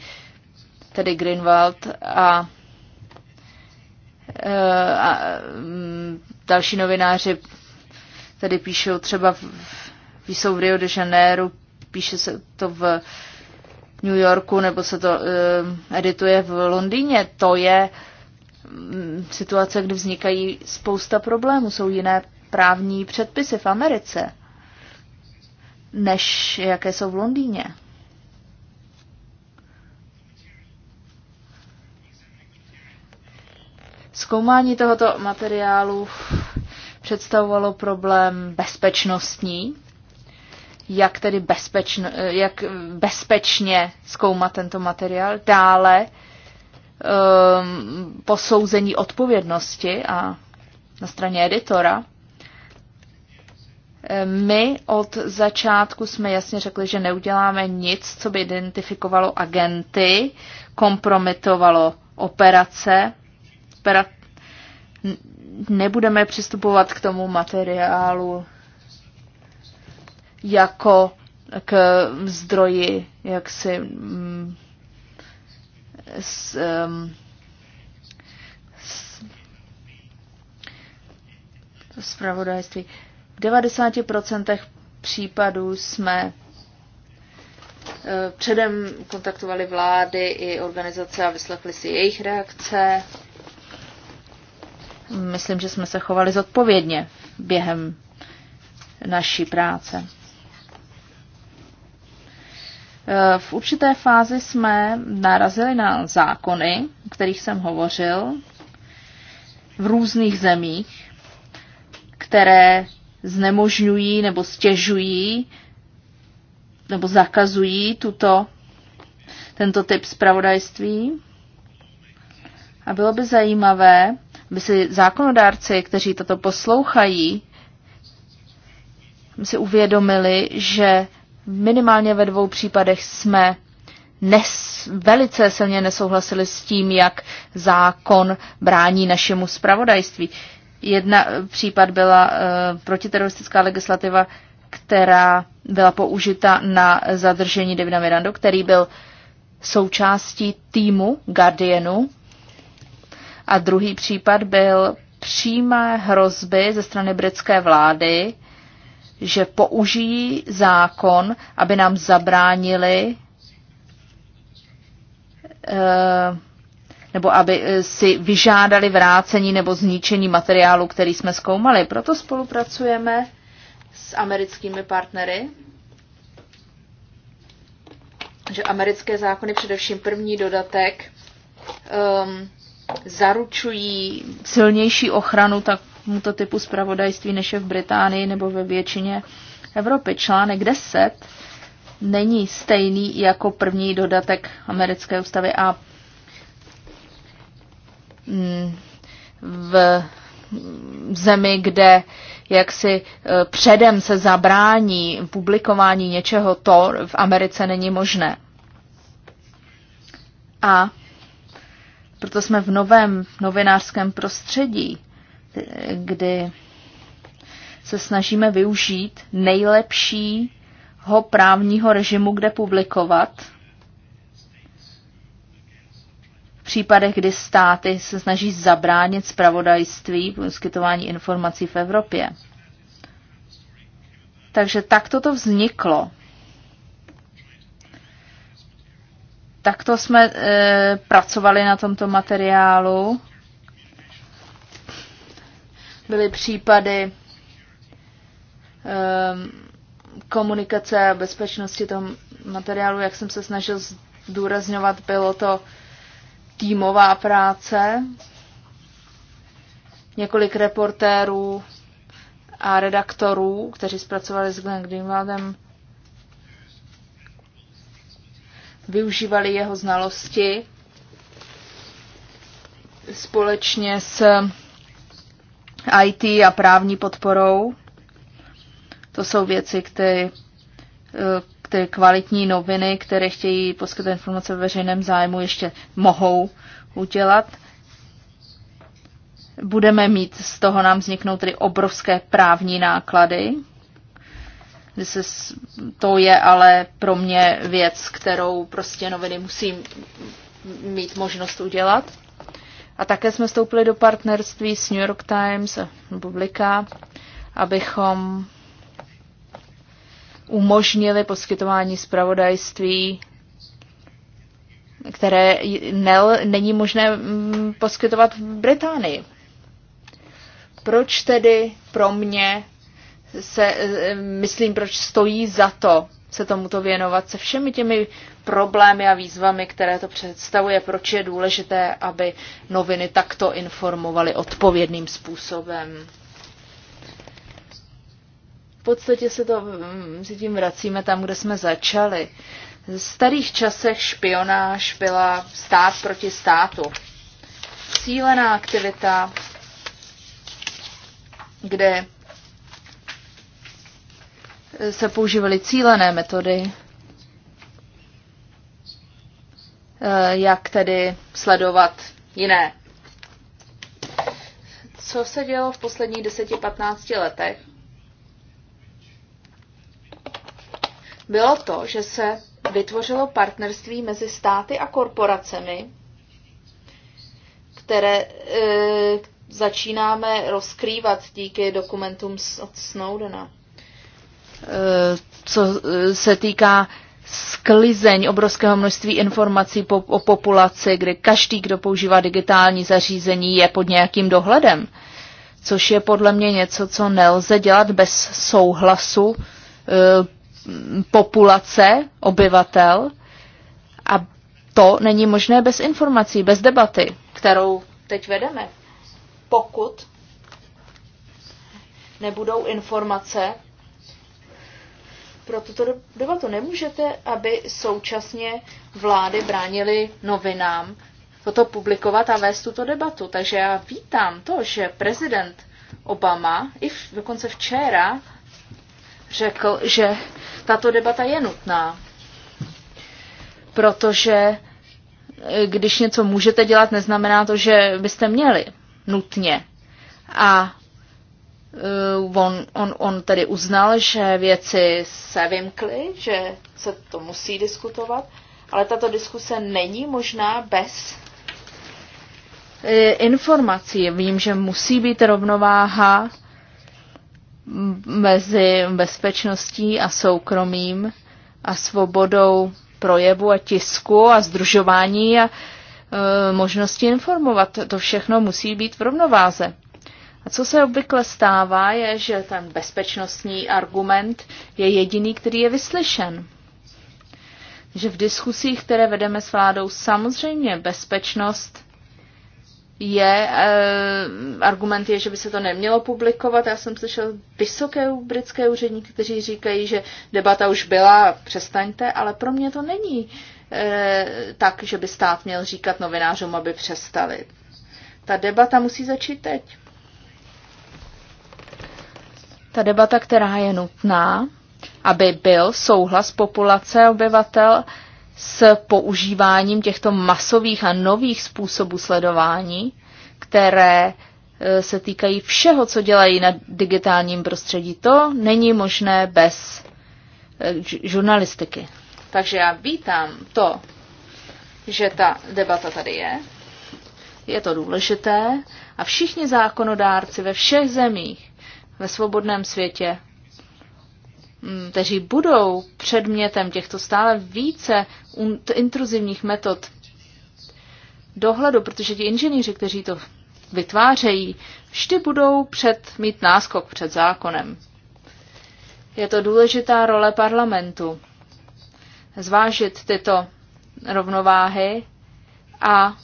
tedy Greenwald a, e, a, a mm, další novináři tady píšou třeba, v, jsou v Rio de Janeiro, píše se to v New Yorku nebo se to uh, edituje v Londýně. To je um, situace, kdy vznikají spousta problémů. Jsou jiné právní předpisy v Americe, než jaké jsou v Londýně. Zkoumání tohoto materiálu představovalo problém bezpečnostní, jak tedy bezpečno, jak bezpečně zkoumat tento materiál. Dále um, posouzení odpovědnosti a na straně editora. Ehm, my od začátku jsme jasně řekli, že neuděláme nic, co by identifikovalo agenty, kompromitovalo operace pera... nebudeme přistupovat k tomu materiálu jako k zdroji jaksi mm, s, um, s, spravodajství. V 90% případů jsme eh, Předem kontaktovali vlády i organizace a vyslechli si jejich reakce. Myslím, že jsme se chovali zodpovědně během naší práce. E, v určité fázi jsme narazili na zákony, o kterých jsem hovořil, v různých zemích, které znemožňují nebo stěžují nebo zakazují tuto, tento typ zpravodajství. A bylo by zajímavé by si zákonodárci, kteří toto poslouchají, si uvědomili, že minimálně ve dvou případech jsme nes, velice silně nesouhlasili s tím, jak zákon brání našemu spravodajství. Jedna eh, případ byla uh, protiteroristická legislativa, která byla použita na zadržení Davida Mirandu, který byl součástí týmu Guardianu, a druhý případ byl přímé hrozby ze strany britské vlády, že použijí zákon, aby nám zabránili eh, nebo aby eh, si vyžádali vrácení nebo zničení materiálu, který jsme zkoumali. Proto spolupracujeme s americkými partnery, že americké zákony, především první dodatek, um, zaručují silnější ochranu takovémuto typu zpravodajství, než je v Británii nebo ve většině Evropy. Článek 10 není stejný jako první dodatek americké ústavy a mm, v zemi, kde jak si e, předem se zabrání publikování něčeho, to v Americe není možné. A proto jsme v novém novinářském prostředí, kdy se snažíme využít nejlepšího právního režimu, kde publikovat. V případech, kdy státy se snaží zabránit spravodajství poskytování informací v Evropě. Takže takto to vzniklo. Takto jsme e, pracovali na tomto materiálu. Byly případy e, komunikace a bezpečnosti toho materiálu, jak jsem se snažil zdůrazňovat, bylo to týmová práce. Několik reportérů a redaktorů, kteří zpracovali s Glenn Greenwaldem, využívali jeho znalosti společně s IT a právní podporou. To jsou věci, které, které kvalitní noviny, které chtějí poskytovat informace ve veřejném zájmu, ještě mohou udělat. Budeme mít, z toho nám vzniknou tedy obrovské právní náklady, to je ale pro mě věc, kterou prostě noviny musím mít možnost udělat. A také jsme vstoupili do partnerství s New York Times a Publika, abychom umožnili poskytování zpravodajství, které nel, není možné mm, poskytovat v Británii. Proč tedy pro mě se eh, myslím, proč stojí za to se tomuto věnovat se všemi těmi problémy a výzvami, které to představuje, proč je důležité, aby noviny takto informovaly odpovědným způsobem. V podstatě se to, mm, si tím vracíme tam, kde jsme začali. V starých časech špionáž byla stát proti státu. Cílená aktivita, kde se používaly cílené metody, eh, jak tedy sledovat jiné. Co se dělo v posledních 10-15 letech? Bylo to, že se vytvořilo partnerství mezi státy a korporacemi, které e, začínáme rozkrývat díky dokumentům od Snowdena. Eh, co se týká sklizeň obrovského množství informací po, o populaci, kde každý, kdo používá digitální zařízení, je pod nějakým dohledem. Což je podle mě něco, co nelze dělat bez souhlasu e, populace, obyvatel. A to není možné bez informací, bez debaty, kterou teď vedeme. Pokud nebudou informace, pro tuto debatu. Nemůžete, aby současně vlády bránili novinám toto publikovat a vést tuto debatu. Takže já vítám to, že prezident Obama i v, dokonce včera řekl, že tato debata je nutná. Protože eh, když něco můžete dělat, neznamená to, že byste měli nutně. A Eh, on, on, on tedy uznal, že věci se vymkly, že se to musí diskutovat, ale tato diskuse není možná bez eh, informací. Vím, že musí být rovnováha mezi bezpečností a soukromím a svobodou projevu a tisku a združování a e, možnosti informovat. To všechno musí být v rovnováze. A co se obvykle stává, je, že ten bezpečnostní argument je jediný, který je vyslyšen. Že v diskusích, které vedeme s vládou, samozřejmě bezpečnost je, e, argument je, že by se to nemělo publikovat. Já jsem slyšel vysoké britské úředníky, kteří říkají, že debata už byla, přestaňte, ale pro mě to není e, tak, že by stát měl říkat novinářům, aby přestali. Ta debata musí začít teď ta debata, která je nutná, aby byl souhlas populace obyvatel s používáním těchto masových a nových způsobů sledování, které e, se týkají všeho, co dělají na digitálním prostředí. To není možné bez e, žurnalistiky. Takže já vítám to, že ta debata tady je. Je to důležité a všichni zákonodárci ve všech zemích ve svobodném světě, mm, kteří budou předmětem těchto stále více intruzivních metod dohledu, protože ti inženýři, kteří to vytvářejí, vždy budou před, mít náskok před zákonem. Je to důležitá role parlamentu zvážit tyto rovnováhy a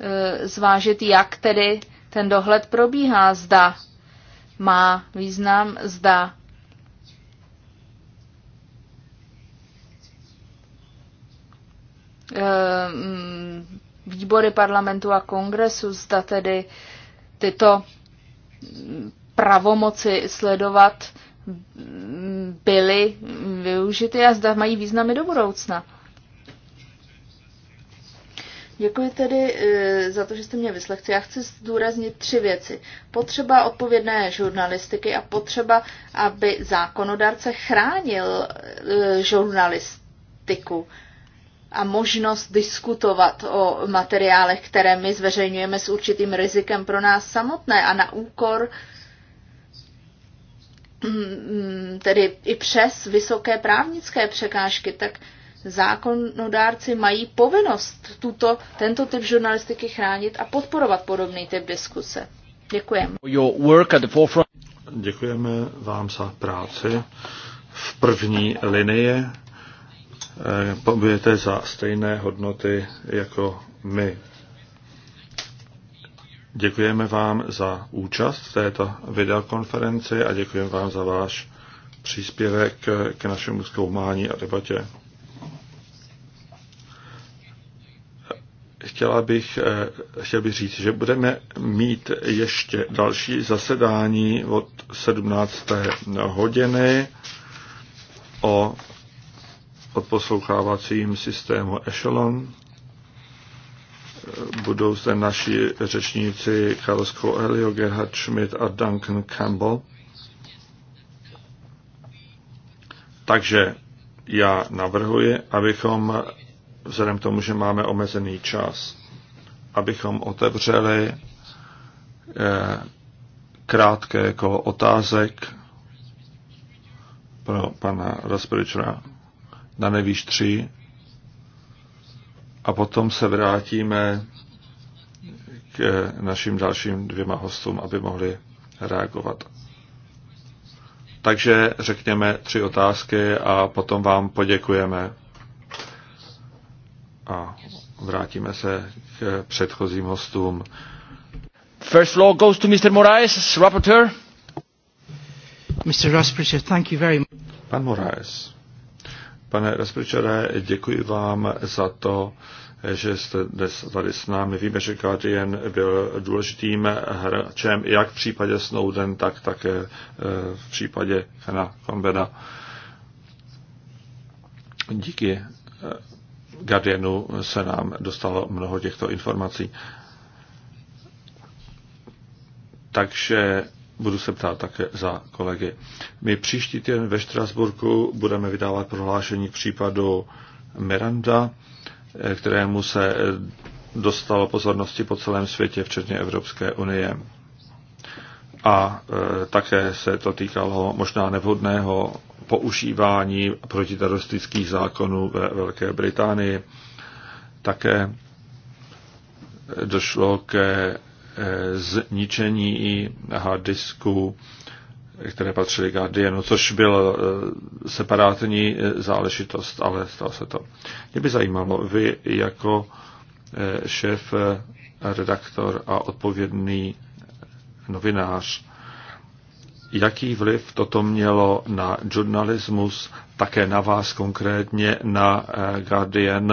e, zvážit, jak tedy ten dohled probíhá, zda má význam, zda eh, výbory parlamentu a kongresu, zda tedy tyto pravomoci sledovat byly využity a zda mají významy do budoucna. Děkuji tedy e, za to, že jste mě vyslechli. Já chci zdůraznit tři věci. Potřeba odpovědné žurnalistiky a potřeba, aby zákonodárce chránil e, žurnalistiku a možnost diskutovat o materiálech, které my zveřejňujeme s určitým rizikem pro nás samotné a na úkor mm, mm, tedy i přes vysoké právnické překážky, tak zákonodárci mají povinnost tuto, tento typ žurnalistiky chránit a podporovat podobný typ diskuse. Děkujeme. Děkujeme vám za práci v první linii. Pobujete eh, za stejné hodnoty jako my. Děkujeme vám za účast v této videokonferenci a děkujeme vám za váš příspěvek k našemu zkoumání a debatě. chtěla bych, eh, chtěl bych říct, že budeme mít ještě další zasedání od 17. hodiny o odposlouchávacím systému Echelon. Eh, budou zde naši řečníci Carlos Coelho, Gerhard Schmidt a Duncan Campbell. Takže já navrhuji, abychom vzhledem k tomu, že máme omezený čas, abychom otevřeli eh, krátké kolo otázek pro pana Raspričera na nevíš tři a potom se vrátíme k eh, našim dalším dvěma hostům, aby mohli reagovat. Takže řekněme tři otázky a potom vám poděkujeme a vrátíme se k předchozím hostům. First law goes to Mr. Moraes, rapporteur. Mr. Raspricher, thank you very much. Pan Moraes. Pane Rasprichere, děkuji vám za to, že jste dnes tady s námi. Víme, že Guardian byl důležitým hráčem jak v případě Snowden, tak také eh, v případě Hena Kombeda. Díky eh, Guardianu se nám dostalo mnoho těchto informací. Takže budu se ptát také za kolegy. My příští týden ve Štrasburku budeme vydávat prohlášení k případu Miranda, kterému se dostalo pozornosti po celém světě, včetně Evropské unie. A e, také se to týkalo možná nevhodného používání protiteroristických zákonů ve Velké Británii. Také došlo ke eh, zničení hard disku, které patřily Guardianu, což byl eh, separátní eh, záležitost, ale stalo se to. Mě by zajímalo, vy jako šéf, redaktor a odpovědný novinář, jaký vliv toto mělo na žurnalismus, také na vás konkrétně, na eh, Guardian,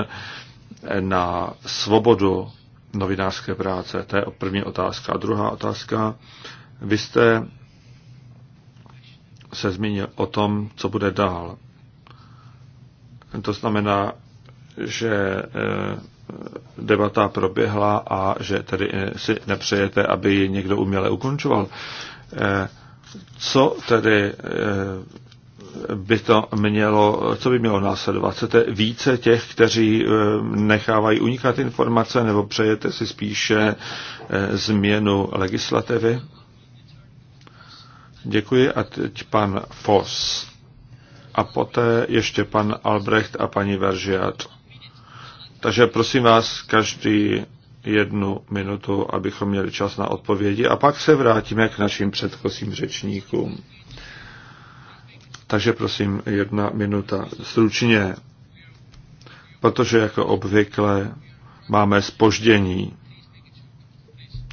eh, na svobodu novinářské práce. To je první otázka. A druhá otázka, vy jste se zmínil o tom, co bude dál. To znamená, že eh, debata proběhla a že tedy si nepřejete, aby ji někdo uměle ukončoval co tedy eh, by to mělo, co by mělo následovat? Chcete více těch, kteří eh, nechávají unikat informace, nebo přejete si spíše eh, změnu legislativy? Děkuji a teď pan Foss. A poté ještě pan Albrecht a paní Veržiat. Takže prosím vás, každý jednu minutu, abychom měli čas na odpovědi a pak se vrátíme k našim předchozím řečníkům. Takže prosím, jedna minuta. Stručně, protože jako obvykle máme spoždění.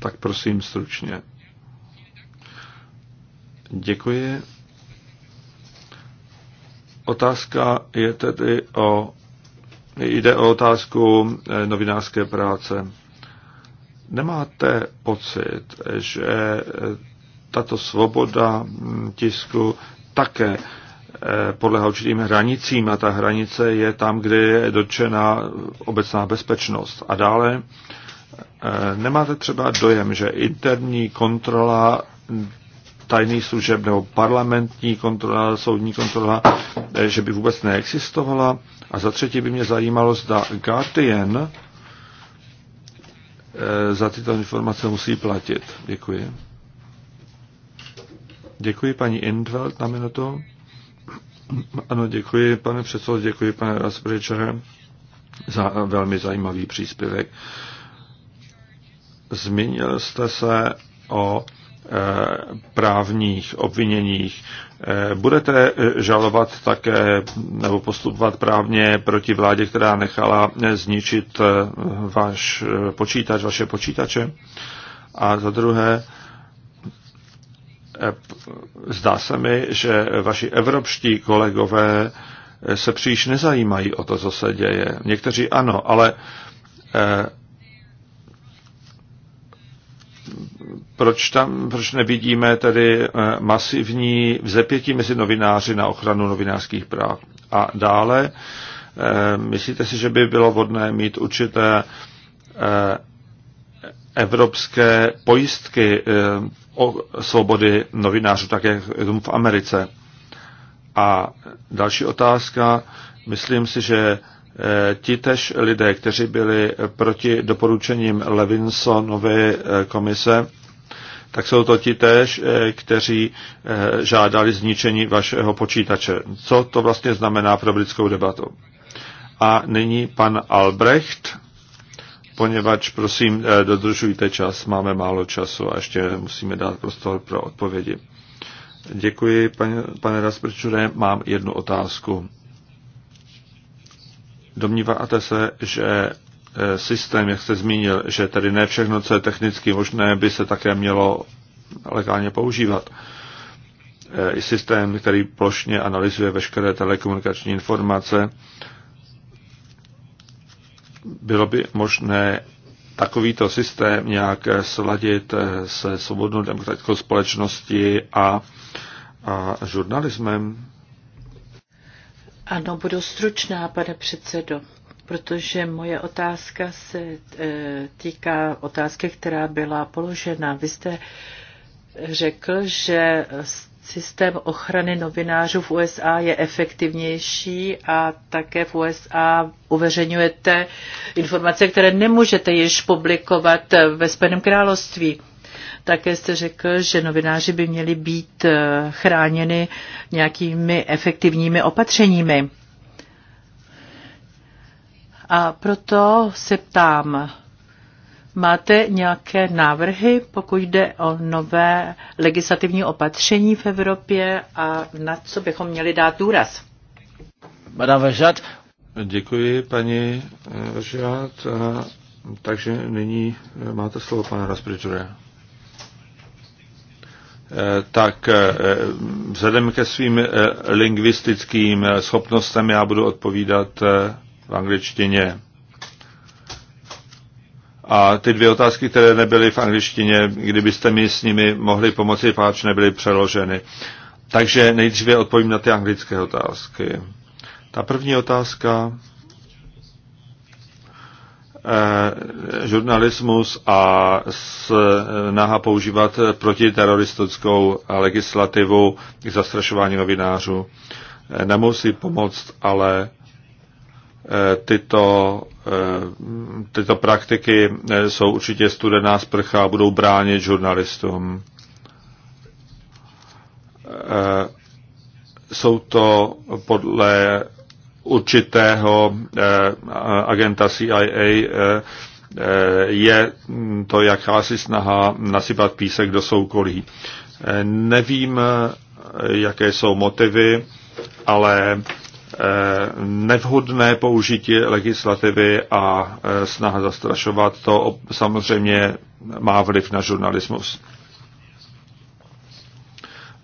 Tak prosím stručně. Děkuji. Otázka je tedy o, jde o otázku eh, novinářské práce. Nemáte pocit, že tato svoboda tisku také eh, podlehá určitým hranicím a ta hranice je tam, kde je dotčena obecná bezpečnost. A dále eh, nemáte třeba dojem, že interní kontrola tajný služeb nebo parlamentní kontrola, soudní kontrola, eh, že by vůbec neexistovala. A za třetí by mě zajímalo, zda Guardian Eh, za tyto informace musí platit. Děkuji. Děkuji paní Indveld na minutu. Ano, děkuji pane předsedo, děkuji pane Raspričere za velmi zajímavý příspěvek. Zmínil jste se o právních obviněních. Budete žalovat také nebo postupovat právně proti vládě, která nechala zničit váš počítač, vaše počítače? A za druhé, zdá se mi, že vaši evropští kolegové se příliš nezajímají o to, co se děje. Někteří ano, ale proč, tam, proč nevidíme tedy eh, masivní vzepětí mezi novináři na ochranu novinářských práv. A dále, eh, myslíte si, že by bylo vhodné mít určité eh, evropské pojistky o svobody novinářů, tak jak tomu v Americe? A další otázka, myslím si, že Titež lidé, kteří byli proti doporučením Levinsonovy eh, komise, tak jsou to ti též, eh, kteří eh, žádali zničení vašeho počítače. Co to vlastně znamená pro britskou debatu? A nyní pan Albrecht, poněvadž prosím, dodržujte čas, máme málo času a ještě musíme dát prostor pro odpovědi. Děkuji, pane, pane Rasprčure, mám jednu otázku. Domníváte se, že eh, systém, jak jste zmínil, že tedy ne všechno, co je technicky možné, by se také mělo legálně používat. Eh, I systém, který plošně analyzuje veškeré telekomunikační informace, bylo by možné takovýto systém nějak eh, sladit se svobodnou demokratickou společností a, a žurnalismem? Ano, budu stručná, pane předsedo, protože moje otázka se e, týká otázky, která byla položena. Vy jste řekl, že systém ochrany novinářů v USA je efektivnější a také v USA uveřejňujete informace, které nemůžete již publikovat ve Spojeném království. Také jste řekl, že novináři by měli být eh, chráněni nějakými efektivními opatřeními. A proto se ptám, máte nějaké návrhy, pokud jde o nové legislativní opatření v Evropě a na co bychom měli dát důraz? Madame Vežat. Děkuji, paní eh, Vežat. Takže nyní eh, máte slovo, pane Raspriture. Eh, tak eh, vzhledem ke svým eh, lingvistickým schopnostem já budu odpovídat v angličtině. A ty dvě otázky, které nebyly v angličtině, kdybyste mi s nimi mohli pomoci, páč nebyly přeloženy. Takže nejdříve odpovím na ty anglické otázky. Ta první otázka Eh, žurnalismus a eh, snaha používat protiteroristickou legislativu k zastrašování novinářů eh, nemusí pomoct, ale tyto, tyto praktiky jsou určitě studená sprcha a budou bránit žurnalistům. Jsou to podle určitého eh, agenta CIA eh, eh, je to jakási snaha nasypat písek do soukolí. Nevím, jaké jsou motivy, ale nevhodné použití legislativy a snaha zastrašovat to samozřejmě má vliv na žurnalismus.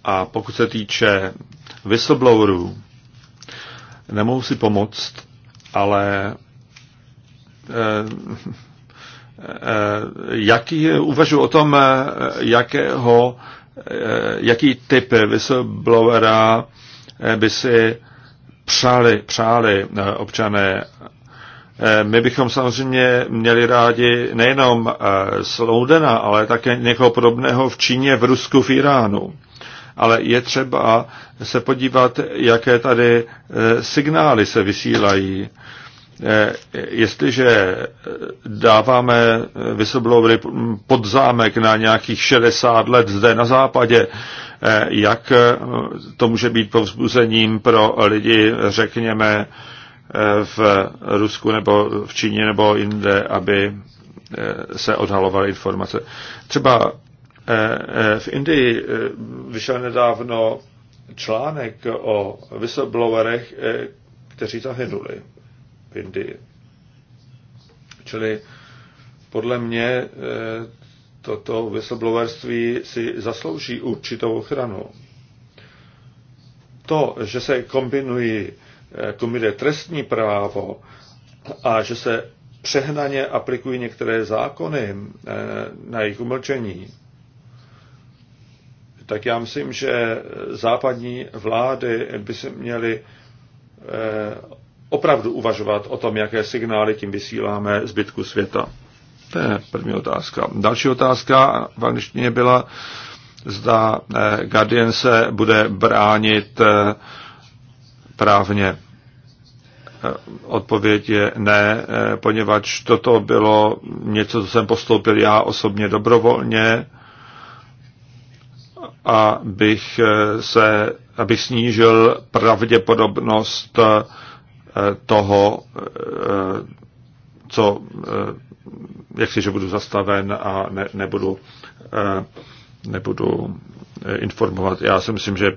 A pokud se týče whistleblowerů, nemohu si pomoct, ale eh, eh, jaký, uvažu o tom, eh, jakého, jaký typ whistleblowera by si přáli, přáli občané. My bychom samozřejmě měli rádi nejenom Snowdena, ale také někoho podobného v Číně, v Rusku, v Iránu ale je třeba se podívat, jaké tady eh, signály se vysílají. Eh, jestliže eh, dáváme whistleblowery pod zámek na nějakých 60 let zde na západě, jak to může být povzbuzením pro lidi, řekněme, v Rusku nebo v Číně nebo jinde, aby se odhalovaly informace. Třeba Eh, eh, v Indii eh, vyšel nedávno článek o whistleblowerech, kteří zahynuli v Indii. Čili podle mě toto whistleblowerství si zaslouží určitou ochranu. To, že se kombinují, kombinuje trestní právo a že se přehnaně aplikují některé zákony na jejich umlčení, tak já myslím, že západní vlády by se měly eh, opravdu uvažovat o tom, jaké signály tím vysíláme zbytku světa. To je první otázka. Další otázka v angličtině byla, zda eh, Guardian se bude bránit eh, právně. Odpověď je ne, poněvadž toto bylo něco, co jsem postoupil já osobně dobrovolně abych, eh, se, abych snížil pravděpodobnost eh, toho, eh, co, jak si, že budu zastaven a ne, nebudu, nebudu informovat. Já si myslím, že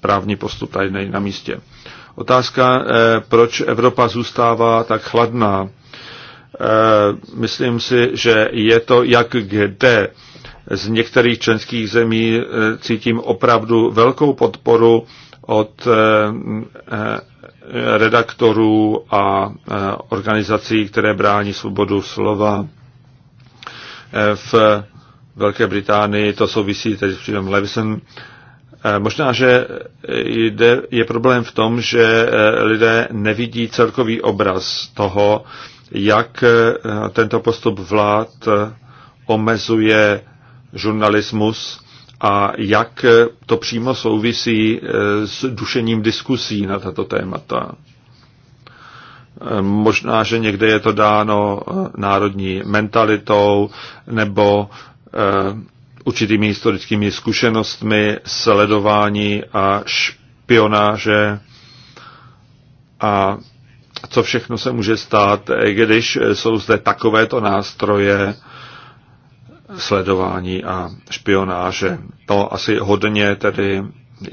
právní postup tady není na místě. Otázka, proč Evropa zůstává tak chladná. Myslím si, že je to jak kde z některých členských zemí eh, cítím opravdu velkou podporu od eh, eh, redaktorů a organizací, které brání svobodu slova. V Velké Británii to souvisí tedy s přírodem Levison. Možná, že jde, je problém v tom, že lidé nevidí celkový obraz toho, jak tento postup vlád omezuje žurnalismus a jak to přímo souvisí eh, s dušením diskusí na tato témata. Eh, možná, že někde je to dáno eh, národní mentalitou nebo určitými historickými zkušenostmi, sledování a špionáže a co všechno se může stát, když jsou zde takovéto nástroje, sledování a špionáže. To asi hodně tedy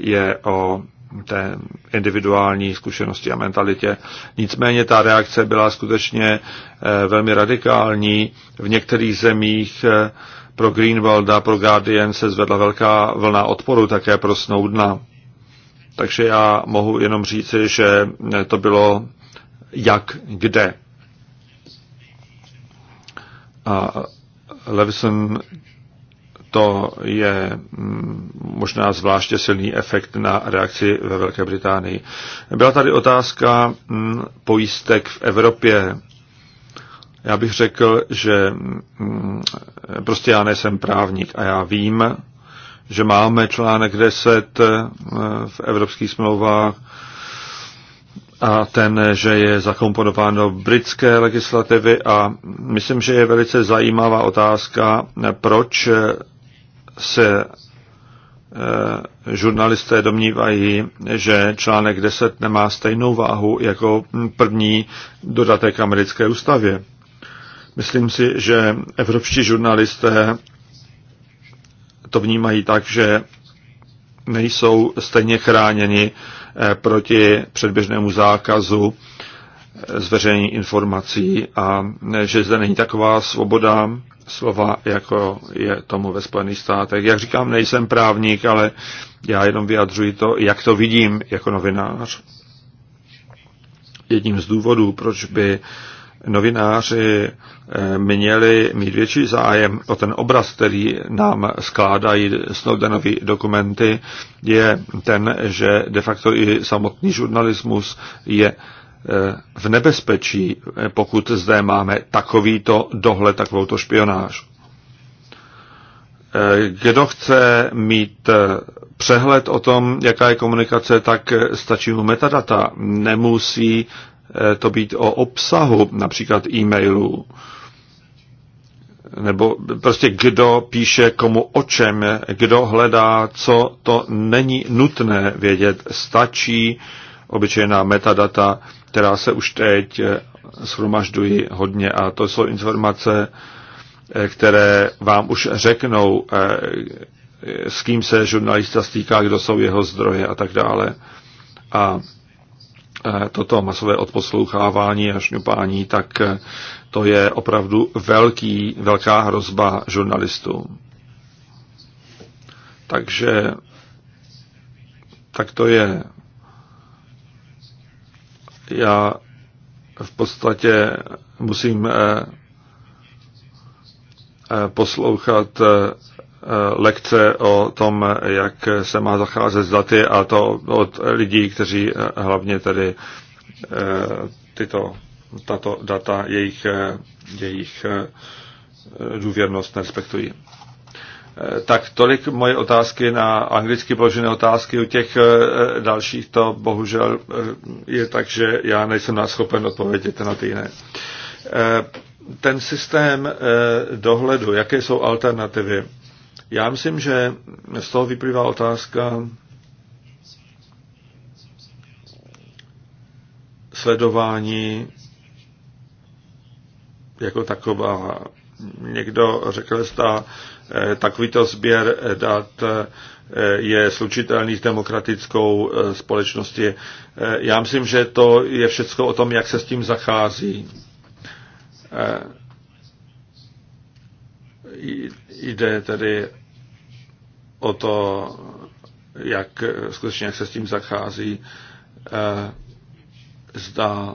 je o té individuální zkušenosti a mentalitě. Nicméně ta reakce byla skutečně eh, velmi radikální. V některých zemích eh, pro Greenwalda, pro Guardian se zvedla velká vlna odporu také pro Snowdna. Takže já mohu jenom říci, že eh, to bylo jak kde. A Levison to je mm, možná zvláště silný efekt na reakci ve Velké Británii. Byla tady otázka mm, pojistek v Evropě. Já bych řekl, že mm, prostě já nejsem právník a já vím, že máme článek 10 v evropských smlouvách, a ten, že je zakomponován do britské legislativy a myslím, že je velice zajímavá otázka, proč se eh, žurnalisté domnívají, že článek 10 nemá stejnou váhu jako první dodatek americké ústavě. Myslím si, že evropští žurnalisté to vnímají tak, že nejsou stejně chráněni Eh, proti předběžnému zákazu eh, zveřejnění informací a eh, že zde není taková svoboda slova, jako je tomu ve Spojených státech. Jak říkám, nejsem právník, ale já jenom vyjadřuji to, jak to vidím jako novinář. Jedním z důvodů, proč by eh, novináři eh, měli mít větší zájem o ten obraz, který nám skládají Snowdenovy dokumenty, je ten, že de facto i samotný žurnalismus je eh, v nebezpečí, eh, pokud zde máme takovýto dohled, takovouto špionáž. Kdo chce mít přehled o tom, jaká je komunikace, tak stačí mu metadata. Nemusí Eh, to být o obsahu například e-mailů, nebo prostě kdo píše komu o čem, kdo hledá, co to není nutné vědět. Stačí obyčejná metadata, která se už teď eh, shromažďují hodně a to jsou informace, eh, které vám už řeknou, s kým se žurnalista stýká, kdo jsou jeho zdroje a tak dále. A Eh, toto masové odposlouchávání a šňupání, tak eh, to je opravdu velký, velká hrozba žurnalistům. Takže tak to je. Já v podstatě musím eh, poslouchat Eh, lekce o tom, jak se má zacházet s daty a to od lidí, kteří eh, hlavně tedy eh, tyto, tato data, jejich, jejich důvěrnost nerespektují. Tak tolik moje otázky na anglicky položené otázky. U těch dalších to bohužel je tak, že já nejsem nás schopen odpovědět na ty jiné. Ten systém dohledu, jaké jsou alternativy? Já myslím, že z toho vyplývá otázka sledování jako taková. Někdo řekl, že eh, takovýto sběr eh, dat eh, je slučitelný s demokratickou společností. Já myslím, že to je všechno o tom, jak se s tím zachází jde tedy o to, jak skutečně jak se s tím zachází, eh, zda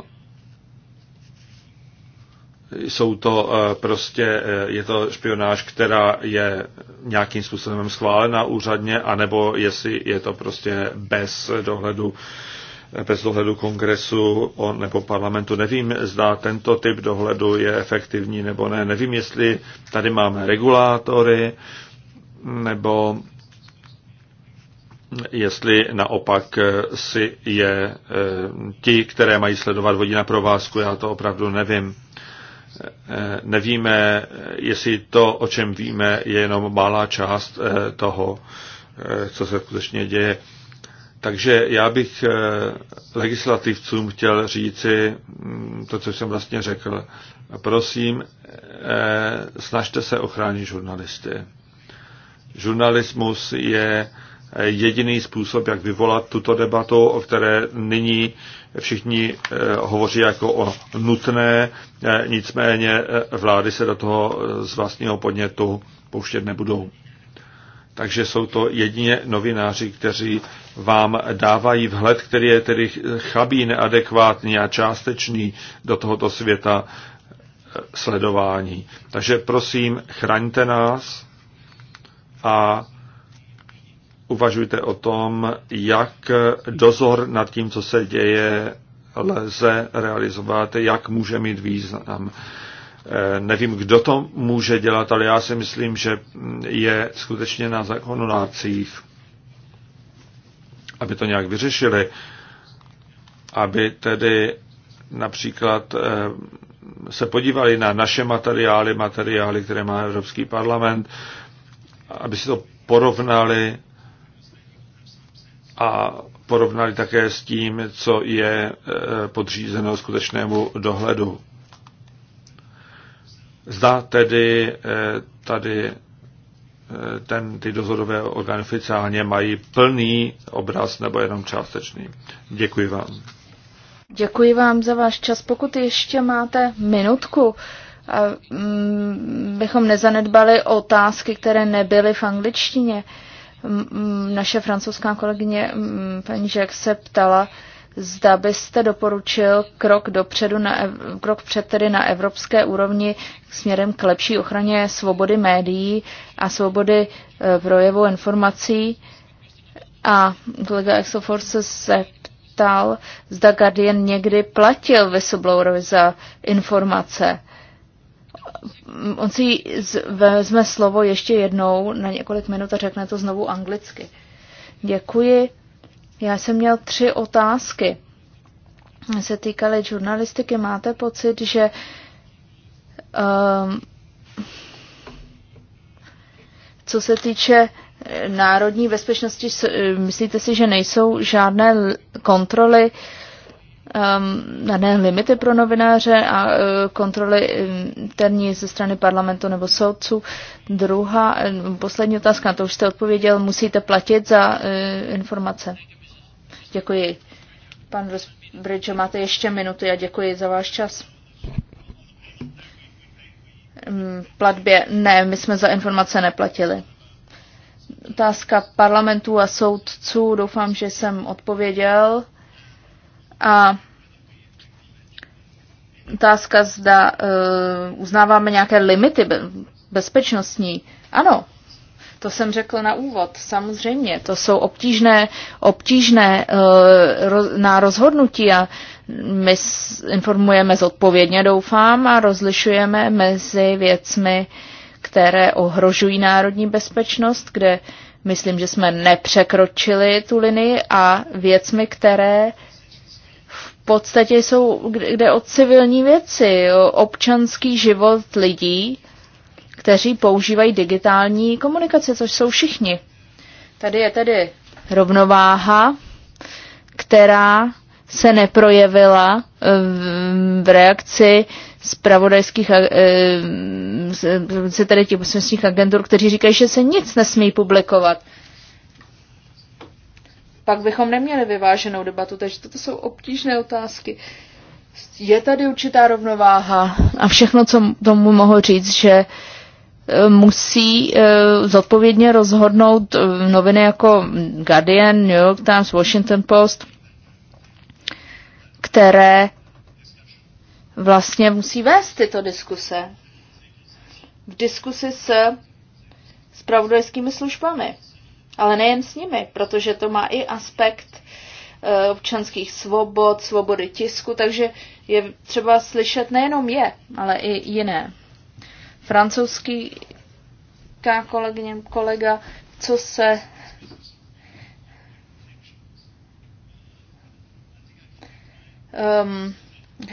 jsou to eh, prostě, eh, je to špionáž, která je nějakým způsobem schválena úřadně, anebo jestli je to prostě bez dohledu bez dohledu kongresu nebo parlamentu. Nevím, zda tento typ dohledu je efektivní nebo ne. Nevím, jestli tady máme regulátory nebo jestli naopak eh, si je eh, ti, které mají sledovat vodina provázku, já to opravdu nevím. Eh, nevíme, jestli to, o čem víme, je jenom malá část toho, co se skutečně děje. Takže já bych eh, legislativcům chtěl říci mm, to, co jsem vlastně řekl. Prosím, eh, snažte se ochránit žurnalisty. Žurnalismus je eh, jediný způsob, jak vyvolat tuto debatu, o které nyní všichni hovoří jako o nutné, nicméně vlády se do toho z vlastního podnětu pouštět nebudou takže jsou to jedině novináři, kteří vám dávají vhled, který je tedy chabý, neadekvátní a částečný do tohoto světa eh, sledování. Takže prosím, chraňte nás a uvažujte o tom, jak dozor nad tím, co se děje, lze realizovat, jak může mít význam. Eh, nevím, kdo to může dělat, ale já si myslím, že je skutečně na zákonodárcích, aby to nějak vyřešili, aby tedy například eh, se podívali na naše materiály, materiály, které má Evropský parlament, aby si to porovnali a porovnali také s tím, co je eh, podřízeno skutečnému dohledu. Zda tedy eh, tady eh, ten, ty dozorové orgány oficiálně mají plný obraz nebo jenom částečný. Děkuji vám. Děkuji vám za váš čas. Pokud ještě máte minutku, a, eh, mm, bychom nezanedbali otázky, které nebyly v angličtině. Naše francouzská kolegyně paní Žek se ptala, zda byste doporučil krok dopředu na, krok před tedy na evropské úrovni směrem k lepší ochraně svobody médií a svobody e, projevu informací. A kolega Exofor se zeptal, zda Guardian někdy platil whistleblowerovi za informace. On si vezme slovo ještě jednou na několik minut a řekne to znovu anglicky. Děkuji. Já jsem měl tři otázky. Se týkaly žurnalistiky, máte pocit, že um, co se týče národní bezpečnosti, eh, myslíte si, že nejsou žádné kontroly, um, žádné limity pro novináře a uh, kontroly interní ze strany parlamentu nebo soudců? Druhá, eh, poslední otázka, na to už jste odpověděl, musíte platit za uh, informace. Děkuji. Pan Bridge, máte ještě minuty a děkuji za váš čas. Mm, platbě ne, my jsme za informace neplatili. Otázka parlamentů a soudců, doufám, že jsem odpověděl. A otázka, zda uh, uznáváme nějaké limity bezpečnostní. Ano, to jsem řekl na úvod. Samozřejmě, to jsou obtížné, obtížné eh, na rozhodnutí a my informujeme zodpovědně, doufám, a rozlišujeme mezi věcmi, které ohrožují národní bezpečnost, kde myslím, že jsme nepřekročili tu linii, a věcmi, které v podstatě jsou, kde o civilní věci, o občanský život lidí, kteří používají digitální komunikace, což jsou všichni. Tady je tedy rovnováha, která se neprojevila eh, v reakci zpravodajských se eh, tedy těch bezpečnostních agentur, kteří říkají, že se nic nesmí publikovat. Pak bychom neměli vyváženou debatu, takže toto jsou obtížné otázky. Je tady určitá rovnováha a všechno, co tomu mohu říct, že uh, musí eh, zodpovědně rozhodnout eh, noviny jako Guardian, New York Times, Washington Post, které vlastně musí vést tyto diskuse. V diskusi s spravodajskými službami. Ale nejen s nimi, protože to má i aspekt eh, občanských svobod, svobody tisku, takže je třeba slyšet nejenom je, ale i jiné francouzský kolegyně, kolega, co se um,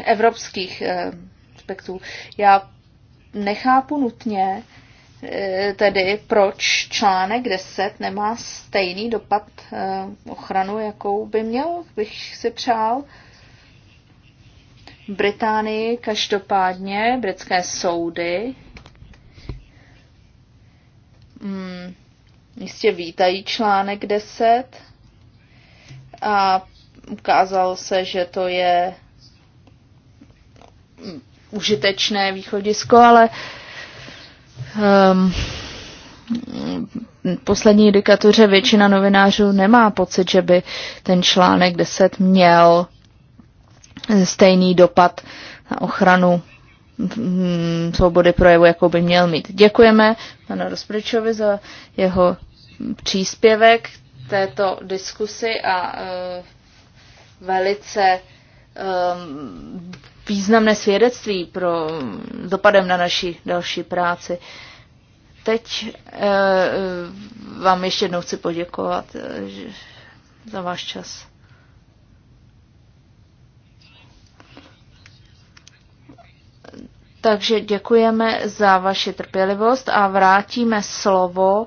evropských uh, eh, spektů. Já nechápu nutně eh, tedy, proč článek 10 nemá stejný dopad eh, ochranu, jakou by měl, bych si přál. Británii každopádně britské soudy mm, jistě vítají článek 10 a ukázalo se, že to je hmm, užitečné východisko, ale um, poslední indikatoře většina novinářů nemá pocit, že by ten článek 10 měl stejný dopad na ochranu Mm, svobody projevu, jakou by měl mít. Děkujeme panu Rozpričovi za jeho příspěvek této diskusi a e, velice e, významné svědectví pro dopadem na naši další práci. Teď e, vám ještě jednou chci poděkovat za váš čas. Takže děkujeme za vaši trpělivost a vrátíme slovo um,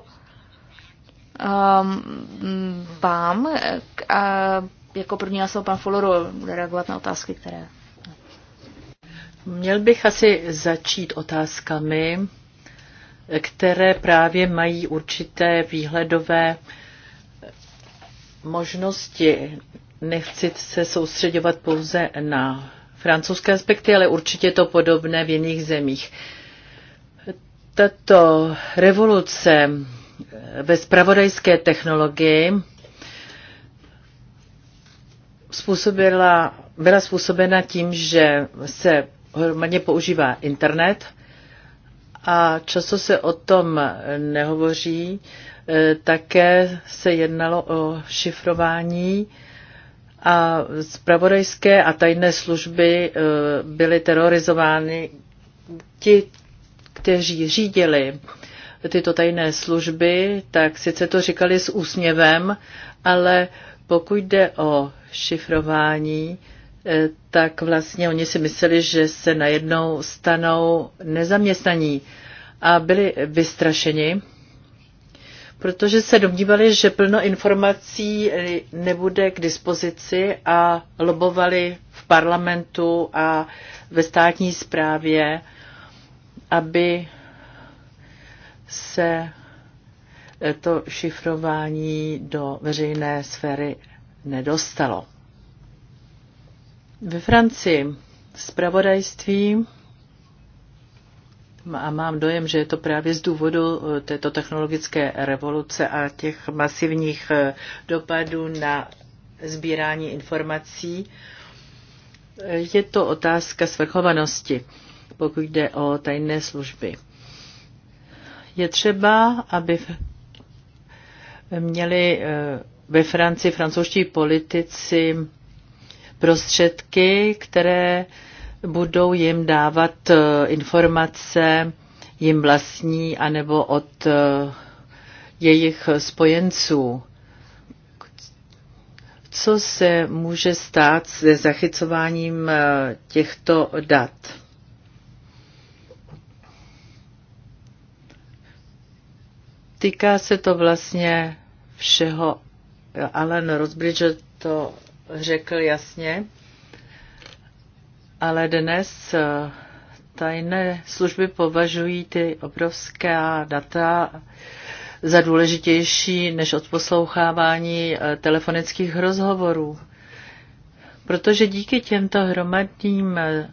vám. A jako první já jsem pan Fuloru, bude reagovat na otázky, které. Měl bych asi začít otázkami, které právě mají určité výhledové možnosti. Nechci se soustředovat pouze na francouzské aspekty, ale určitě to podobné v jiných zemích. Tato revoluce eh, ve spravodajské technologii způsobila, byla způsobena tím, že se hromadně používá internet a často se o tom nehovoří. Eh, také se jednalo o šifrování a zpravodajské a tajné služby e, byly terorizovány ti, kteří řídili tyto tajné služby, tak sice to říkali s úsměvem, ale pokud jde o šifrování, e, tak vlastně oni si mysleli, že se najednou stanou nezaměstnaní a byli vystrašeni protože se domnívali, že plno informací eh, nebude k dispozici a lobovali v parlamentu a ve státní správě, aby se eh, to šifrování do veřejné sféry nedostalo. Ve Francii zpravodajství a mám dojem, že je to právě z důvodu eh, této technologické revoluce a těch masivních eh, dopadů na sbírání informací. Eh, je to otázka svrchovanosti, pokud jde o tajné služby. Je třeba, aby měli ve Francii francouzští politici prostředky, které budou jim dávat eh, informace jim vlastní anebo od eh, jejich spojenců. Co se může stát se zachycováním eh, těchto dat? Týká se to vlastně všeho. Alan Rozbridge to řekl jasně ale dnes eh, tajné služby považují ty obrovská data za důležitější než odposlouchávání eh, telefonických rozhovorů. Protože díky těmto hromadným eh,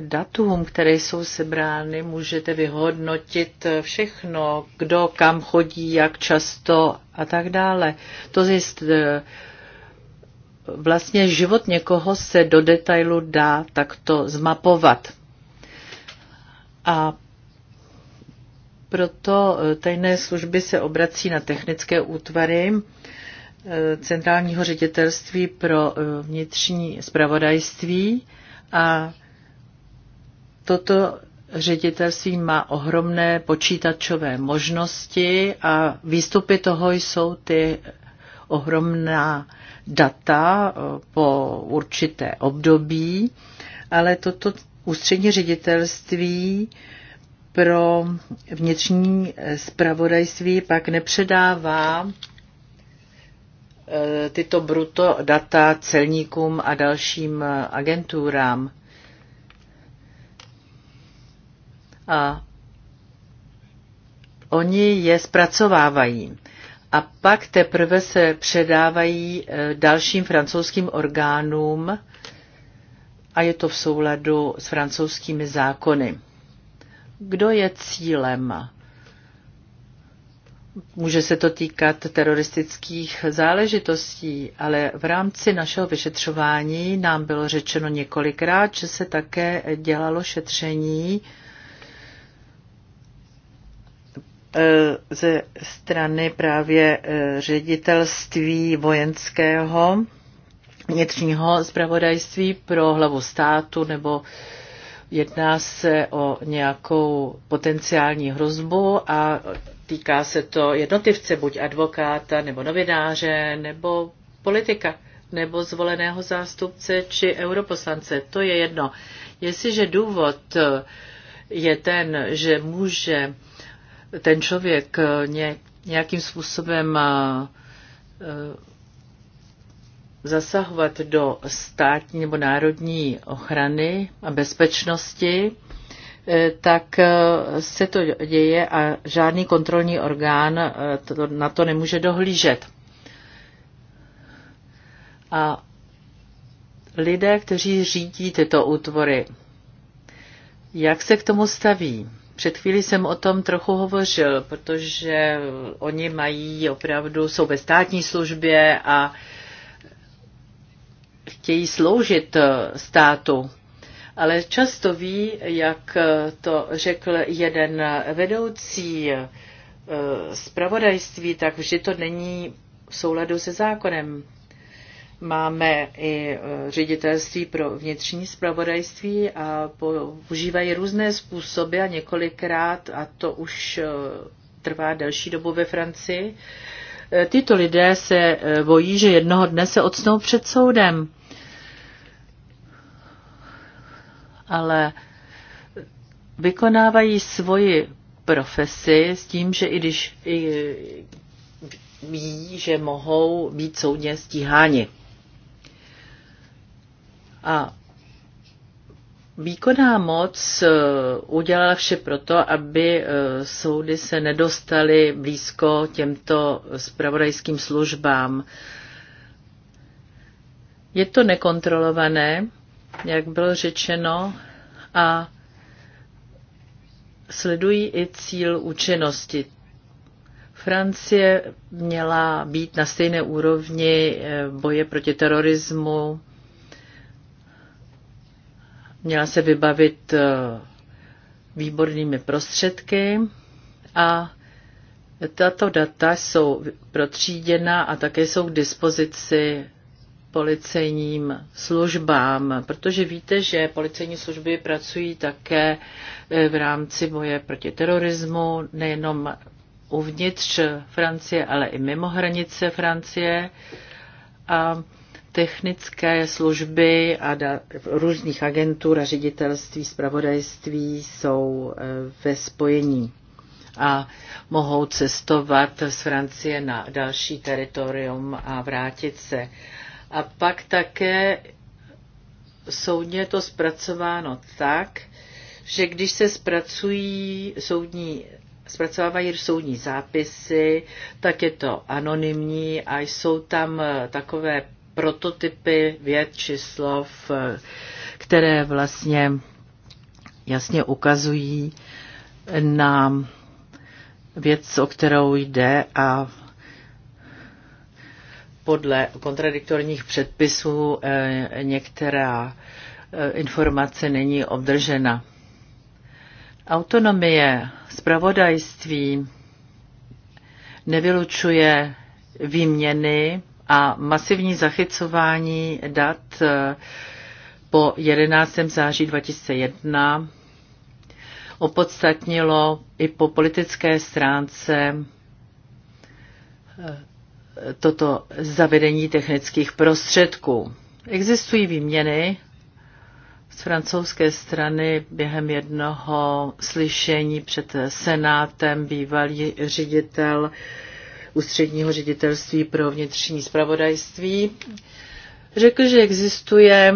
datům, které jsou sebrány, můžete vyhodnotit všechno, kdo kam chodí, jak často a tak dále. To zjistí vlastně život někoho se do detailu dá takto zmapovat. A proto eh, tajné služby se obrací na technické útvary eh, Centrálního ředitelství pro eh, vnitřní spravodajství a toto ředitelství má ohromné počítačové možnosti a výstupy toho jsou ty ohromná data eh, po určité období, ale toto ústřední ředitelství pro vnitřní spravodajství eh, pak nepředává eh, tyto bruto data celníkům a dalším agenturám. A oni je zpracovávají a pak teprve se předávají e, dalším francouzským orgánům a je to v souladu s francouzskými zákony. Kdo je cílem? Může se to týkat teroristických záležitostí, ale v rámci našeho vyšetřování nám bylo řečeno několikrát, že se také dělalo šetření Eh, ze strany právě eh, ředitelství vojenského vnitřního zpravodajství pro hlavu státu nebo jedná se o nějakou potenciální hrozbu a týká se to jednotlivce, buď advokáta nebo novináře nebo politika nebo zvoleného zástupce či europoslance. To je jedno. Jestliže důvod eh, je ten, že může ten člověk eh, nějakým způsobem eh, eh, zasahovat do státní nebo národní ochrany a bezpečnosti, tak se to děje a žádný kontrolní orgán na to nemůže dohlížet. A lidé, kteří řídí tyto útvory, jak se k tomu staví? Před chvílí jsem o tom trochu hovořil, protože oni mají opravdu, jsou ve státní službě a chtějí sloužit eh, státu. Ale často ví, jak eh, to řekl jeden vedoucí eh, zpravodajství, tak vždy to není v souladu se zákonem. Máme i e, ředitelství pro vnitřní spravodajství a používají různé způsoby a několikrát, a to už e, trvá delší dobu ve Francii, e, tyto lidé se bojí, že jednoho dne se odsnou před soudem. Ale vykonávají svoji profesi s tím, že i když i ví, že mohou být soudně stíháni. A Výkonná moc eh, udělala vše proto, aby eh, soudy se nedostaly blízko těmto spravodajským službám. Je to nekontrolované, jak bylo řečeno, a sledují i cíl účinnosti. Francie měla být na stejné úrovni eh, boje proti terorismu měla se vybavit eh, výbornými prostředky a tato data jsou protříděna a také jsou k dispozici policejním službám, protože víte, že policejní služby pracují také eh, v rámci boje proti terorismu, nejenom uvnitř Francie, ale i mimo hranice Francie. A technické služby a da, různých agentur a ředitelství zpravodajství jsou e, ve spojení a mohou cestovat z Francie na další teritorium a vrátit se. A pak také soudně to zpracováno tak, že když se zpracují soudní zpracovávají soudní zápisy, tak je to anonymní a jsou tam e, takové prototypy věd či slov, eh, které vlastně jasně ukazují na věc, o kterou jde a podle kontradiktorních předpisů eh, některá eh, informace není obdržena. Autonomie zpravodajství nevylučuje výměny a masivní zachycování dat eh, po 11. září 2001 opodstatnilo i po politické stránce eh, toto zavedení technických prostředků. Existují výměny z francouzské strany během jednoho slyšení před senátem bývalý ředitel eh, ústředního ředitelství pro vnitřní spravodajství, řekl, že existuje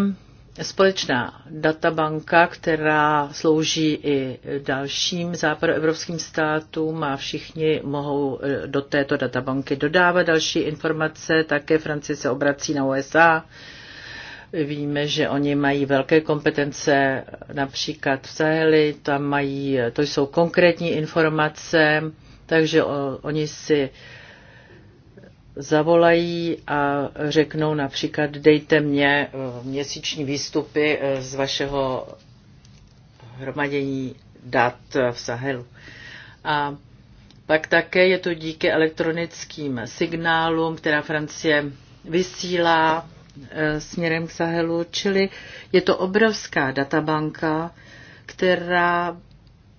společná databanka, která slouží i dalším západoevropským státům a všichni mohou eh, do této databanky dodávat další informace. Také Francie se obrací na USA. Víme, že oni mají velké kompetence, například v Saheli, tam mají, eh, to jsou konkrétní informace, takže o, oni si uh, zavolají a řeknou například dejte mě eh, měsíční výstupy eh, z vašeho hromadění dat eh, v Sahelu. A pak také je to díky elektronickým signálům, která Francie vysílá směrem k Sahelu, čili je to obrovská databanka, která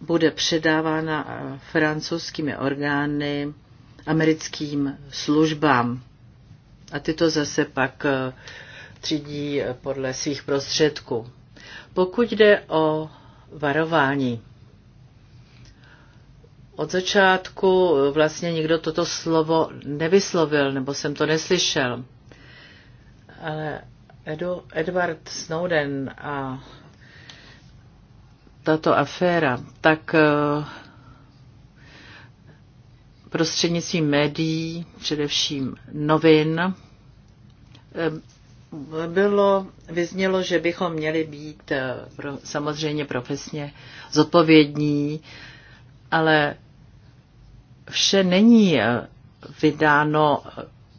bude předávána francouzskými orgány americkým službám. A ty to zase pak eh, třídí eh, podle svých prostředků. Pokud jde o varování, od začátku eh, vlastně nikdo toto slovo nevyslovil, nebo jsem to neslyšel. Ale Edu, Edward Snowden a tato aféra, tak prostřednictvím médií, především novin, eh, bylo, vyznělo, že bychom měli být eh, pro, samozřejmě profesně zodpovědní, ale vše není eh, vydáno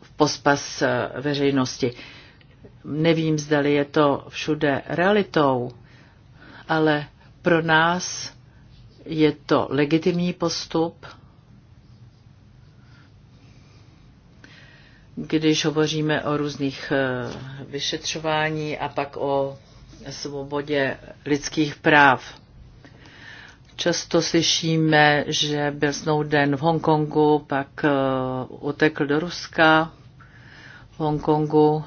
v pospas veřejnosti. Nevím, zda je to všude realitou, ale pro nás je to legitimní postup, když hovoříme o různých eh, vyšetřování a pak o svobodě lidských práv. Často slyšíme, že byl Snowden v Hongkongu, pak eh, utekl do Ruska. V Hongkongu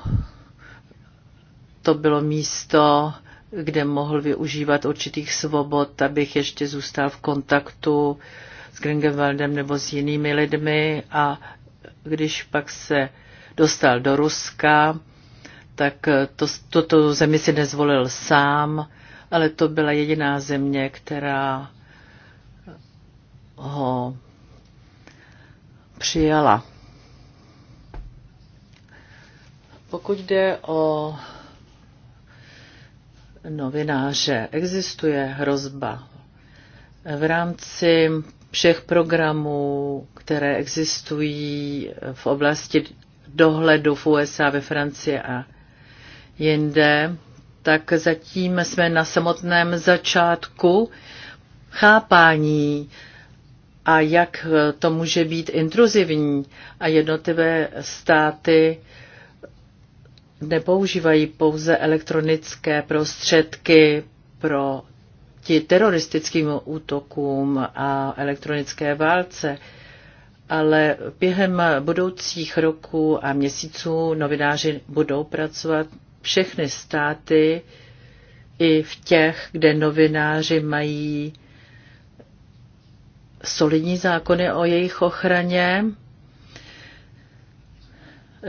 to bylo místo, kde mohl využívat určitých svobod, abych ještě zůstal v kontaktu s Gringewaldem nebo s jinými lidmi a když pak se dostal do Ruska, tak to, toto zemi si nezvolil sám, ale to byla jediná země, která ho přijala. Pokud jde o novináře, existuje hrozba. V rámci všech programů, které existují v oblasti dohledu v USA, ve Francii a jinde, tak zatím jsme na samotném začátku chápání a jak to může být intruzivní a jednotlivé státy nepoužívají pouze elektronické prostředky pro proti teroristickým útokům a elektronické válce, ale během budoucích roků a měsíců novináři budou pracovat všechny státy, i v těch, kde novináři mají solidní zákony o jejich ochraně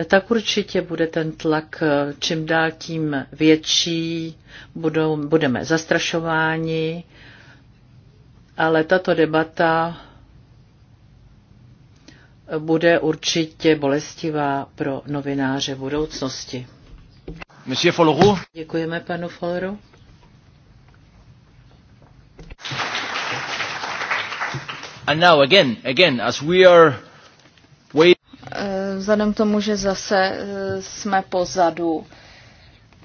tak určitě bude ten tlak eh, čím dál tím větší, budou, budeme zastrašováni, ale tato debata bude určitě bolestivá pro novináře v budoucnosti. Monsieur Folleru. Děkujeme panu Folleru. And now again, again, as we are Eh, vzhledem k tomu, že zase eh, jsme pozadu,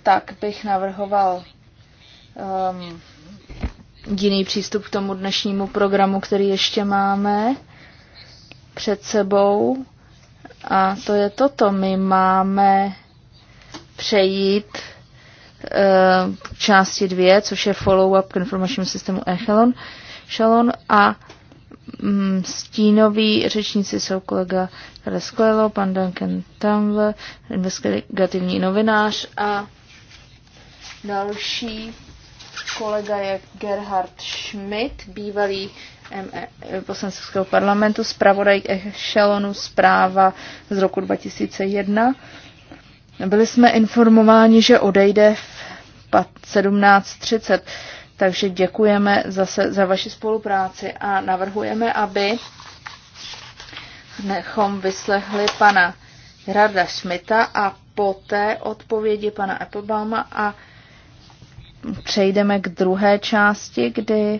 tak bych navrhoval um, jiný přístup k tomu dnešnímu programu, který ještě máme před sebou. A to je toto. My máme přejít uh, části dvě, což je follow-up k informačnímu systému Echelon. Shalom a Mm, stínoví řečníci jsou kolega Resklelo, pan Duncan Tamle, investigativní novinář a další kolega je Gerhard Schmidt, bývalý e, poslaneckého parlamentu, zpravodaj Echelonu zpráva z roku 2001. Byli jsme informováni, že odejde v 17.30. Takže děkujeme zase za vaši spolupráci a navrhujeme, aby nechom vyslechli pana Rada Šmita a poté odpovědi pana Applebauma a přejdeme k druhé části, kdy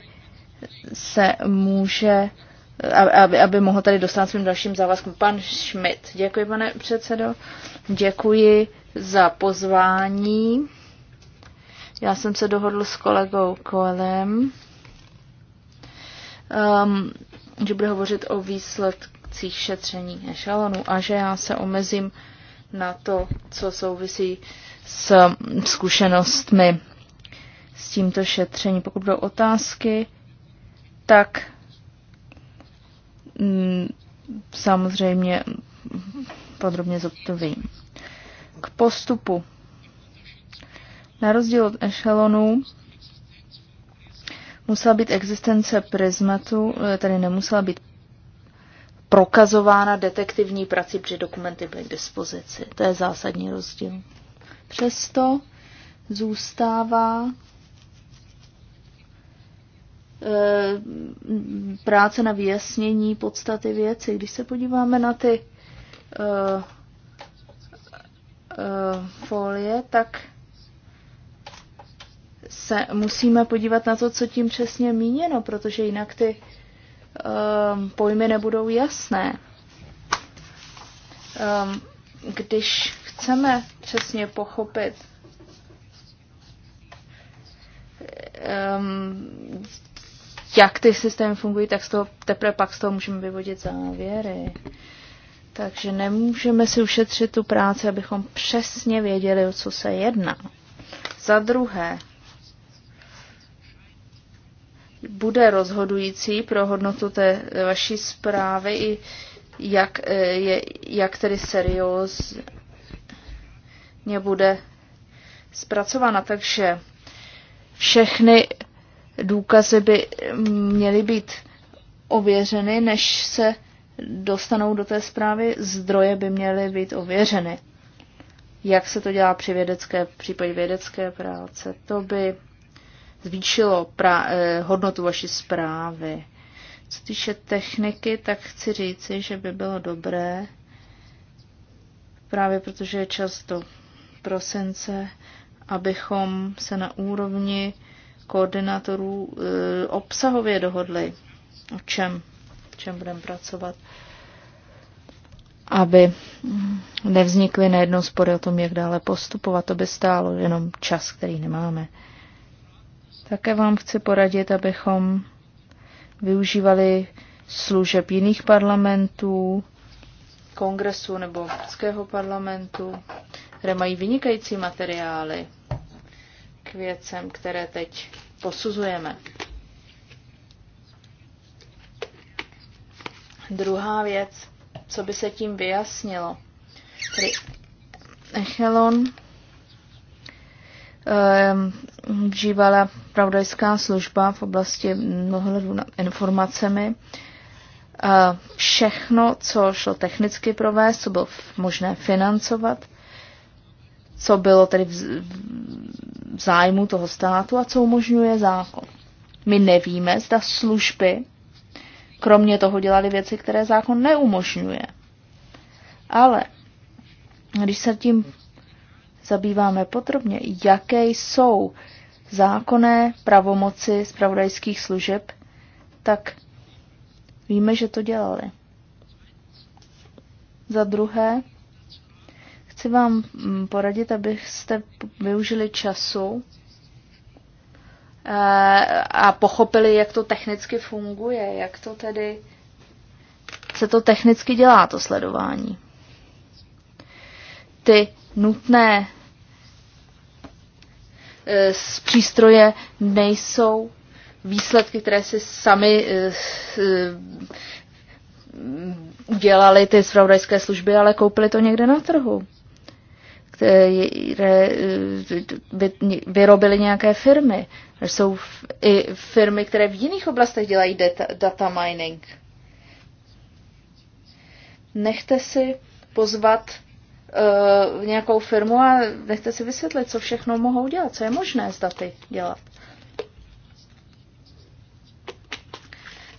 se může, aby, aby mohl tady dostat svým dalším závazkům. Pan Schmidt, děkuji, pane předsedo, děkuji za pozvání já jsem se dohodl s kolegou Koelem, um, že bude hovořit o výsledcích šetření ešalonu a že já se omezím na to, co souvisí s um, zkušenostmi s tímto šetřením. Pokud budou otázky, tak mm, samozřejmě podrobně zodpovím. K postupu na rozdíl od ešelonů musela být existence prismatu, eh, tedy nemusela být prokazována detektivní prací, protože dokumenty byly k dispozici. To je zásadní rozdíl. Přesto zůstává eh, práce na vyjasnění podstaty věci. Když se podíváme na ty uh, uh, folie, tak se musíme podívat na to, co tím přesně míněno, protože jinak ty um, pojmy nebudou jasné. Um, když chceme přesně pochopit, um, jak ty systémy fungují, tak z toho, teprve pak z toho můžeme vyvodit závěry. Takže nemůžeme si ušetřit tu práci, abychom přesně věděli, o co se jedná. Za druhé, bude rozhodující pro hodnotu té vaší zprávy i jak, e, je, jak tedy seriózně bude zpracována. Takže všechny důkazy by měly být ověřeny, než se dostanou do té zprávy, zdroje by měly být ověřeny. Jak se to dělá při vědecké, případě vědecké práce, to by zvýšilo pra, eh, hodnotu vaší zprávy. Co týče techniky, tak chci říci, že by bylo dobré, právě protože je čas do prosince, abychom se na úrovni koordinátorů eh, obsahově dohodli, o čem, o čem budeme pracovat, aby nevznikly nejednou spory o tom, jak dále postupovat. To by stálo jenom čas, který nemáme. Také vám chci poradit, abychom využívali služeb jiných parlamentů, kongresu nebo britského parlamentu, které mají vynikající materiály k věcem, které teď posuzujeme. Druhá věc, co by se tím vyjasnilo. Tedy Echelon um, užívala pravdajská služba v oblasti dohledu nad informacemi. Eh, všechno, co šlo technicky provést, co bylo možné financovat, co bylo tedy v zájmu toho státu a co umožňuje zákon. My nevíme, zda služby kromě toho dělali věci, které zákon neumožňuje. Ale když se tím zabýváme podrobně, jaké jsou zákonné pravomoci zpravodajských služeb, tak víme, že to dělali. Za druhé, chci vám mm, poradit, abyste využili času eh, a pochopili, jak to technicky funguje, jak to tedy se to technicky dělá, to sledování. Ty nutné z e, přístroje nejsou výsledky, které si sami e, e, udělali ty zpravodajské služby, ale koupili to někde na trhu. Které vyrobili nějaké firmy. Jsou i firmy, které v jiných oblastech dělají data, data mining. Nechte si pozvat Eh, v nějakou firmu a nechte si vysvětlit, co všechno mohou dělat, co je možné s daty dělat.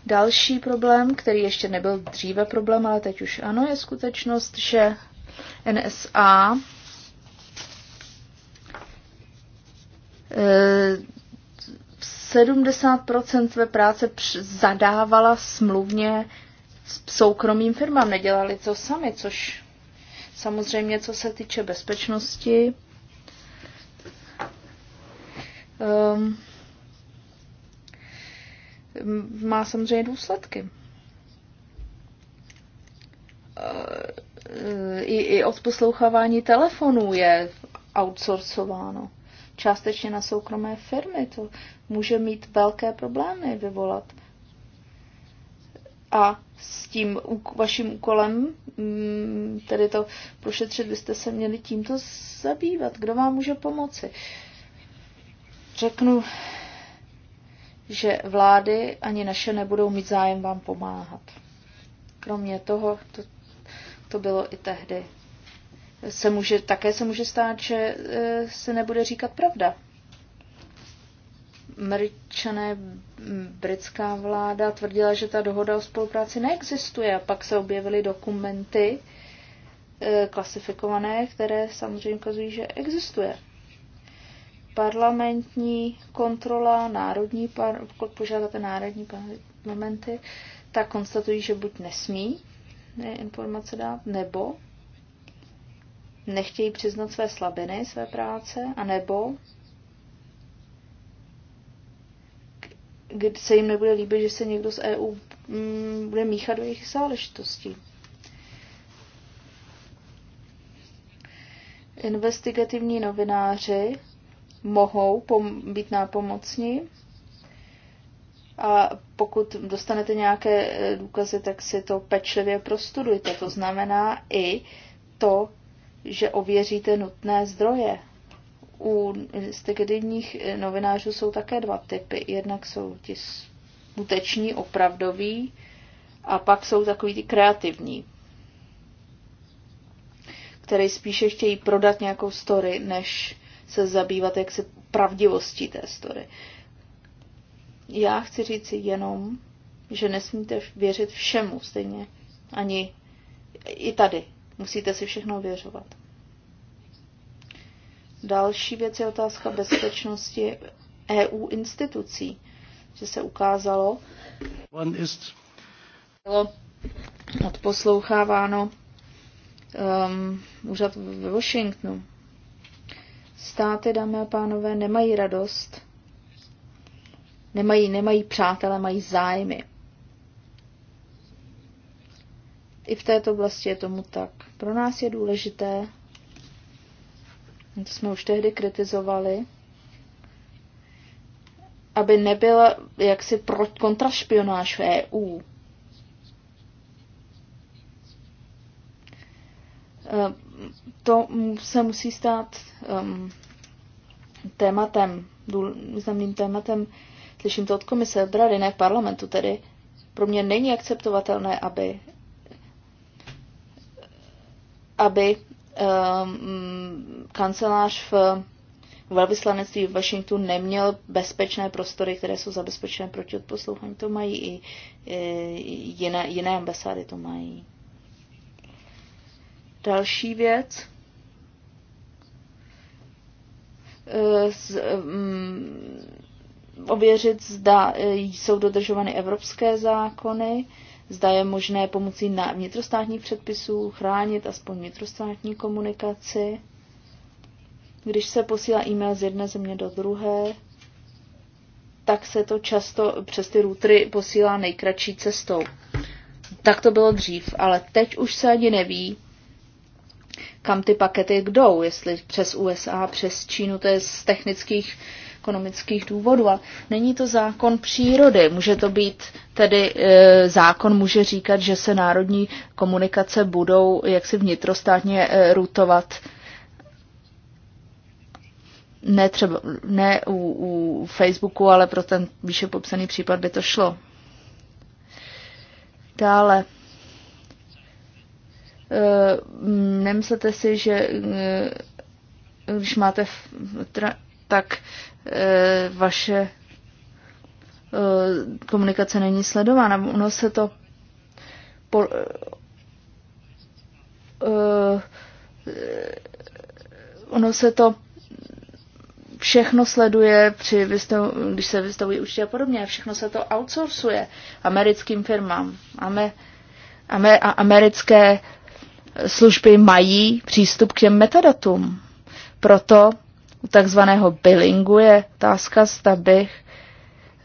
Další problém, který ještě nebyl dříve problém, ale teď už ano, je skutečnost, že NSA e, 70% své práce zadávala smluvně s soukromým firmám. Nedělali to sami, což Samozřejmě, co se týče bezpečnosti, um, má samozřejmě důsledky. Eh, I, I odposlouchávání telefonů je outsourcováno. Částečně na soukromé firmy to může mít velké problémy vyvolat. A s tím vaším úkolem, mm, tedy to prošetřit, byste se měli tímto zabývat. Kdo vám může pomoci? Řeknu, že vlády ani naše nebudou mít zájem vám pomáhat. Kromě toho, to, to bylo i tehdy. Se může, také se může stát, že eh, se nebude říkat pravda. Američané britská vláda tvrdila, že ta dohoda o spolupráci neexistuje. A pak se objevily dokumenty e, klasifikované, které samozřejmě ukazují, že existuje. Parlamentní kontrola, národní, par, pokud požádáte národní parlamenty, tak konstatují, že buď nesmí ne, informace dát, nebo nechtějí přiznat své slabiny, své práce, anebo kdy se jim nebude líbit, že se někdo z EU mm, bude míchat do jejich záležitostí. Investigativní novináři mohou být nápomocní a pokud dostanete nějaké e, důkazy, tak si to pečlivě prostudujte. To znamená i to, že ověříte nutné zdroje. U integrativních novinářů jsou také dva typy. Jednak jsou ti skuteční, opravdoví, a pak jsou takový ty kreativní, které spíše chtějí prodat nějakou story, než se zabývat jaksi pravdivostí té story. Já chci říct jenom, že nesmíte věřit všemu stejně, ani i tady. Musíte si všechno věřovat. Další věc je otázka bezpečnosti EU institucí, že se ukázalo, bylo odposloucháváno um, úřad v Washingtonu. Státy, dámy a pánové, nemají radost, nemají, nemají přátelé, mají zájmy. I v této oblasti je tomu tak. Pro nás je důležité to jsme už tehdy kritizovali, aby nebyla jaksi pro, kontrašpionáž v EU. Eh, to se musí stát um, tématem, významným tématem, slyším to od komise Brady, ne v parlamentu tedy. Pro mě není akceptovatelné, aby aby Ehm, mm, kancelář v velvyslanectví v Washingtonu neměl bezpečné prostory, které jsou zabezpečené proti odposlouchání. To mají i, jiné, jiné ambasády to mají. Další věc. Ehm, z, um, ověřit, zda e, jsou dodržovány evropské zákony. Zda je možné pomocí na vnitrostátních předpisů chránit aspoň vnitrostátní komunikaci. Když se posílá e-mail z jedné země do druhé, tak se to často přes ty routery posílá nejkratší cestou. Tak to bylo dřív, ale teď už se ani neví, kam ty pakety jdou, jestli přes USA, přes Čínu, to je z technických ekonomických důvodů. A není to zákon přírody. Může to být tedy e, zákon může říkat, že se národní komunikace budou jaksi vnitrostátně e, rutovat ne, třeba, ne u, u Facebooku, ale pro ten výše popsaný případ by to šlo. Dále. E, nemyslete si, že e, když máte tak eh, vaše eh, komunikace není sledována. Ono se to po, eh, ono se to všechno sleduje, při vystavu, když se vystavují určitě a podobně. Všechno se to outsourcuje americkým firmám. Amer, amer, americké služby mají přístup k těm metadatům. Proto u takzvaného billingu je otázka, zda bych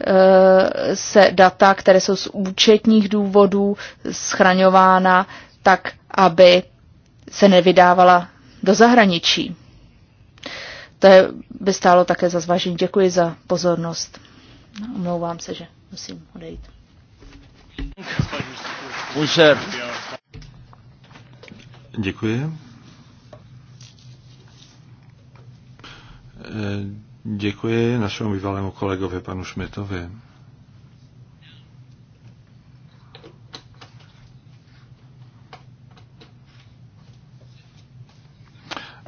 eh, se data, které jsou z účetních důvodů schraňována, tak aby se nevydávala do zahraničí. To je, by stálo také za zvažení. Děkuji za pozornost. No, omlouvám se, že musím odejít. Děkuji. Eh, děkuji našemu bývalému kolegovi panu Šmitovi.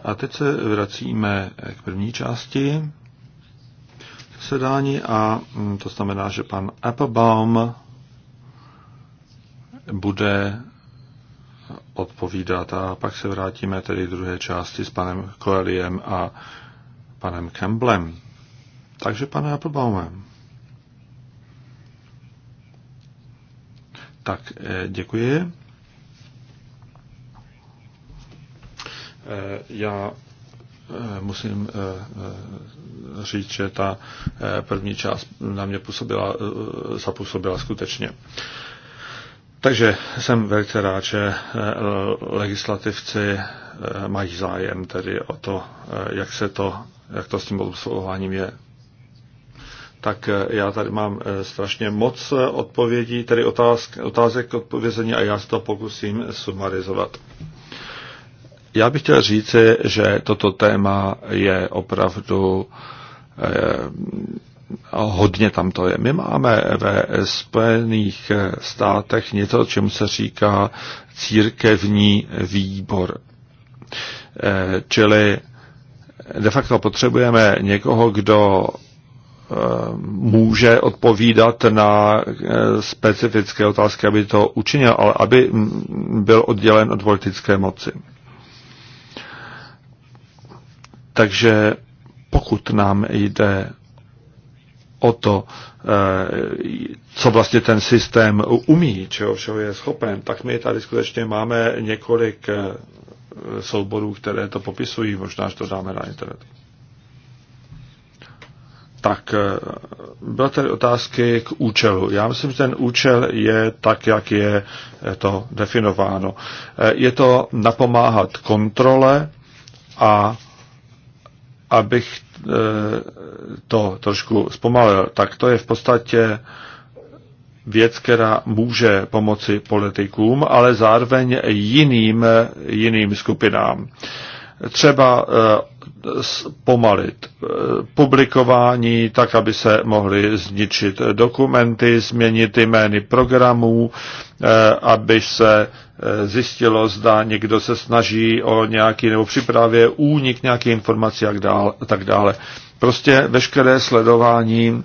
A teď se vracíme k první části zasedání a hm, to znamená, že pan Applebaum bude odpovídat a pak se vrátíme tedy druhé části s panem Koeliem a panem Campbellem. Takže pane Applebaumem. Tak, eh, děkuji. Eh, já eh, musím říct, že ta první část na mě působila, zapůsobila skutečně. Takže jsem velice rád, že eh, legislativci eh, mají zájem tedy o to, eh, jak, se to, jak to s tím obsluhováním je. Tak já tady mám strašně moc odpovědí, tedy otázk, otázek k odpovězení a já se to pokusím sumarizovat. Já bych chtěl říci, že toto téma je opravdu hodně tam to je. My máme ve Spojených státech něco, čemu se říká církevní výbor. Eh, čili de facto potřebujeme někoho, kdo eh, může odpovídat na eh, specifické otázky, aby to učinil, ale aby mm, byl oddělen od politické moci. Takže pokud nám jde o to, eh, co vlastně ten systém umí, čeho všeho je schopen, tak my tady skutečně máme několik eh, souborů, které to popisují, možná, že to dáme na internet. Tak, eh, byla tady otázky k účelu. Já myslím, že ten účel je tak, jak je to definováno. Je to napomáhat kontrole a abych e, to trošku zpomalil, tak to je v podstatě věc, která může pomoci politikům, ale zároveň jiným, jiným skupinám. Třeba e, pomalit e, publikování, tak aby se mohly zničit dokumenty, změnit jmény programů, aby se Eh, zjistilo, zda někdo se snaží o nějaký nebo připravě únik nějaké informací a tak dále. Prostě veškeré sledování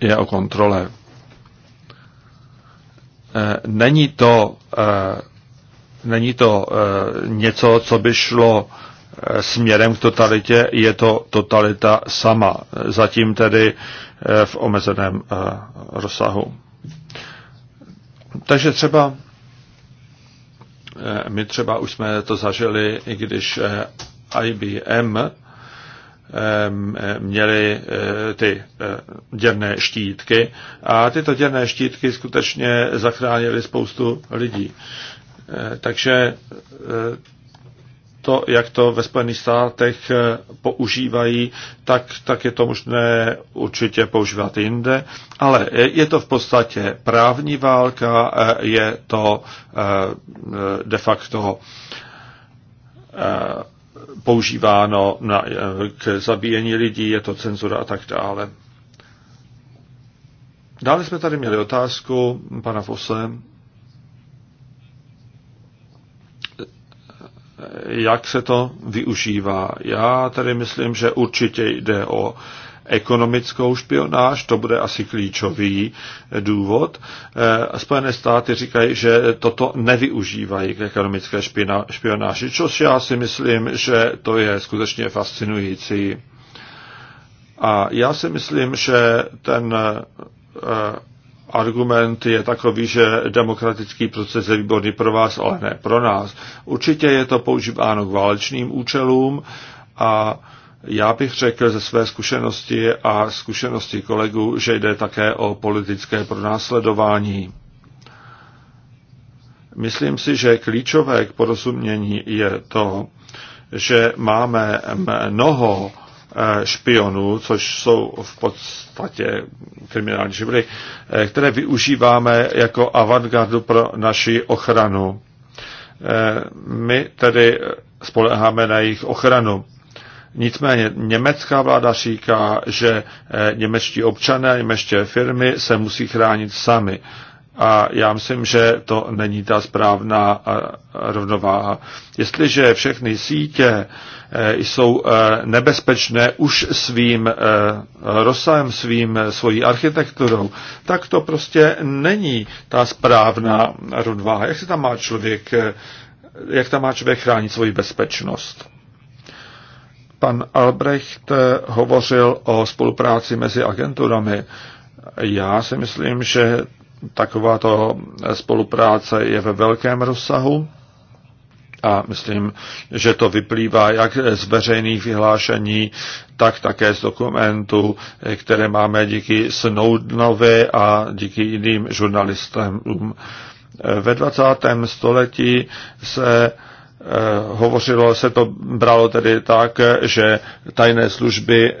je o kontrole. Eh, není to, eh, není to něco, co by šlo směrem k totalitě, je to totalita sama, zatím tedy v omezeném rozsahu. Takže třeba my třeba už jsme to zažili, i když eh, IBM eh, měli eh, ty děrné štítky a tyto děrné štítky skutečně zachránily spoustu lidí. Takže to, jak to ve Spojených státech eh, používají, tak, tak je to možné určitě používat jinde. Ale je to v podstatě právní válka, eh, je to eh, de facto používáno na, k zabíjení lidí, je to cenzura a tak dále. Dále jsme tady měli otázku pana Fosem. jak se to využívá. Já tady myslím, že určitě jde o ekonomickou špionáž, to bude asi klíčový eh, důvod. Eh, Spojené státy říkají, že toto nevyužívají k ekonomické špionáži, což já si myslím, že to je skutečně fascinující. A já si myslím, že ten eh, argument je takový, že demokratický proces je výborný pro vás, ale ne pro nás. Určitě je to používáno k válečným účelům a já bych řekl ze své zkušenosti a zkušenosti kolegů, že jde také o politické pronásledování. Myslím si, že klíčové k porozumění je to, že máme mnoho Eh, špionů, což jsou v podstatě kriminální živly, eh, které využíváme jako avantgardu pro naši ochranu. Eh, my tedy spoleháme na jejich ochranu. Nicméně německá vláda říká, že němečtí občané, a německé firmy se musí chránit sami. A já myslím, že to není ta správná rovnováha. Jestliže všechny sítě e, jsou e, nebezpečné už svým e, rozsahem, svým, svojí architekturou, tak to prostě není ta správná rovnováha. Jak se tam má člověk, jak tam má člověk chránit svoji bezpečnost? Pan Albrecht hovořil o spolupráci mezi agenturami. Já si myslím, že takováto spolupráce je ve velkém rozsahu a myslím, že to vyplývá jak z veřejných vyhlášení, tak také z dokumentů, které máme díky Snowdenovi a díky jiným žurnalistům. Ve 20. století se Eh, hovořilo se to, bralo tedy tak, že tajné služby eh,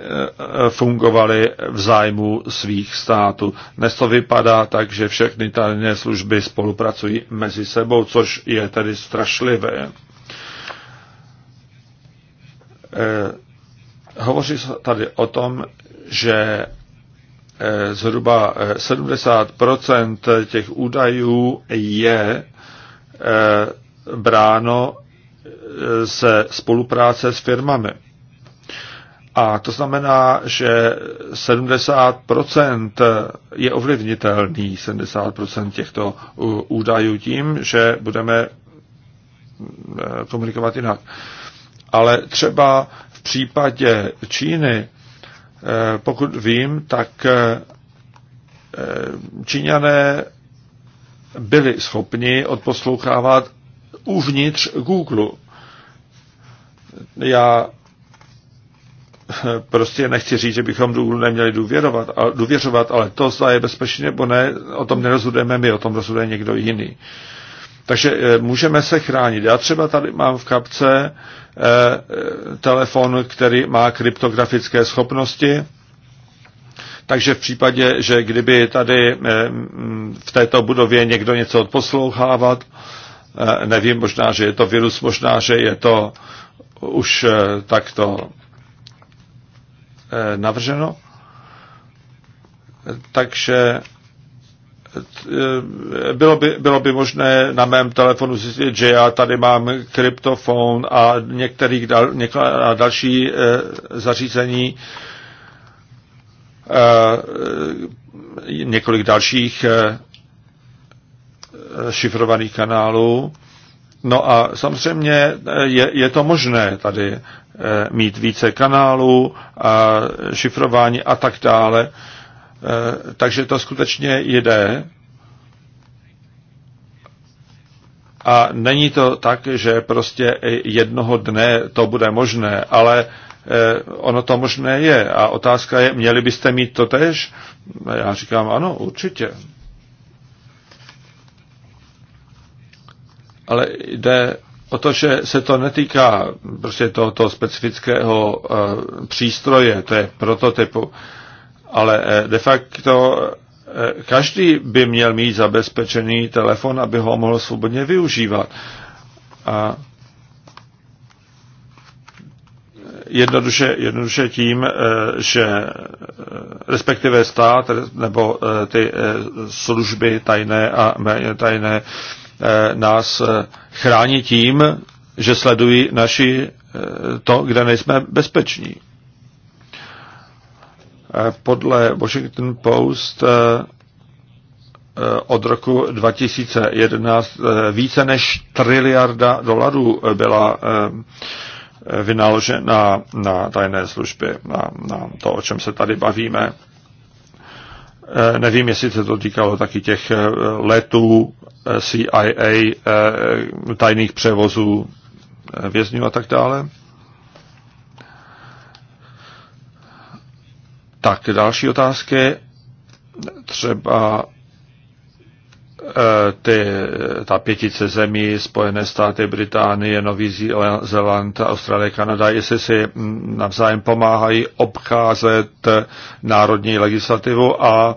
fungovaly v zájmu svých států. Dnes to vypadá tak, že všechny tajné služby spolupracují mezi sebou, což je tedy strašlivé. Eh, hovoří se tady o tom, že zhruba 70% těch údajů je bráno se spolupráce s firmami. A to znamená, že 70% je ovlivnitelný, 70% těchto údajů tím, že budeme eh, komunikovat jinak. Ale třeba v případě Číny, eh, pokud vím, tak eh, Číňané byli schopni odposlouchávat uvnitř Google. Já eh, prostě nechci říct, že bychom Google neměli důvěrovat, ale, důvěřovat, ale to, zda je bezpečné nebo ne, o tom nerozhodujeme my, o tom rozhoduje někdo jiný. Takže eh, můžeme se chránit. Já třeba tady mám v kapce eh, telefon, který má kryptografické schopnosti, takže v případě, že kdyby tady v této budově někdo něco odposlouchávat, Eh, nevím, možná, že je to virus, možná, že je to už eh, takto eh, navrženo. Takže bylo by, bylo by možné na mém telefonu zjistit, že já tady mám kryptofon a některých dal, a další zařízení, několik dalších šifrovaných kanálů. No a samozřejmě eh, je, je to možné tady eh, mít více kanálů a šifrování a tak dále. Eh, takže to skutečně jde. A není to tak, že prostě jednoho dne to bude možné, ale ono to možné je. A otázka je, měli byste mít to tež? Já říkám, ano, určitě. ale jde o to, že se to netýká prostě tohoto specifického eh, přístroje, to je prototypu, ale eh, de facto eh, každý by měl mít zabezpečený telefon, aby ho mohl svobodně využívat. A jednoduše, jednoduše tím, že respektive stát nebo ty služby tajné a méně tajné Eh, nás eh, chrání tím, že sledují naši eh, to, kde nejsme bezpeční. Podle Washington Post od roku 2011 více než triliarda dolarů byla vynaložena na tajné služby, na, na to, o čem se tady bavíme. Nevím, jestli se to týkalo taky těch letů CIA, eh, tajných převozů eh, vězňů a tak dále. Tak, další otázky. Třeba eh, ty, ta pětice zemí, Spojené státy, Británie, Nový Zéland, Austrálie, Kanada, jestli si hm, navzájem pomáhají obcházet národní legislativu a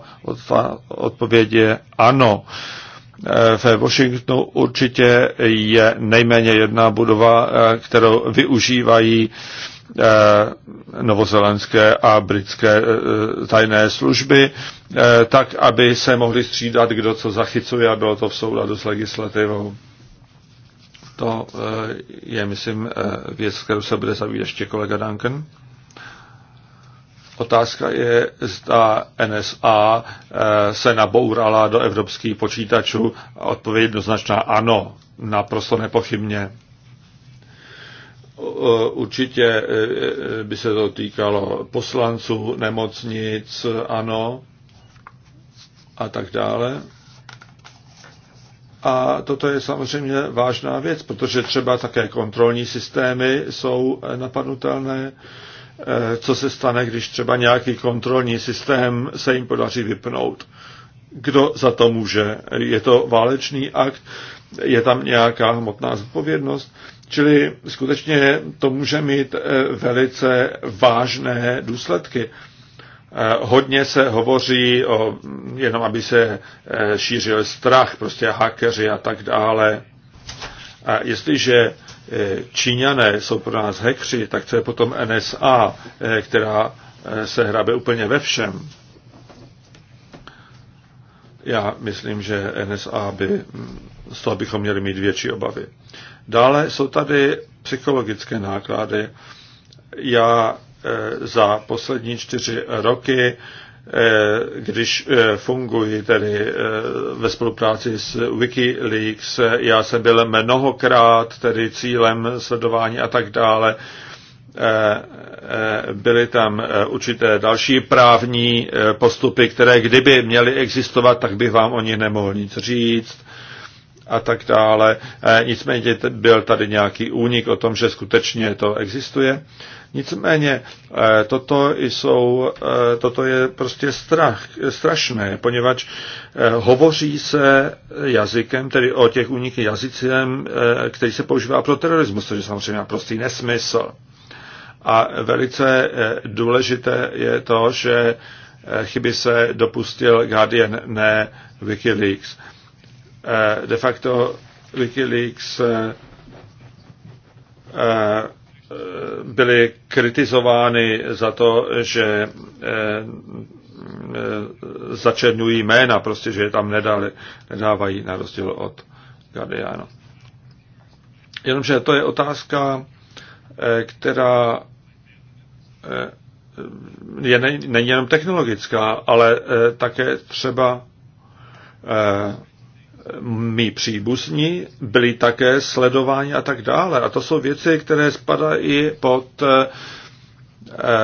odpověď je ano. Uh, Eh, ve Washingtonu určitě je nejméně jedna budova, eh, kterou využívají eh, novozelandské a britské tajné služby, tak, aby se mohli střídat, kdo co zachycuje a bylo to v souladu s legislativou. To je, myslím, věc, kterou se bude zabývat ještě kolega Duncan. Otázka je, zda NSA eh, se nabourala do evropských počítačů. Odpověď jednoznačná ano, naprosto nepochybně. Eh, určitě eh, by se to týkalo poslanců, nemocnic, ano, a tak dále. A toto je samozřejmě vážná věc, protože třeba také kontrolní systémy jsou napadnutelné. Eh, co se stane, když třeba nějaký kontrolní systém se jim podaří vypnout. Kdo za to může? Je to válečný akt? Je tam nějaká hmotná zodpovědnost? Čili skutečně to může mít eh, velice vážné důsledky. Eh, hodně se hovoří o, jenom aby se šířil strach, prostě hakeři a tak dále. A jestliže Eh, Číňané jsou pro nás hekři, tak co je potom NSA, eh, která eh, se hrabe úplně ve všem. Já myslím, že NSA by, mm, z toho bychom měli mít větší obavy. Dále jsou tady psychologické náklady. Já za poslední čtyři roky Eh, když eh, funguji tedy eh, ve spolupráci s Wikileaks, já jsem byl mnohokrát tedy cílem sledování a tak dále. Byly tam určité další právní postupy, které kdyby měly existovat, tak bych vám o nich nemohl nic říct a tak dále. E, nicméně byl tady nějaký únik o tom, že skutečně to existuje. Nicméně e, toto, jsou, e, toto je prostě strach, strašné, poněvadž hovoří se jazykem, tedy o těch úniky jazycem, který se používá pro terorismus, což je samozřejmě prostý nesmysl. A velice důležité je to, že chyby se dopustil Guardian, ne Wikileaks. Eh, de facto Wikileaks eh, eh, byly kritizovány za to, že začernují jména, prostě, že je tam nedali, nedávají na rozdíl od Guardiana. Jenomže to je otázka, která je není jenom technologická, ale také třeba mý příbuzní byli také sledováni a tak dále. A to jsou věci, které spadají pod, eh,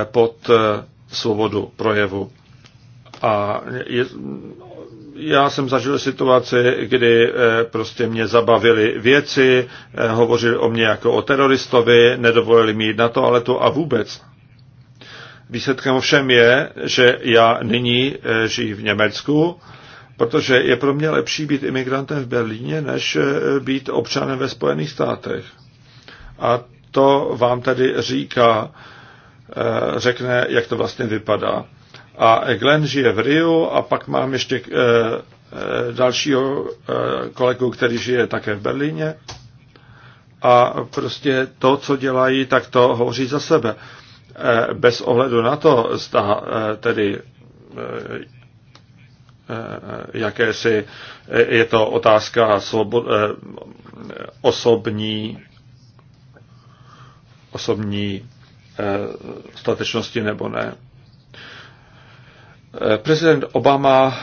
pod eh, svobodu projevu. A je, já jsem zažil situaci, kdy eh, prostě mě zabavili věci, hovořili o mě jako o teroristovi, nedovolili mi jít na toaletu a vůbec. Výsledkem ovšem je, že já nyní žiji v Německu, protože je pro mě lepší být imigrantem v Berlíně, než eh, být občanem ve Spojených státech. A to vám tady říká, eh, řekne, jak to vlastně vypadá. A Glenn žije v Riu a pak mám ještě eh, dalšího kolegu, který žije také v Berlíně. A prostě to, co dělají, tak to hovoří za sebe. Bez ohledu na to, zda tedy Eh, jakési, eh, je to otázka slobo, eh, osobní, osobní statečnosti nebo ne. Prezident Obama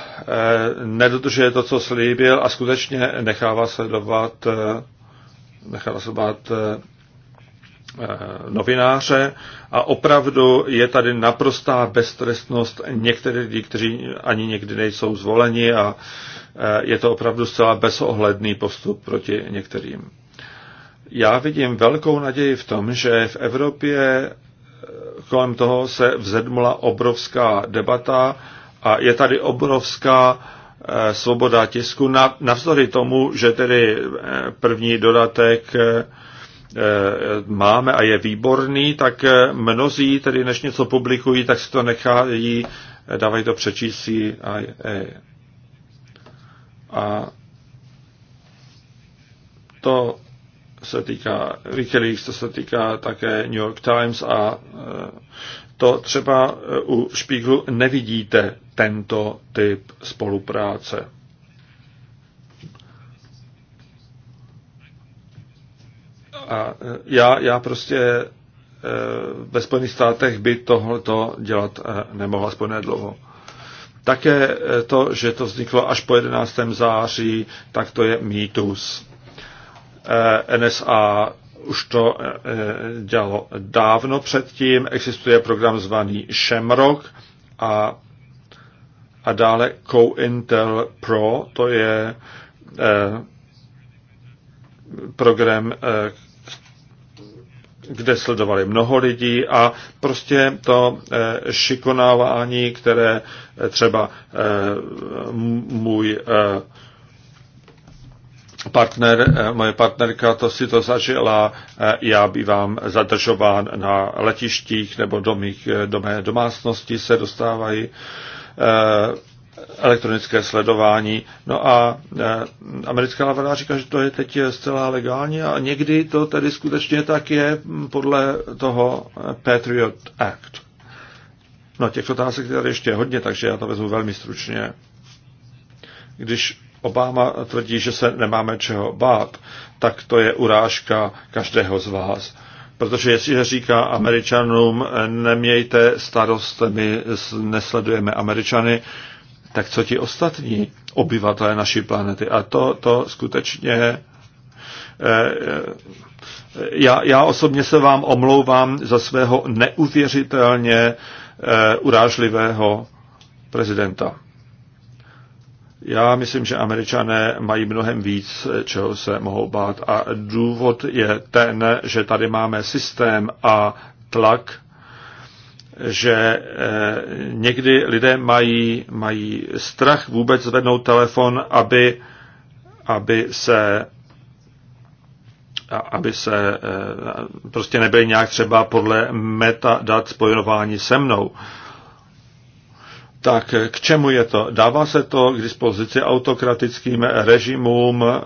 nedodržuje to, co slíbil a skutečně nechává sledovat, nechává sledovat Eh, novináře a opravdu je tady naprostá beztrestnost některých lidí, kteří ani někdy nejsou zvoleni a eh, je to opravdu zcela bezohledný postup proti některým. Já vidím velkou naději v tom, že v Evropě eh, kolem toho se vzedmula obrovská debata a je tady obrovská svoboda tisku, navzdory tomu, že tedy první dodatek Eh, máme a je výborný, tak eh, mnozí, tedy než něco publikují, tak si to nechají, eh, dávají to přečíst si A to se týká Wikileaks, to se týká také New York Times a to třeba u Špíglu nevidíte tento typ spolupráce. A e, já, já prostě e, ve Spojených státech by tohleto dělat e, nemohla Spojené dlouho. Také to, že to vzniklo až po 11. září, tak to je mýtus. NSA už to dělalo dávno předtím. Existuje program zvaný Shemrock a, a dále CoIntel Pro, to je program, kde sledovali mnoho lidí a prostě to eh, šikonávání, které eh, třeba eh, můj partner, moje partnerka to si to zažila, já bývám zadržován na letištích nebo do, mých, do mé domácnosti se dostávají elektronické sledování. No a e, americká vláda říká, že to je teď zcela legální a někdy to tedy skutečně tak je podle toho Patriot Act. No těch otázek tady ještě hodně, takže já to vezmu velmi stručně. Když Obama tvrdí, že se nemáme čeho bát, tak to je urážka každého z vás. Protože jestliže říká Američanům, nemějte starost, my nesledujeme Američany, tak co ti ostatní obyvatelé naší planety? A to, to skutečně eh, eh, já, já osobně se vám omlouvám za svého neuvěřitelně eh, urážlivého prezidenta. Já myslím, že američané mají mnohem víc, čeho se mohou bát a důvod je ten, že tady máme systém a tlak, že eh, někdy lidé mají, mají strach vůbec zvednout telefon, aby, aby se aby se eh, prostě nebyli nějak třeba podle metadat spojenování se mnou tak k čemu je to? Dává se to k dispozici autokratickým režimům eh,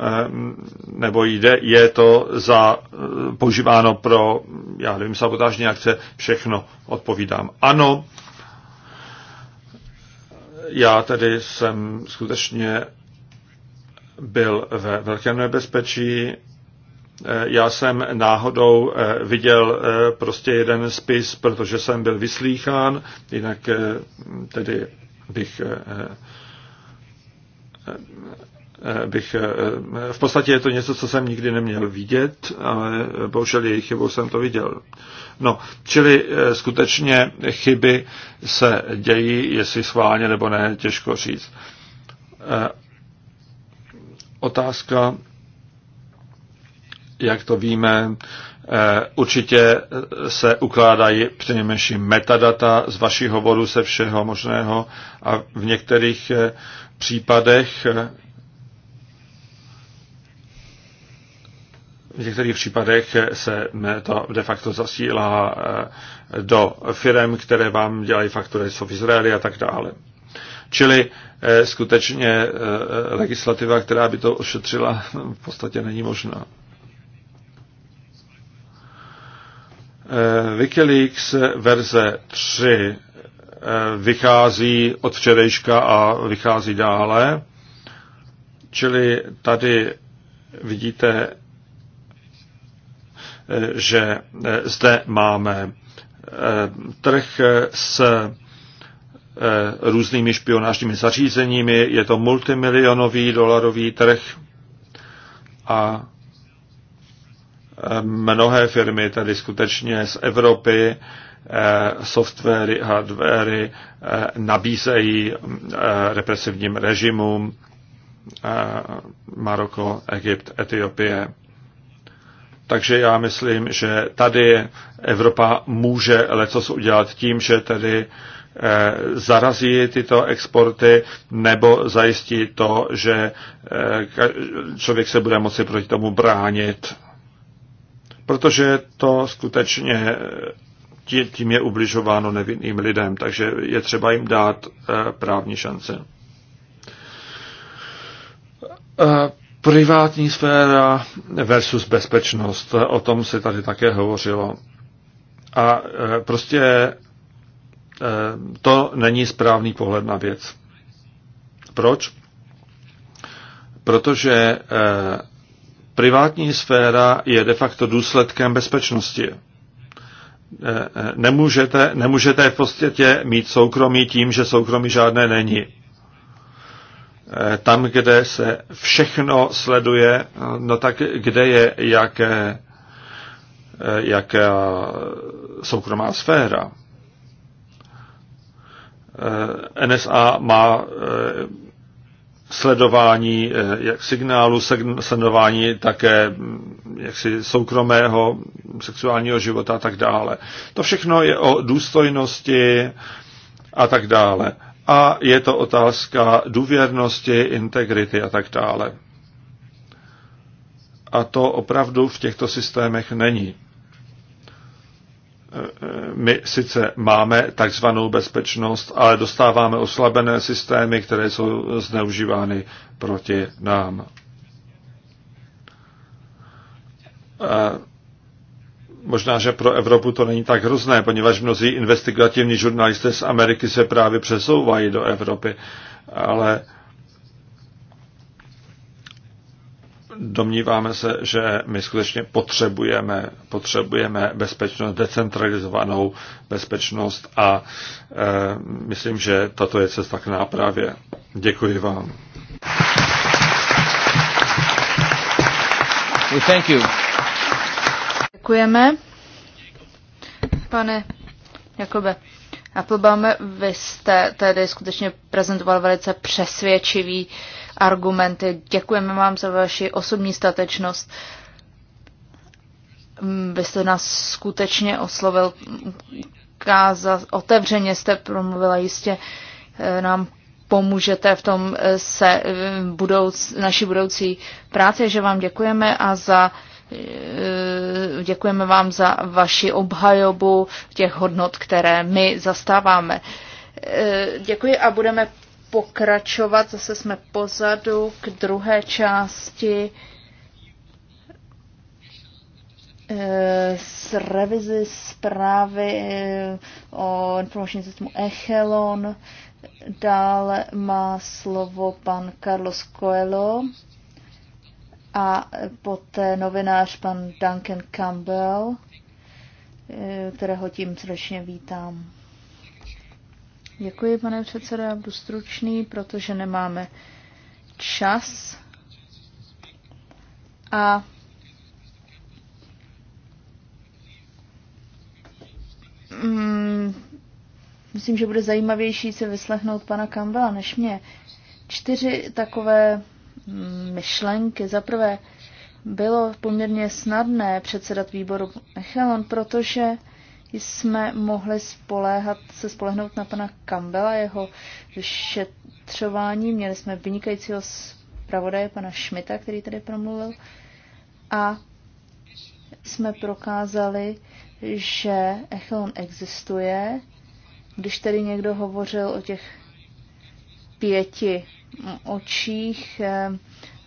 nebo jde, je to za, eh, používáno pro, já nevím, sabotážní akce? Všechno odpovídám. Ano, já tedy jsem skutečně byl ve velkém nebezpečí. Eh, já jsem náhodou eh, viděl eh, prostě jeden spis, protože jsem byl vyslýchán, jinak tedy bych bych, v podstatě je to něco, co jsem nikdy neměl vidět, ale bohužel jejich chybou jsem to viděl. No, čili skutečně chyby se dějí, jestli schválně nebo ne, těžko říct. Otázka jak to víme, eh, určitě se ukládají přinejmenším metadata z vašich hovorů se všeho možného a v některých eh, případech eh, v některých případech se to de facto zasílá do firm, které vám dělají faktury, jsou v Izraeli a tak dále. Čili skutečně legislativa, která by to ošetřila, v podstatě není možná. Eh, Wikileaks verze 3 eh, vychází od včerejška a vychází dále. Čili tady vidíte, eh, že zde máme trh s různými špionážními zařízeními. Je to multimilionový dolarový trh a mnohé firmy tady skutečně z Evropy eh, softwary, hardwary eh, nabízejí eh, represivním režimům Maroko, Egypt, Etiopie. Takže já myslím, že tady Evropa může lecos udělat tím, že tedy zarazí tyto exporty nebo zajistí to, že člověk se bude moci proti tomu bránit protože to skutečně tím je ubližováno nevinným lidem, takže je třeba jim dát eh, právní šance. Eh, privátní sféra versus bezpečnost, eh, o tom se tady také hovořilo. A prostě to není správný pohled na věc. Proč? Protože Privátní sféra je de facto důsledkem bezpečnosti. E, e, nemůžete, nemůžete v podstatě mít soukromí tím, že soukromí žádné není. E, tam, kde se všechno sleduje, no tak kde je jaké, jaká soukromá sféra. NSA má sledování eh, jak signálu, sledování také mm, jaksi soukromého sexuálního života a tak dále. To všechno je o důstojnosti a tak dále. A je to otázka důvěrnosti, integrity a tak dále. A to opravdu v těchto systémech není my sice máme takzvanou bezpečnost, ale dostáváme oslabené systémy, které jsou zneužívány proti nám. možná, že pro Evropu to není tak hrozné, poněvadž mnozí investigativní žurnalisté z Ameriky se právě přesouvají do Evropy, ale Domníváme se, že my skutečně potřebujeme, potřebujeme bezpečnost, decentralizovanou bezpečnost a e, myslím, že tato je cesta k nápravě. Děkuji vám. thank you. Děkujeme. Pane Jakobe, Applebaume, vy jste tedy skutečně prezentoval velice přesvědčivý uh, argumenty. Děkujeme vám za vaši osobní statečnost. Vy jste nás skutečně oslovil, káza, otevřeně jste promluvila, jistě eh, nám pomůžete v tom eh, se eh, budouc, naší budoucí práci, že vám děkujeme a za děkujeme vám za vaši obhajobu těch hodnot, které my zastáváme. Děkuji a budeme pokračovat. Zase jsme pozadu k druhé části eh, z revizi zprávy eh, o informačním systému Echelon. Dále má slovo pan Carlos Coelho a poté novinář pan Duncan Campbell, eh, kterého tím srdečně vítám. Děkuji, pane předsedo, já budu stručný, protože nemáme čas. A mm, myslím, že bude zajímavější se vyslechnout pana Campbella než mě. Čtyři takové mm, myšlenky. Za prvé, bylo poměrně snadné předsedat výboru Echelon, protože jsme mohli spoléhat, se spolehnout na pana Campbella, jeho vyšetřování. Měli jsme vynikajícího zpravodaje pana Šmita, který tady promluvil. A jsme prokázali, že Echelon existuje. Když tady někdo hovořil o těch pěti očích, eh,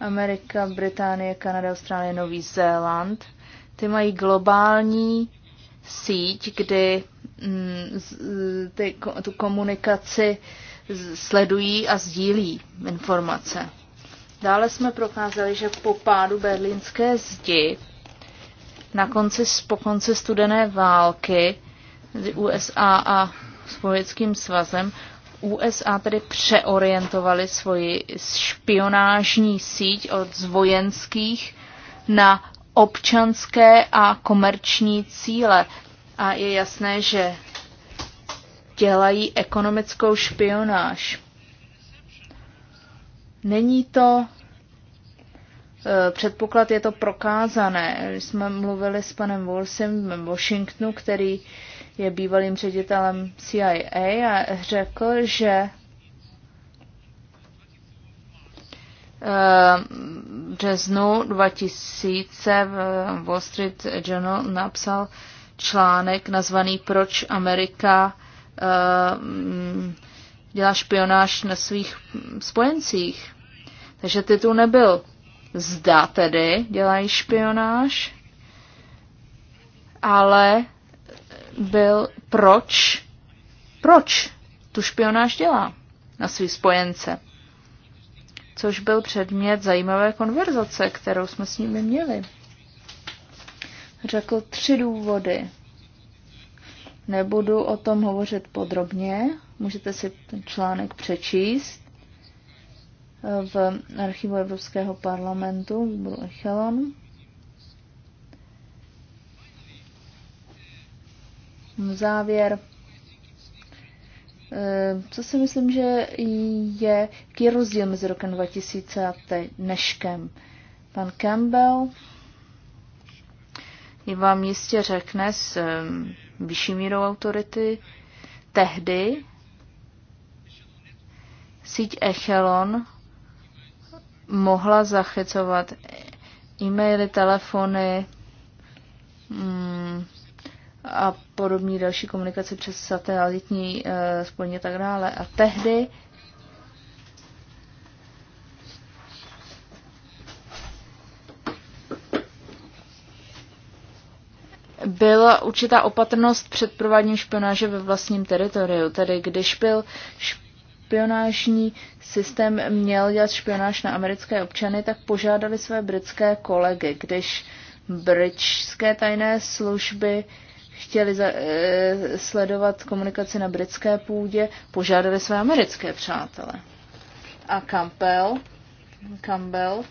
Amerika, Británie, Kanada, Austrálie, Nový Zéland, ty mají globální síť, kdy mm, ty, tu komunikaci sledují a sdílí informace. Dále jsme prokázali, že po pádu berlínské zdi na konci, po konci studené války mezi USA a Sovětským svazem USA tedy přeorientovali svoji špionážní síť od vojenských na občanské a komerční cíle. A je jasné, že dělají ekonomickou špionáž. Není to e, předpoklad, je to prokázané. Když jsme mluvili s panem Wolsem v Washingtonu, který je bývalým ředitelem CIA a řekl, že Eh, březnu 2000 v Wall Street Journal napsal článek nazvaný Proč Amerika eh, dělá špionáž na svých spojencích. Takže titul nebyl Zda tedy dělají špionáž, ale byl proč, proč tu špionáž dělá na svý spojence což byl předmět zajímavé konverzace, kterou jsme s nimi měli. Řekl tři důvody. Nebudu o tom hovořit podrobně, můžete si ten článek přečíst v archivu Evropského parlamentu, v Echelon. Závěr Eh, co si myslím, že je, jaký je rozdíl mezi rokem 2000 a teď, dneškem? Pan Campbell vám jistě řekne s vyšší mírou autority, tehdy síť Echelon mohla zachycovat e-maily, telefony, mm, a podobní další komunikace přes satelitní e, spojení a tak dále. A tehdy byla určitá opatrnost před prováděním špionáže ve vlastním teritoriu. Tedy když byl špionážní systém měl dělat špionáž na americké občany, tak požádali své britské kolegy. Když britské tajné služby uh, chtěli za, e, sledovat komunikaci na britské půdě, požádali své americké přátele. A Campbell, Campbell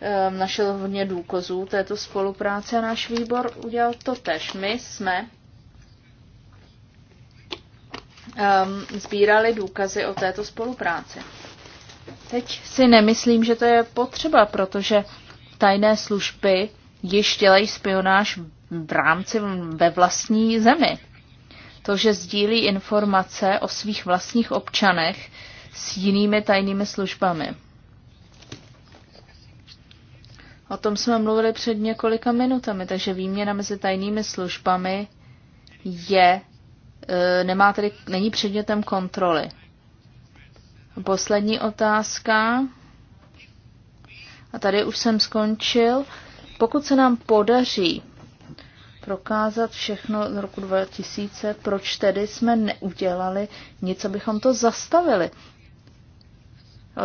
e, našel hodně důkazů této spolupráce a náš výbor udělal to tež. My jsme ehm, sbírali e, důkazy o této spolupráci. Teď si nemyslím, že to je potřeba, protože tajné služby již dělají spionáž v rámci ve vlastní zemi. To, že sdílí informace o svých vlastních občanech s jinými tajnými službami. O tom jsme mluvili před několika minutami, takže výměna mezi tajnými službami je, e, nemá tedy, není předmětem kontroly. Poslední otázka. A tady už jsem skončil. Pokud se nám podaří prokázat všechno z roku 2000, proč tedy jsme neudělali nic, abychom to zastavili.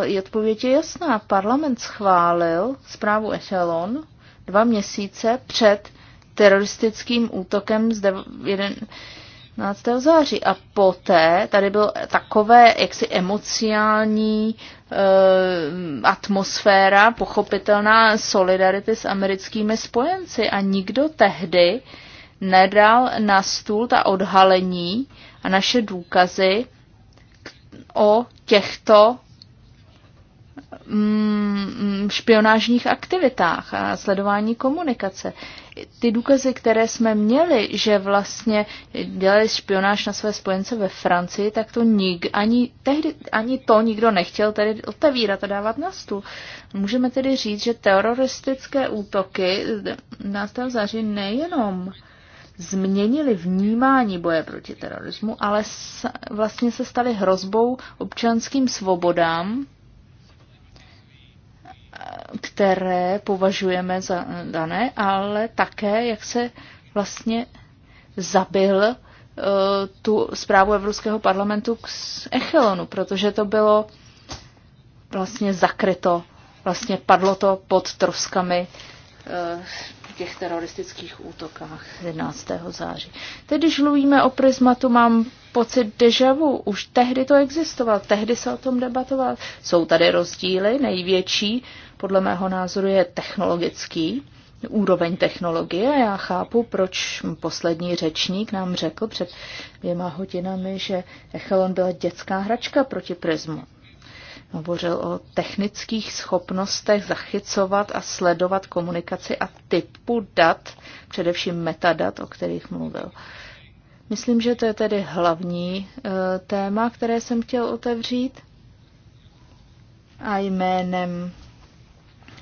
Je odpověď je jasná. Parlament schválil zprávu Echelon dva měsíce před teroristickým útokem z 11. 15. září. A poté tady bylo takové jaksi emociální e, eh, atmosféra, pochopitelná solidarity s americkými spojenci a nikdo tehdy nedal na stůl ta odhalení a naše důkazy o těchto mm, mm špionážních aktivitách a sledování komunikace ty důkazy, které jsme měli, že vlastně dělali špionáž na své spojence ve Francii, tak to nik, ani, tehdy, ani to nikdo nechtěl tedy otevírat a dávat na stůl. Můžeme tedy říct, že teroristické útoky na tam září nejenom změnili vnímání boje proti terorismu, ale vlastně se staly hrozbou občanským svobodám které považujeme za dané, ale také, jak se vlastně zabil e, tu zprávu Evropského parlamentu k Echelonu, protože to bylo vlastně zakryto, vlastně padlo to pod troskami v eh, těch teroristických útokách 11. září. Tedy, když mluvíme o prismatu, mám pocit dejavu. Už tehdy to existoval, tehdy se o tom debatoval. Jsou tady rozdíly, největší podle mého názoru je technologický, úroveň technologie. Já chápu, proč poslední řečník nám řekl před dvěma hodinami, že Echelon byla dětská hračka proti prismu. Hovořil o technických schopnostech zachycovat a sledovat komunikaci a typu dat, především metadat, o kterých mluvil. Myslím, že to je tedy hlavní e, téma, které jsem chtěl otevřít. A jménem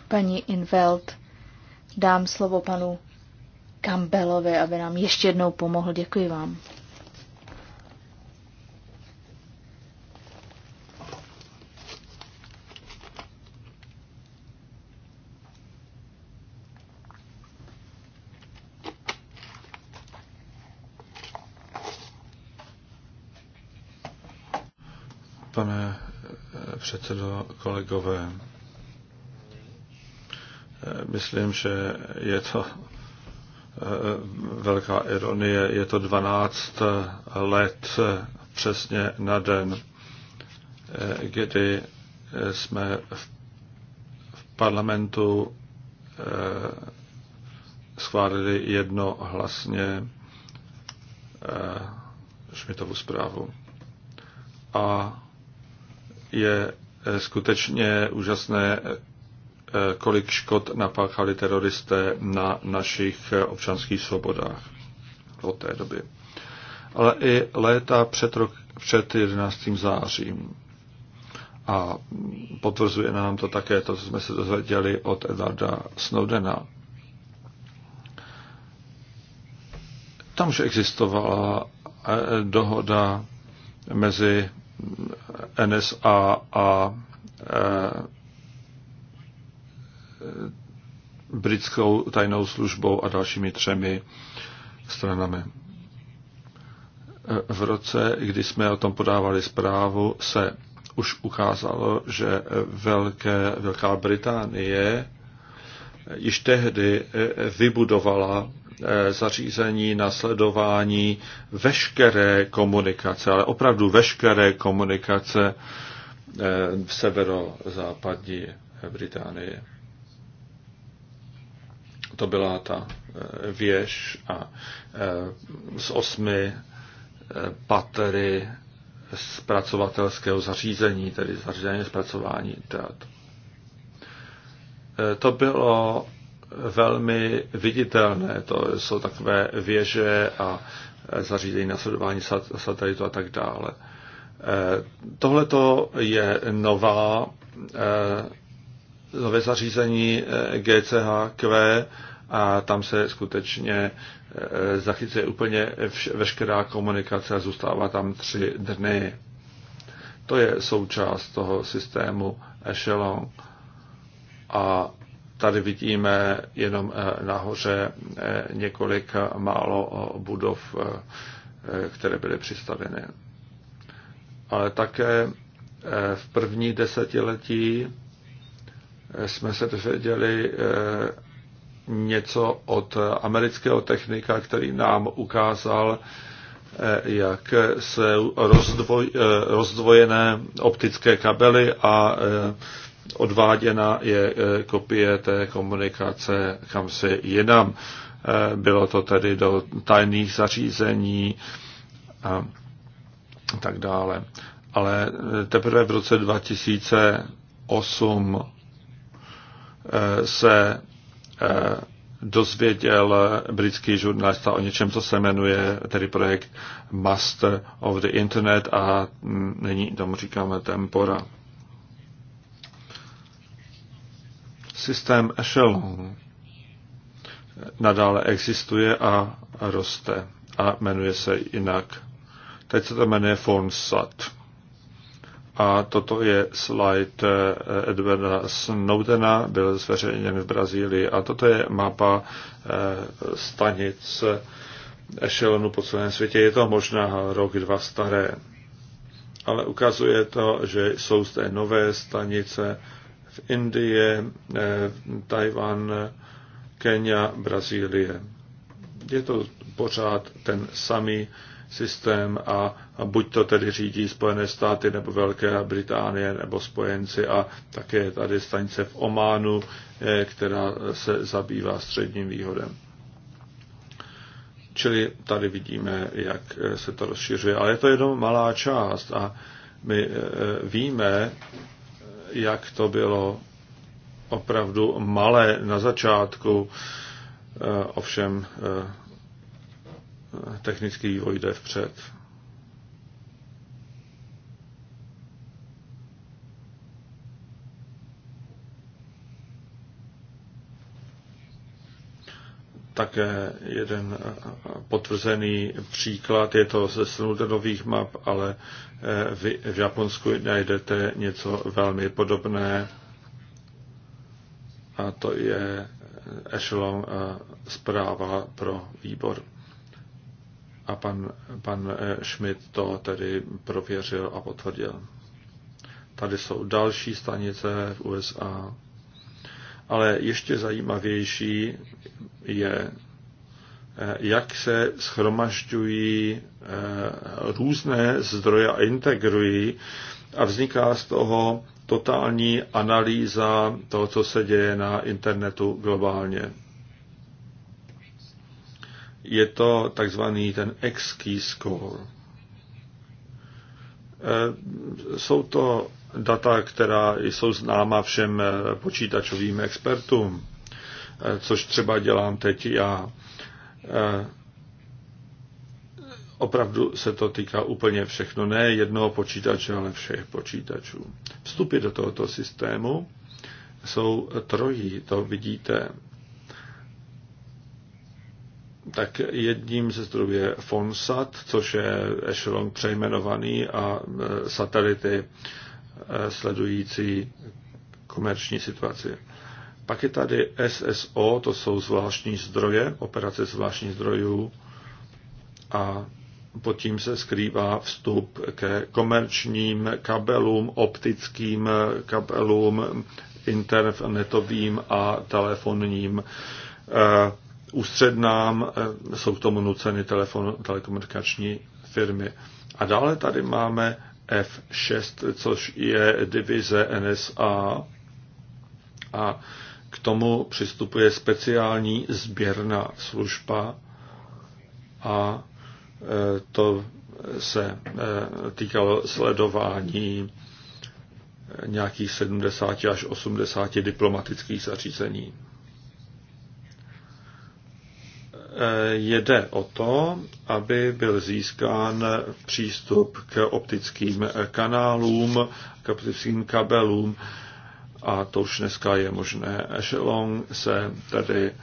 paní Inveld dám slovo panu Campbellovi, aby nám ještě jednou pomohl. Děkuji vám. předsedo, kolegové. Myslím, že je to eh, velká ironie. Je to 12 let přesně na den, eh, kdy eh, jsme v parlamentu schválili jednohlasně Šmitovu zprávu. A je Eh, skutečně úžasné, eh, kolik škod napáchali teroristé na našich eh, občanských svobodách od té doby. Ale i léta před, rok, před 11. zářím. A potvrzuje nám to také to, co jsme se dozvěděli od Edarda Snowdena. Tam, že existovala dohoda mezi NSA a e, britskou tajnou službou a dalšími třemi stranami. E, v roce, kdy jsme o tom podávali zprávu, se už ukázalo, že Velké, Velká Británie již tehdy e, vybudovala Eh, zařízení na sledování veškeré komunikace, ale opravdu veškeré komunikace eh, v severozápadní Británii. To byla ta eh, věž a z osmi patery zpracovatelského zařízení, tedy zařízení zpracování dat. To bylo velmi viditelné. To jsou takové věže a e, zařízení na sledování satelitu a tak dále. E, Tohle je nová, e, nové zařízení GCHQ a tam se skutečně zachycuje úplně veškerá komunikace a zůstává tam tři dny. To je součást toho systému Echelon a Tady vidíme jenom eh, nahoře eh, několik eh, málo budov, které byly přistaveny. Ale také v první desetiletí jsme se dozvěděli něco od amerického technika, který nám ukázal, jak se rozdvoj, rozdvojené optické kabely a odváděna je e, kopie té komunikace kam se jinam. E, bylo to tedy do tajných zařízení a tak dále. Ale e, teprve v roce 2008 se dozvěděl britský žurnalista o něčem, co se jmenuje tedy projekt Must of the Internet a mm, nyní tomu říkáme Tempora. Systém Echelon nadále existuje a roste a jmenuje se jinak. Teď se to jmenuje FONSAT. A toto je slide eh, Edwarda Snowdena, byl zveřejněn v Brazílii. A toto je mapa eh, stanic Echelonu po celém světě. Je to možná rok, dva staré. Ale ukazuje to, že jsou zde nové stanice, v Indie, eh, Tajvan, eh, Kenia, Brazílie. Je to pořád ten samý systém a, a buď to tedy řídí Spojené státy nebo Velké Británie nebo spojenci a také tady stanice v Ománu, eh, která se zabývá středním výhodem. Čili tady vidíme, jak se to rozšiřuje. Ale je to jenom malá část a my víme, jak to bylo opravdu malé na začátku. Eh, ovšem eh, technický vývoj jde vpřed. také jeden eh, potvrzený příklad, je to ze nových map, ale vy v Japonsku najdete něco velmi podobné a to je echelon zpráva pro výbor. A pan, pan e, Schmidt to tedy prověřil a potvrdil. Tady jsou další stanice v USA. Ale ještě zajímavější je Eh, jak se schromažďují eh, různé zdroje a integrují a vzniká z toho totální analýza toho, co se děje na internetu globálně. Je to takzvaný ten X-key score. Eh, jsou to data, která jsou známa všem počítačovým expertům, což třeba dělám teď já. Eh, opravdu se to týká úplně všechno, ne jednoho počítače, ale všech počítačů. Vstupy do tohoto systému jsou trojí, to vidíte. Tak jedním ze zdrojů je FONSAT, což je echelon přejmenovaný a eh, satelity eh, sledující komerční situaci. Pak je tady SSO, to jsou zvláštní zdroje, operace zvláštních zdrojů a pod tím se skrývá vstup ke komerčním kabelům, optickým kabelům, internetovým a telefonním e, ústřednám, e, jsou k tomu nuceny telefon, telekomunikační firmy. A dále tady máme F6, což je divize NSA a k tomu přistupuje speciální sběrná služba a e, to se e, týkalo sledování e, nějakých 70 až 80 diplomatických zařízení. Jde o to, aby byl získán přístup k optickým kanálům, k optickým kabelům, a to už dneska je možné. Echelon se tedy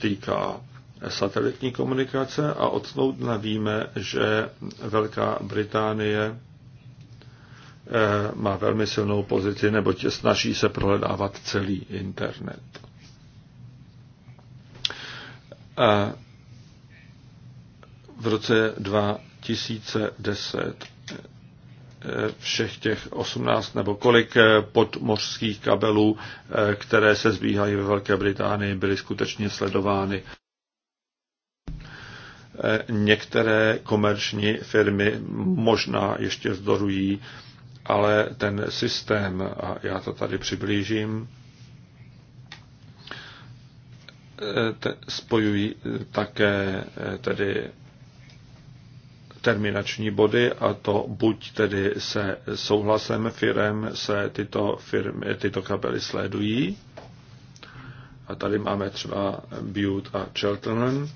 týká satelitní komunikace a od Snowdena víme, že Velká Británie eh, má velmi silnou pozici, nebo snaží se prohledávat celý internet. A v roce 2010 všech těch 18 nebo kolik eh, podmořských kabelů, eh, které se zbíhají ve Velké Británii, byly skutečně sledovány. Eh, některé komerční firmy možná ještě zdorují, ale ten systém, a já to tady přiblížím, spojují také tedy terminační body a to buď tedy se souhlasem firem se tyto, firmy, tyto kabely sledují. A tady máme třeba Butte a Cheltenham.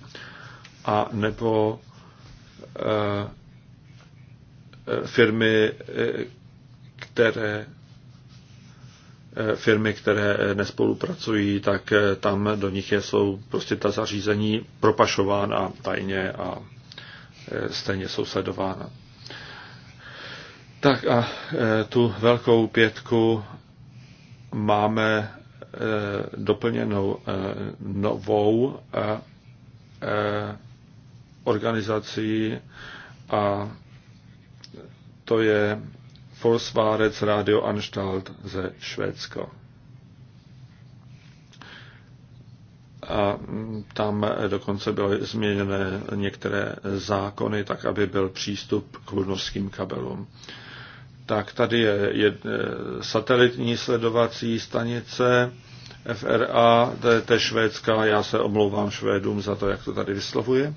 A nebo e, firmy, eh, které eh, firmy, které nespolupracují, tak tam do nich jsou prostě ta zařízení propašována tajně a Eh, stejně jsou sledována. Tak a eh, tu velkou pětku máme eh, doplněnou novou organizací a to je Forsvarets Radio Anstalt ze Švédska. a tam dokonce byly změněné některé zákony, tak aby byl přístup k norským kabelům. Tak tady je, je eh, satelitní sledovací stanice FRA, to je, to je švédská, já se omlouvám Švédům za to, jak to tady vyslovuje.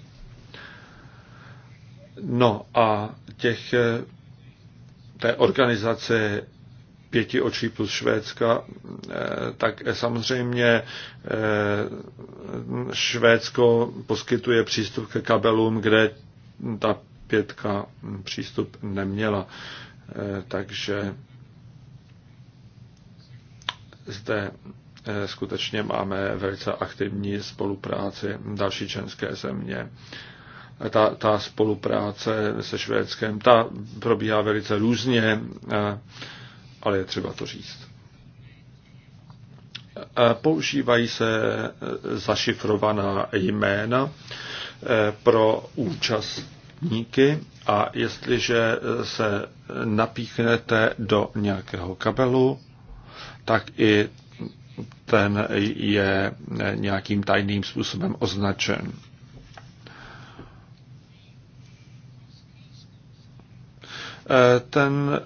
No a těch eh, té organizace pěti očí plus Švédska, eh, tak eh, samozřejmě eh, Švédsko poskytuje přístup ke kabelům, kde ta pětka přístup neměla. Takže zde skutečně máme velice aktivní spolupráci další členské země. Ta, ta spolupráce se Švédskem, ta probíhá velice různě ale je třeba to říct. E, používají se e, zašifrovaná jména e, pro účastníky a jestliže se napíchnete do nějakého kabelu, tak i ten je nějakým tajným způsobem označen. Ten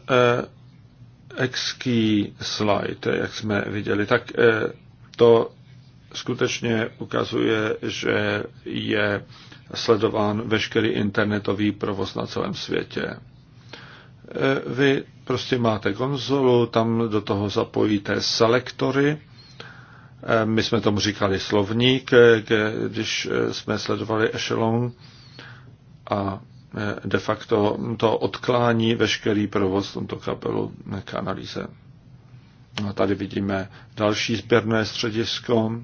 Exký slide, jak jsme viděli, tak eh, to skutečně ukazuje, že je sledován veškerý internetový provoz na celém světě. Eh, vy prostě máte konzolu, tam do toho zapojíte selektory. Eh, my jsme tomu říkali slovník, když jsme sledovali Echelon a de facto to odklání veškerý provoz tomto kapelu k analýze. No a tady vidíme další sběrné středisko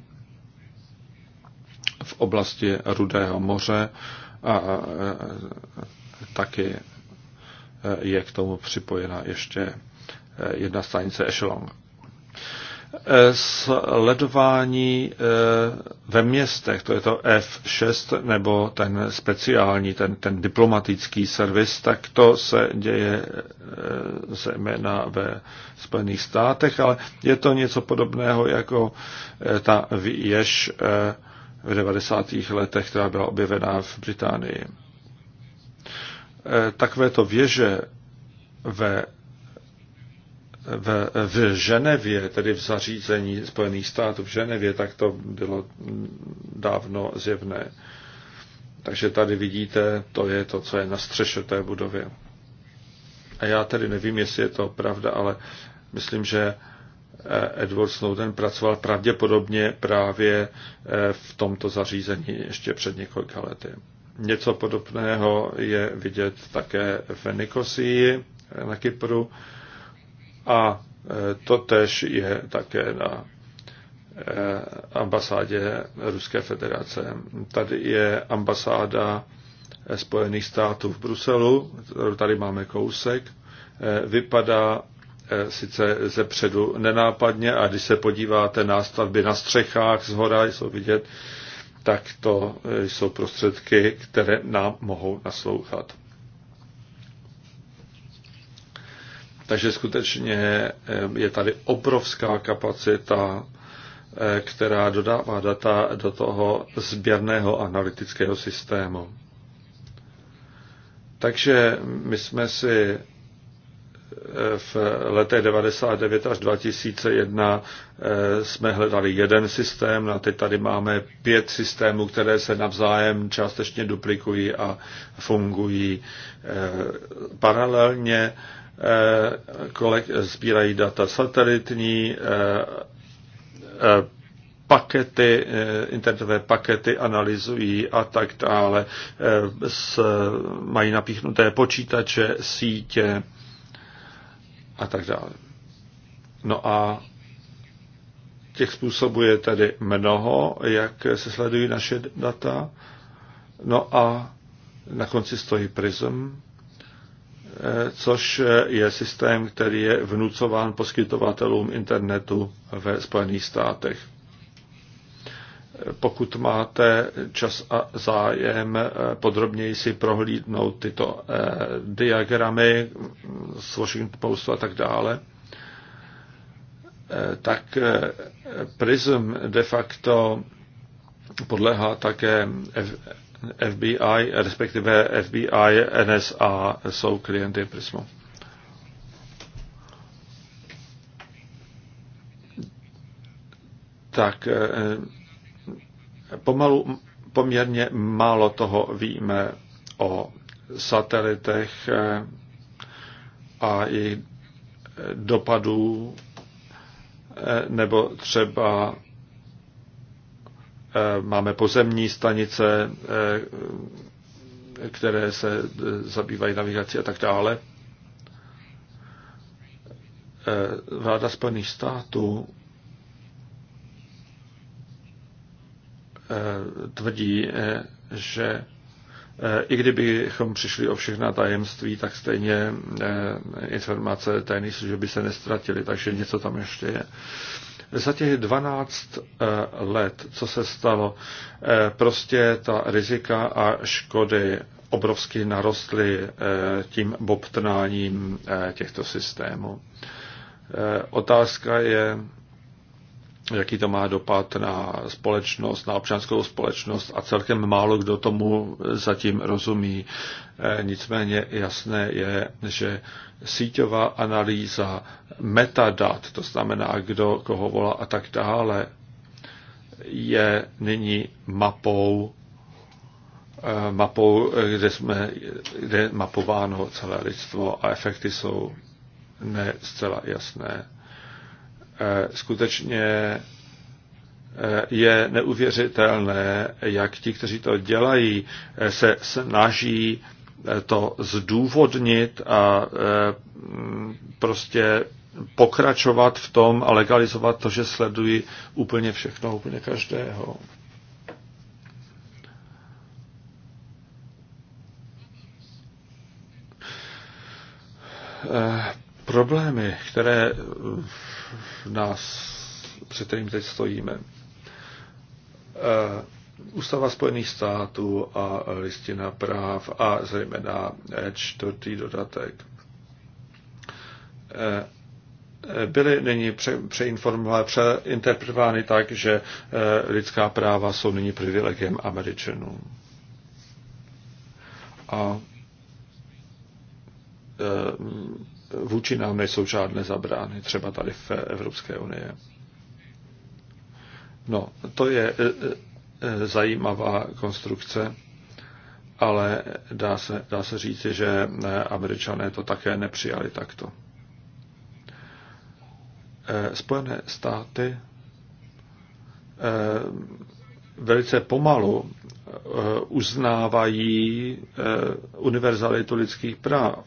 v oblasti Rudého moře a taky e, je k tomu připojena ještě e, jedna stanice Echelon. Eh, sledování eh, ve městech, to je to F6 nebo ten speciální, ten, ten diplomatický servis, tak to se děje eh, zejména ve Spojených státech, ale je to něco podobného jako ta věž v 90. letech, která byla objevená v Británii. Takovéto věže ve v, v Ženevě, tedy v zařízení Spojených států v Ženevě, tak to bylo dávno zjevné. Takže tady vidíte, to je to, co je na střeše té budovy. A já tedy nevím, jestli je to pravda, ale myslím, že eh, Edward Snowden pracoval pravděpodobně právě eh, v tomto zařízení ještě před několika lety. Něco podobného je vidět také v Nikosii eh, na Kypru, a e, to tež je také na e, ambasádě Ruské federace. Tady je ambasáda e, Spojených států v Bruselu, tady máme kousek, vypadá sice ze předu nenápadně a když se podíváte na stavby na střechách z hora, jsou vidět, tak to jsou prostředky, které nám mohou naslouchat. Takže skutečně eh, je tady obrovská kapacita, eh, která dodává data do toho sběrného analytického systému. Takže my jsme si eh, v letech 99 až 2001 jsme hledali jeden systém, a teď tady máme pět systémů, které se navzájem částečně duplikují a fungují paralelně kolek, sbírají data satelitní, eh, eh, pakety, eh, internetové pakety analyzují a tak dále. S, mají napíchnuté počítače, sítě a tak dále. No a těch způsobů je tedy mnoho, jak se sledují naše data. No a na konci stojí prism, což je systém, který je vnucován poskytovatelům internetu ve Spojených státech. Pokud máte čas a zájem podrobněji si prohlídnout tyto eh, diagramy z Washington Postu a tak dále, eh, tak eh, PRISM de facto podlehá také FBI, respektive FBI, NSA jsou klienty Prismo. Tak eh, pomalu poměrně málo toho víme o satelitech eh, a jejich dopadů eh, nebo třeba Eh, máme pozemní stanice, eh, které se eh, zabývají navigací a tak dále. Vláda Spojených států tvrdí, že i kdybychom přišli o všechna tajemství, tak stejně informace tajných služeb by se nestratily, takže něco tam ještě je za těch 12 eh, let, co se stalo, eh, prostě ta rizika a škody obrovsky narostly eh, tím bobtnáním těchto systémů. Otázka je, jaký to má dopad na společnost, na občanskou společnost a celkem málo kdo tomu zatím rozumí. E, nicméně jasné je, že síťová analýza metadat, to znamená, kdo koho volá a tak dále, je nyní mapou, e, mapou kde, jsme, kde je mapováno celé lidstvo a efekty jsou ne zcela jasné. Eh, skutečně eh, je neuvěřitelné, jak ti, kteří to dělají, eh, se snaží to zdůvodnit a mm, prostě pokračovat v tom a legalizovat to, že sledují úplně všechno, úplně každého. Problémy, které nás, před kterým teď stojíme. E, Ústava Spojených států a listina práv a zejména e, čtvrtý dodatek e, byly nyní pře, přeinformovány, přeinterpretovány tak, že lidská práva jsou nyní privilegiem Američanů. A vůči nám nejsou žádné zabrány, třeba tady v Evropské unii. No, to je e, e, zajímavá konstrukce, ale dá se, dá se říci, že američané to také nepřijali takto. E, Spojené státy velice pomalu uznávají univerzalitu lidských práv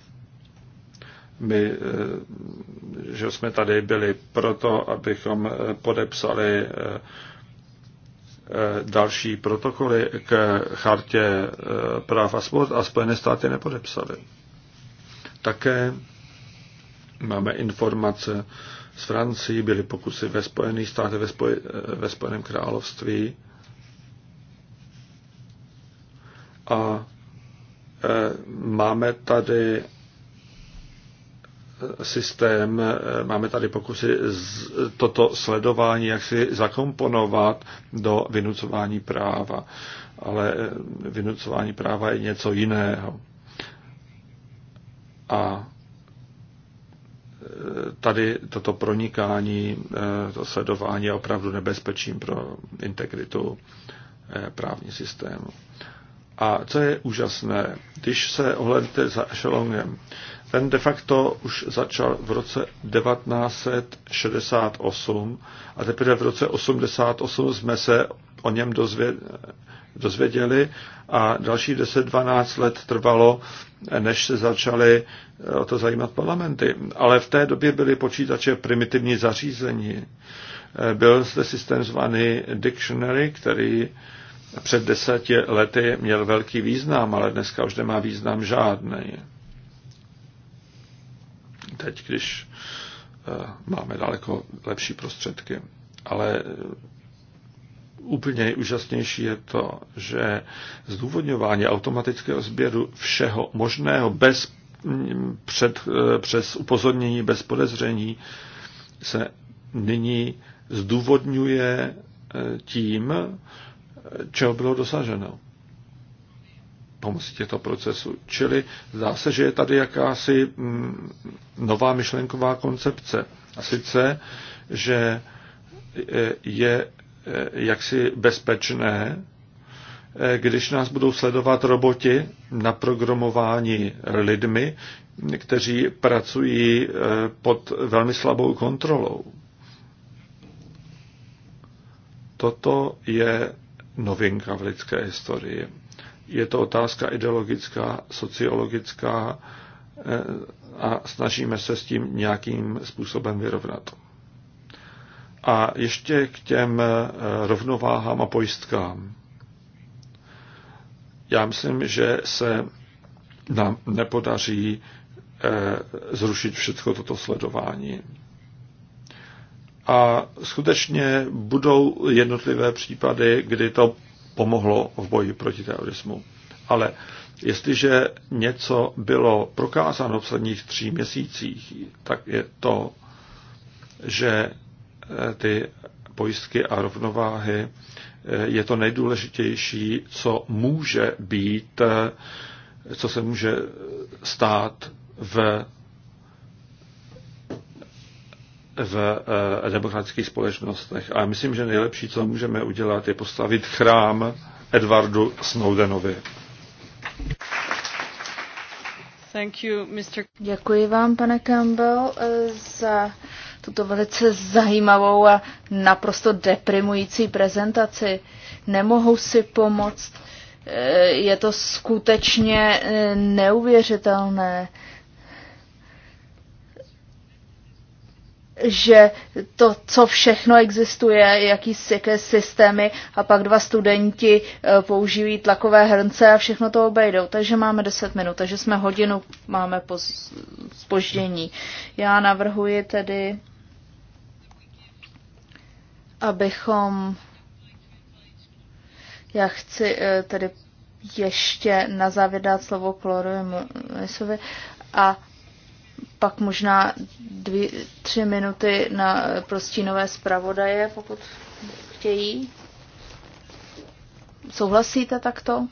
my, eh, že jsme tady byli proto, abychom eh, podepsali eh, další protokoly k chartě práv a svobod a Spojené státy nepodepsali. Také máme informace z Francii, byly pokusy ve Spojených státech, ve, spoj, ve Spojeném království. A e, máme tady systém, eh, máme tady pokusy z, toto sledování, jak si zakomponovat do vynucování práva. Ale eh, vynucování práva je něco jiného. A eh, tady toto pronikání, to sledování je opravdu nebezpečím pro integritu právní systému. A co je úžasné, když se ohledíte za Ešelongem, ten de facto už začal v roce 1968 a teprve v roce 88 jsme se o něm dozvěděli a další 10-12 let trvalo, než se začaly eh, o to zajímat parlamenty. Ale v té době byly počítače primitivní zařízení. Eh, byl zde systém zvaný Dictionary, který před deseti lety měl velký význam, ale dneska už nemá význam žádný teď, když eh, máme daleko lepší prostředky. Ale eh, úplně nejúžasnější je to, že zdůvodňování automatického sběru všeho možného bez, mm, před, eh, přes upozornění, bez podezření se nyní zdůvodňuje tím, čeho bylo dosaženo pomocí těchto procesů. Čili zdá se, že je tady jakási mm, nová myšlenková koncepce. A sice, že e, je e, jaksi bezpečné, e, když nás budou sledovat roboti programování lidmi, kteří pracují pod velmi slabou kontrolou. Toto je novinka v lidské historii je to otázka ideologická, sociologická eh, a snažíme se s tím nějakým způsobem vyrovnat. A ještě k těm eh, rovnováhám a pojistkám. Já myslím, že se nám nepodaří eh, zrušit všechno toto sledování. A skutečně budou jednotlivé případy, kdy to pomohlo v boji proti terorismu. Ale jestliže něco bylo prokázáno v posledních tří měsících, tak je to, že eh, ty pojistky a rovnováhy eh, je to nejdůležitější, co může být, eh, co se může stát v v eh, demokratických společnostech. A myslím, že nejlepší, co můžeme udělat, je postavit chrám Edwardu Snowdenovi. Thank you, Mr. Děkuji vám, pane Campbell, eh, za tuto velice zajímavou a naprosto deprimující prezentaci. Nemohu si pomoct. Eh, je to skutečně neuvěřitelné. že to, co všechno existuje, jaký jaké systémy a pak dva studenti eh, použijí tlakové hrnce a všechno to obejdou. Takže máme 10 minut, takže jsme hodinu, máme spoždění. Já navrhuji tedy, abychom, já chci eh, tedy ještě na závěr dát slovo Klorovi a pak možná dvě, tři minuty na eh, prostínové zpravodaje, pokud chtějí. Souhlasíte takto?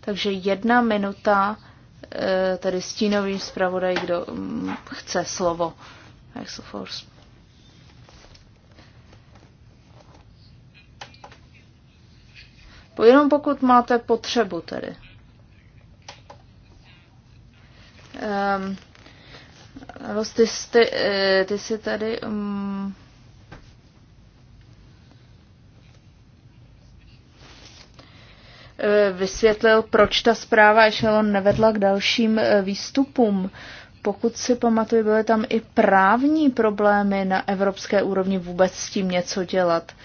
Takže jedna minuta, eh, tedy stínový zpravodaj, kdo mm, chce slovo. Jenom pokud máte potřebu tedy. Um, ty, jste, eh, ty jsi tady... Um, vysvětlil, proč ta zpráva Echelon nevedla k dalším eh, výstupům. Pokud si pamatuju, byly tam i právní problémy na evropské úrovni vůbec s tím něco dělat. Uh,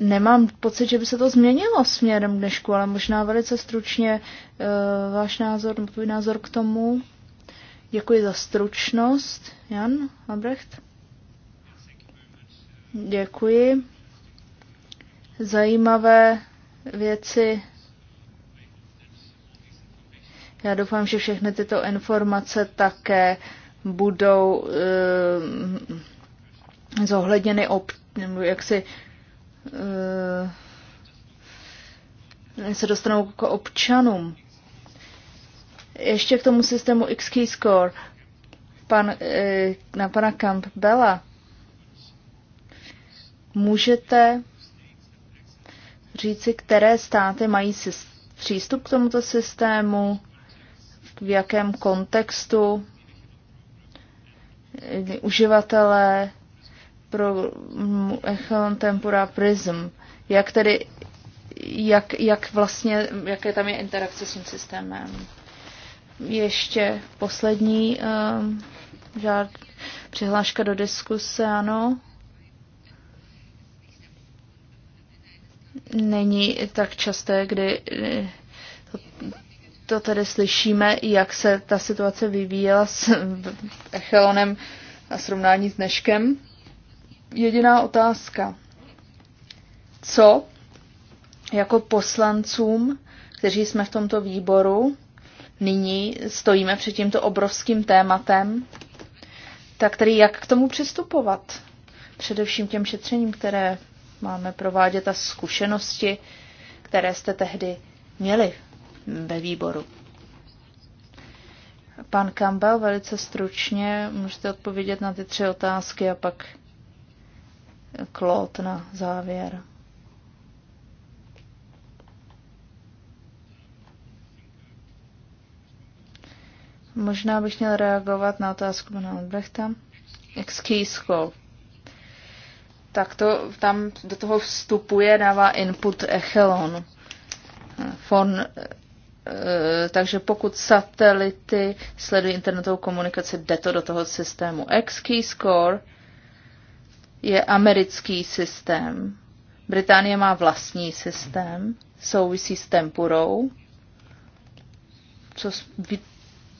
nemám pocit, že by se to změnilo směrem k dnešku, ale možná velice stručně uh, váš názor, tvůj názor k tomu. Děkuji za stručnost. Jan Abrecht? Děkuji. Zajímavé věci. Já doufám, že všechny tyto informace také budou uh, zohledněny ob, nebo jaksi Eh, se dostanou k občanům. Ještě k tomu systému XK Score. Pan, eh, na pana Campbella. Můžete říci, které státy mají přístup k tomuto systému, v jakém kontextu eh, uživatelé pro mm, Echelon Tempora Prism. Jak tedy, jak, jak vlastně, jaké tam je interakce s tím systémem. Ještě poslední um, žád, přihláška do diskuse, ano. Není tak časté, kdy eh, to, to tedy slyšíme, jak se ta situace vyvíjela s Echelonem a srovnání s dneškem jediná otázka. Co jako poslancům, kteří jsme v tomto výboru, nyní stojíme před tímto obrovským tématem, tak tedy jak k tomu přistupovat? Především těm šetřením, které máme provádět a zkušenosti, které jste tehdy měli ve výboru. Pan Campbell, velice stručně můžete odpovědět na ty tři otázky a pak Klot na závěr. Možná bych měl reagovat na otázku pana Albrechta. Jak Tak to tam do toho vstupuje, dává input echelon. Fon, eh, eh, takže pokud satelity sledují internetovou komunikaci, jde to do toho systému. X-Key Score je americký systém. Británie má vlastní systém, souvisí s tempurou. Co,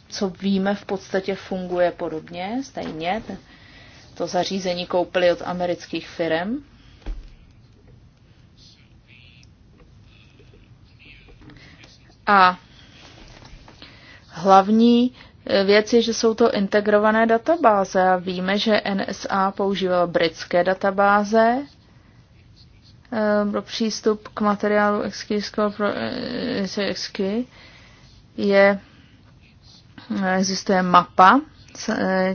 co víme, v podstatě funguje podobně, stejně. To zařízení koupili od amerických firm. A hlavní věc je, že jsou to integrované databáze a víme, že NSA používala britské databáze eh, pro přístup k materiálu eh, XKY je eh, existuje mapa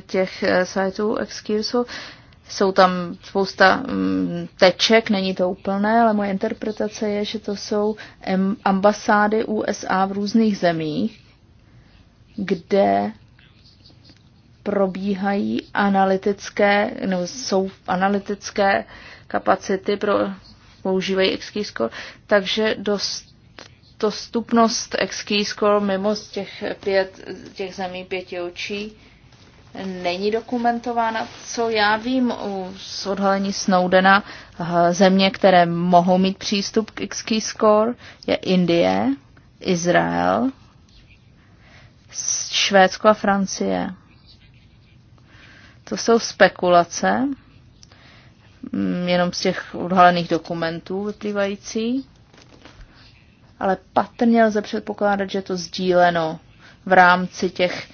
těch sajtů Excursal. Jsou tam spousta mm, teček, není to úplné, ale moje interpretace je, že to jsou ambasády USA v různých zemích, kde probíhají analytické, nebo jsou analytické kapacity pro používají XKey takže dost dostupnost stupnost score mimo z těch, pět, těch zemí pěti očí není dokumentována. Co já vím z odhalení Snowdena, eh, země, které mohou mít přístup k XKey je Indie, Izrael, Švédsko a Francie. To jsou spekulace, mm, jenom z těch odhalených dokumentů vyplývající, ale patrně lze předpokládat, že to sdíleno v rámci těch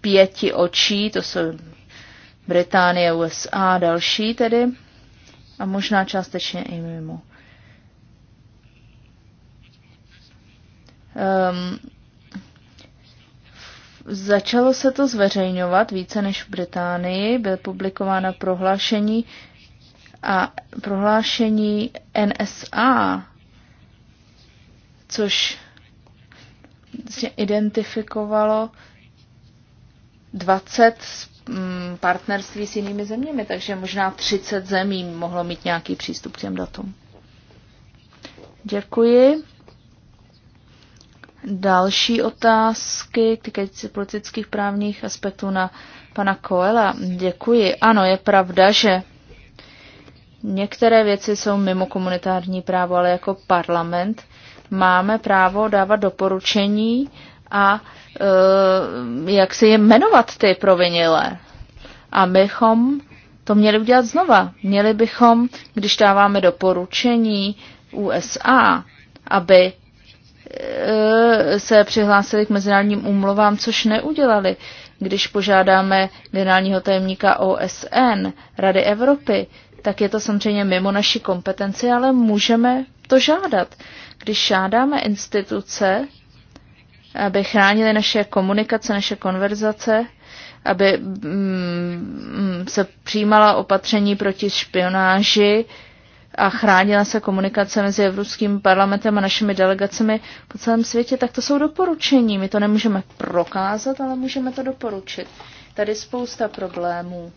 pěti očí, to jsou Británie, USA, další tedy, a možná částečně i mimo. Um, Začalo se to zveřejňovat více než v Británii, byly publikována prohlášení a prohlášení NSA, což vlastně identifikovalo 20 mm, partnerství s jinými zeměmi, takže možná 30 zemí mohlo mít nějaký přístup k těm datům. Děkuji další otázky týkající se politických právních aspektů na pana Koela. Děkuji. Ano, je pravda, že některé věci jsou mimo komunitární právo, ale jako parlament máme právo dávat doporučení a e, jak se je jmenovat ty provinilé. A bychom to měli udělat znova. Měli bychom, když dáváme doporučení USA, aby Eh, se přihlásili k mezinárodním úmluvám, což neudělali. Když požádáme generálního tajemníka OSN, Rady Evropy, tak je to samozřejmě mimo naší kompetenci, ale můžeme to žádat. Když žádáme instituce, aby chránili naše komunikace, naše konverzace, aby mm, mm, se přijímala opatření proti špionáži, a chránila se komunikace mezi Evropským parlamentem a našimi delegacemi po celém světě, tak to jsou doporučení. My to nemůžeme prokázat, ale můžeme to doporučit. Tady spousta problémů.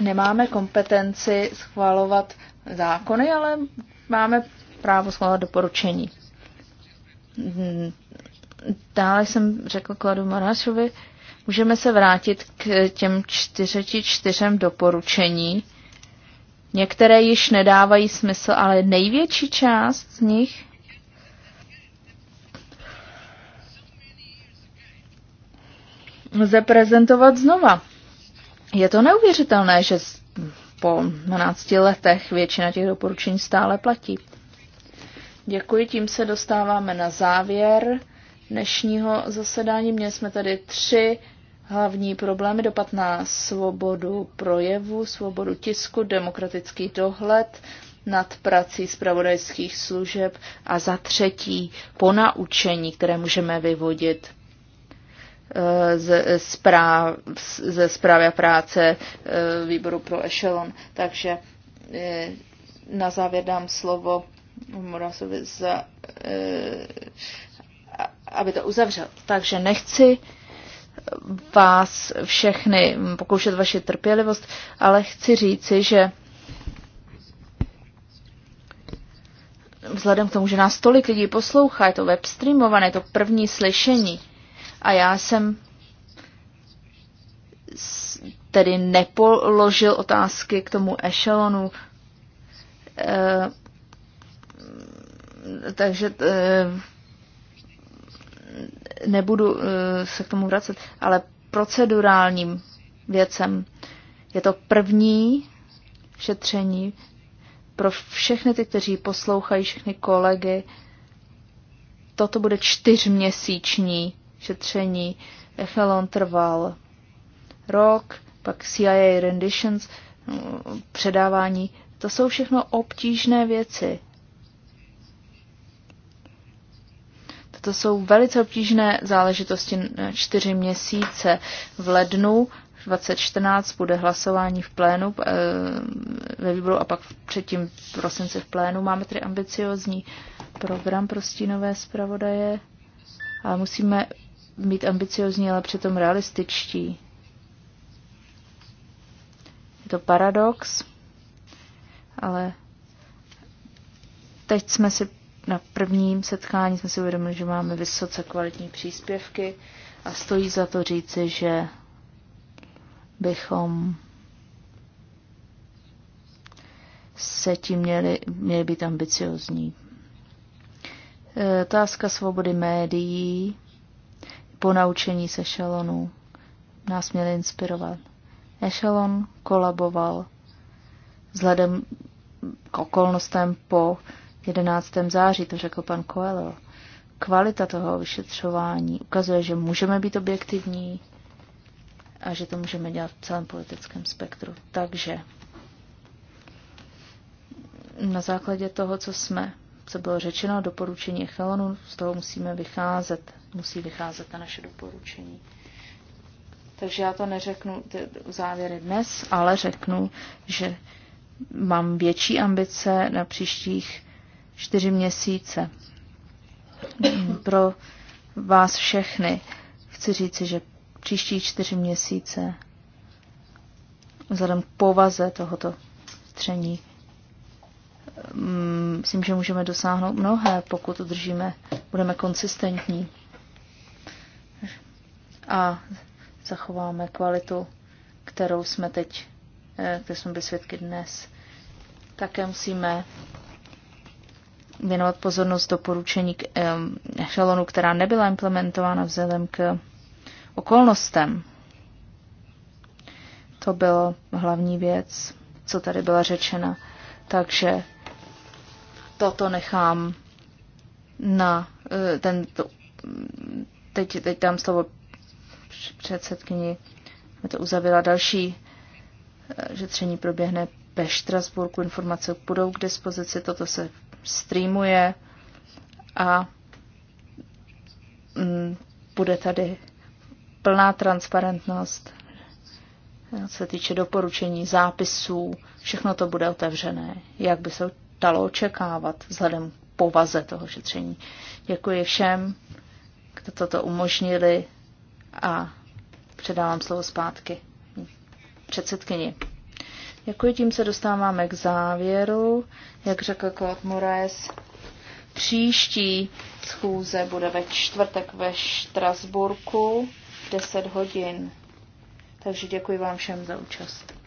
Nemáme kompetenci schvalovat zákony, ale máme právo schvalovat doporučení. Dále jsem řekl Kladu Marášovi, můžeme se vrátit k těm čtyřeti čtyřem doporučení, Některé již nedávají smysl, ale největší část z nich lze prezentovat znova. Je to neuvěřitelné, že po 12 letech většina těch doporučení stále platí. Děkuji, tím se dostáváme na závěr dnešního zasedání. Měli jsme tady tři hlavní problémy, dopad na svobodu projevu, svobodu tisku, demokratický dohled nad prací zpravodajských služeb a za třetí ponaučení, které můžeme vyvodit eh, ze, zpráv, ze zprávy a práce eh, výboru pro Echelon. Takže eh, na závěr dám slovo Morasovi, za, aby to uzavřel. Takže nechci vás všechny, pokoušet vaši trpělivost, ale chci říci, že vzhledem k tomu, že nás tolik lidí poslouchá, je to webstreamované, je to první slyšení a já jsem tedy nepoložil otázky k tomu ešelonu, e, takže e, nebudu eh, se k tomu vracet, ale procedurálním věcem. Je to první šetření pro všechny ty, kteří poslouchají, všechny kolegy. Toto bude čtyřměsíční šetření. Echelon trval rok, pak CIA renditions, eh, předávání. To jsou všechno obtížné věci. To jsou velice obtížné záležitosti na čtyři měsíce. V lednu 2014 bude hlasování v plénu e, ve výboru a pak předtím v prosince v plénu. Máme tedy ambiciozní program pro stínové zpravodaje, ale musíme mít ambiciozní, ale přitom realističtí. Je to paradox, ale teď jsme si na prvním setkání jsme si uvědomili, že máme vysoce kvalitní příspěvky a stojí za to říci, že bychom se tím měli, měli být ambiciozní. E, otázka svobody médií, po naučení se šalonu nás měly inspirovat. Echelon kolaboval vzhledem k okolnostem po 11. září, to řekl pan Coelho. Kvalita toho vyšetřování ukazuje, že můžeme být objektivní a že to můžeme dělat v celém politickém spektru. Takže na základě toho, co jsme, co bylo řečeno, doporučení Echelonu, z toho musíme vycházet, musí vycházet na naše doporučení. Takže já to neřeknu závěry dnes, ale řeknu, že mám větší ambice na příštích čtyři měsíce. Pro vás všechny chci říci, že příští čtyři měsíce, vzhledem k povaze tohoto tření, mm, myslím, že můžeme dosáhnout mnohé, pokud udržíme, budeme konsistentní a zachováme kvalitu, kterou jsme teď, eh, které jsme byli svědky dnes. Také musíme věnovat pozornost doporučení k echelonu, která nebyla implementována vzhledem k okolnostem. To bylo hlavní věc, co tady byla řečena. Takže toto nechám na e, ten, teď, teď dám slovo předsedkyni, aby to uzavila další e, že tření proběhne ve Štrasburku. Informace budou k dispozici, toto se streamuje a mm, bude tady plná transparentnost, co se týče doporučení, zápisů, všechno to bude otevřené, jak by se dalo očekávat vzhledem k povaze toho šetření. Děkuji všem, kdo toto umožnili a předávám slovo zpátky předsedkyni. Děkuji, tím se dostáváme k závěru. Jak řekl Claude Moraes, příští schůze bude ve čtvrtek ve Štrasburku v 10 hodin. Takže děkuji vám všem za účast.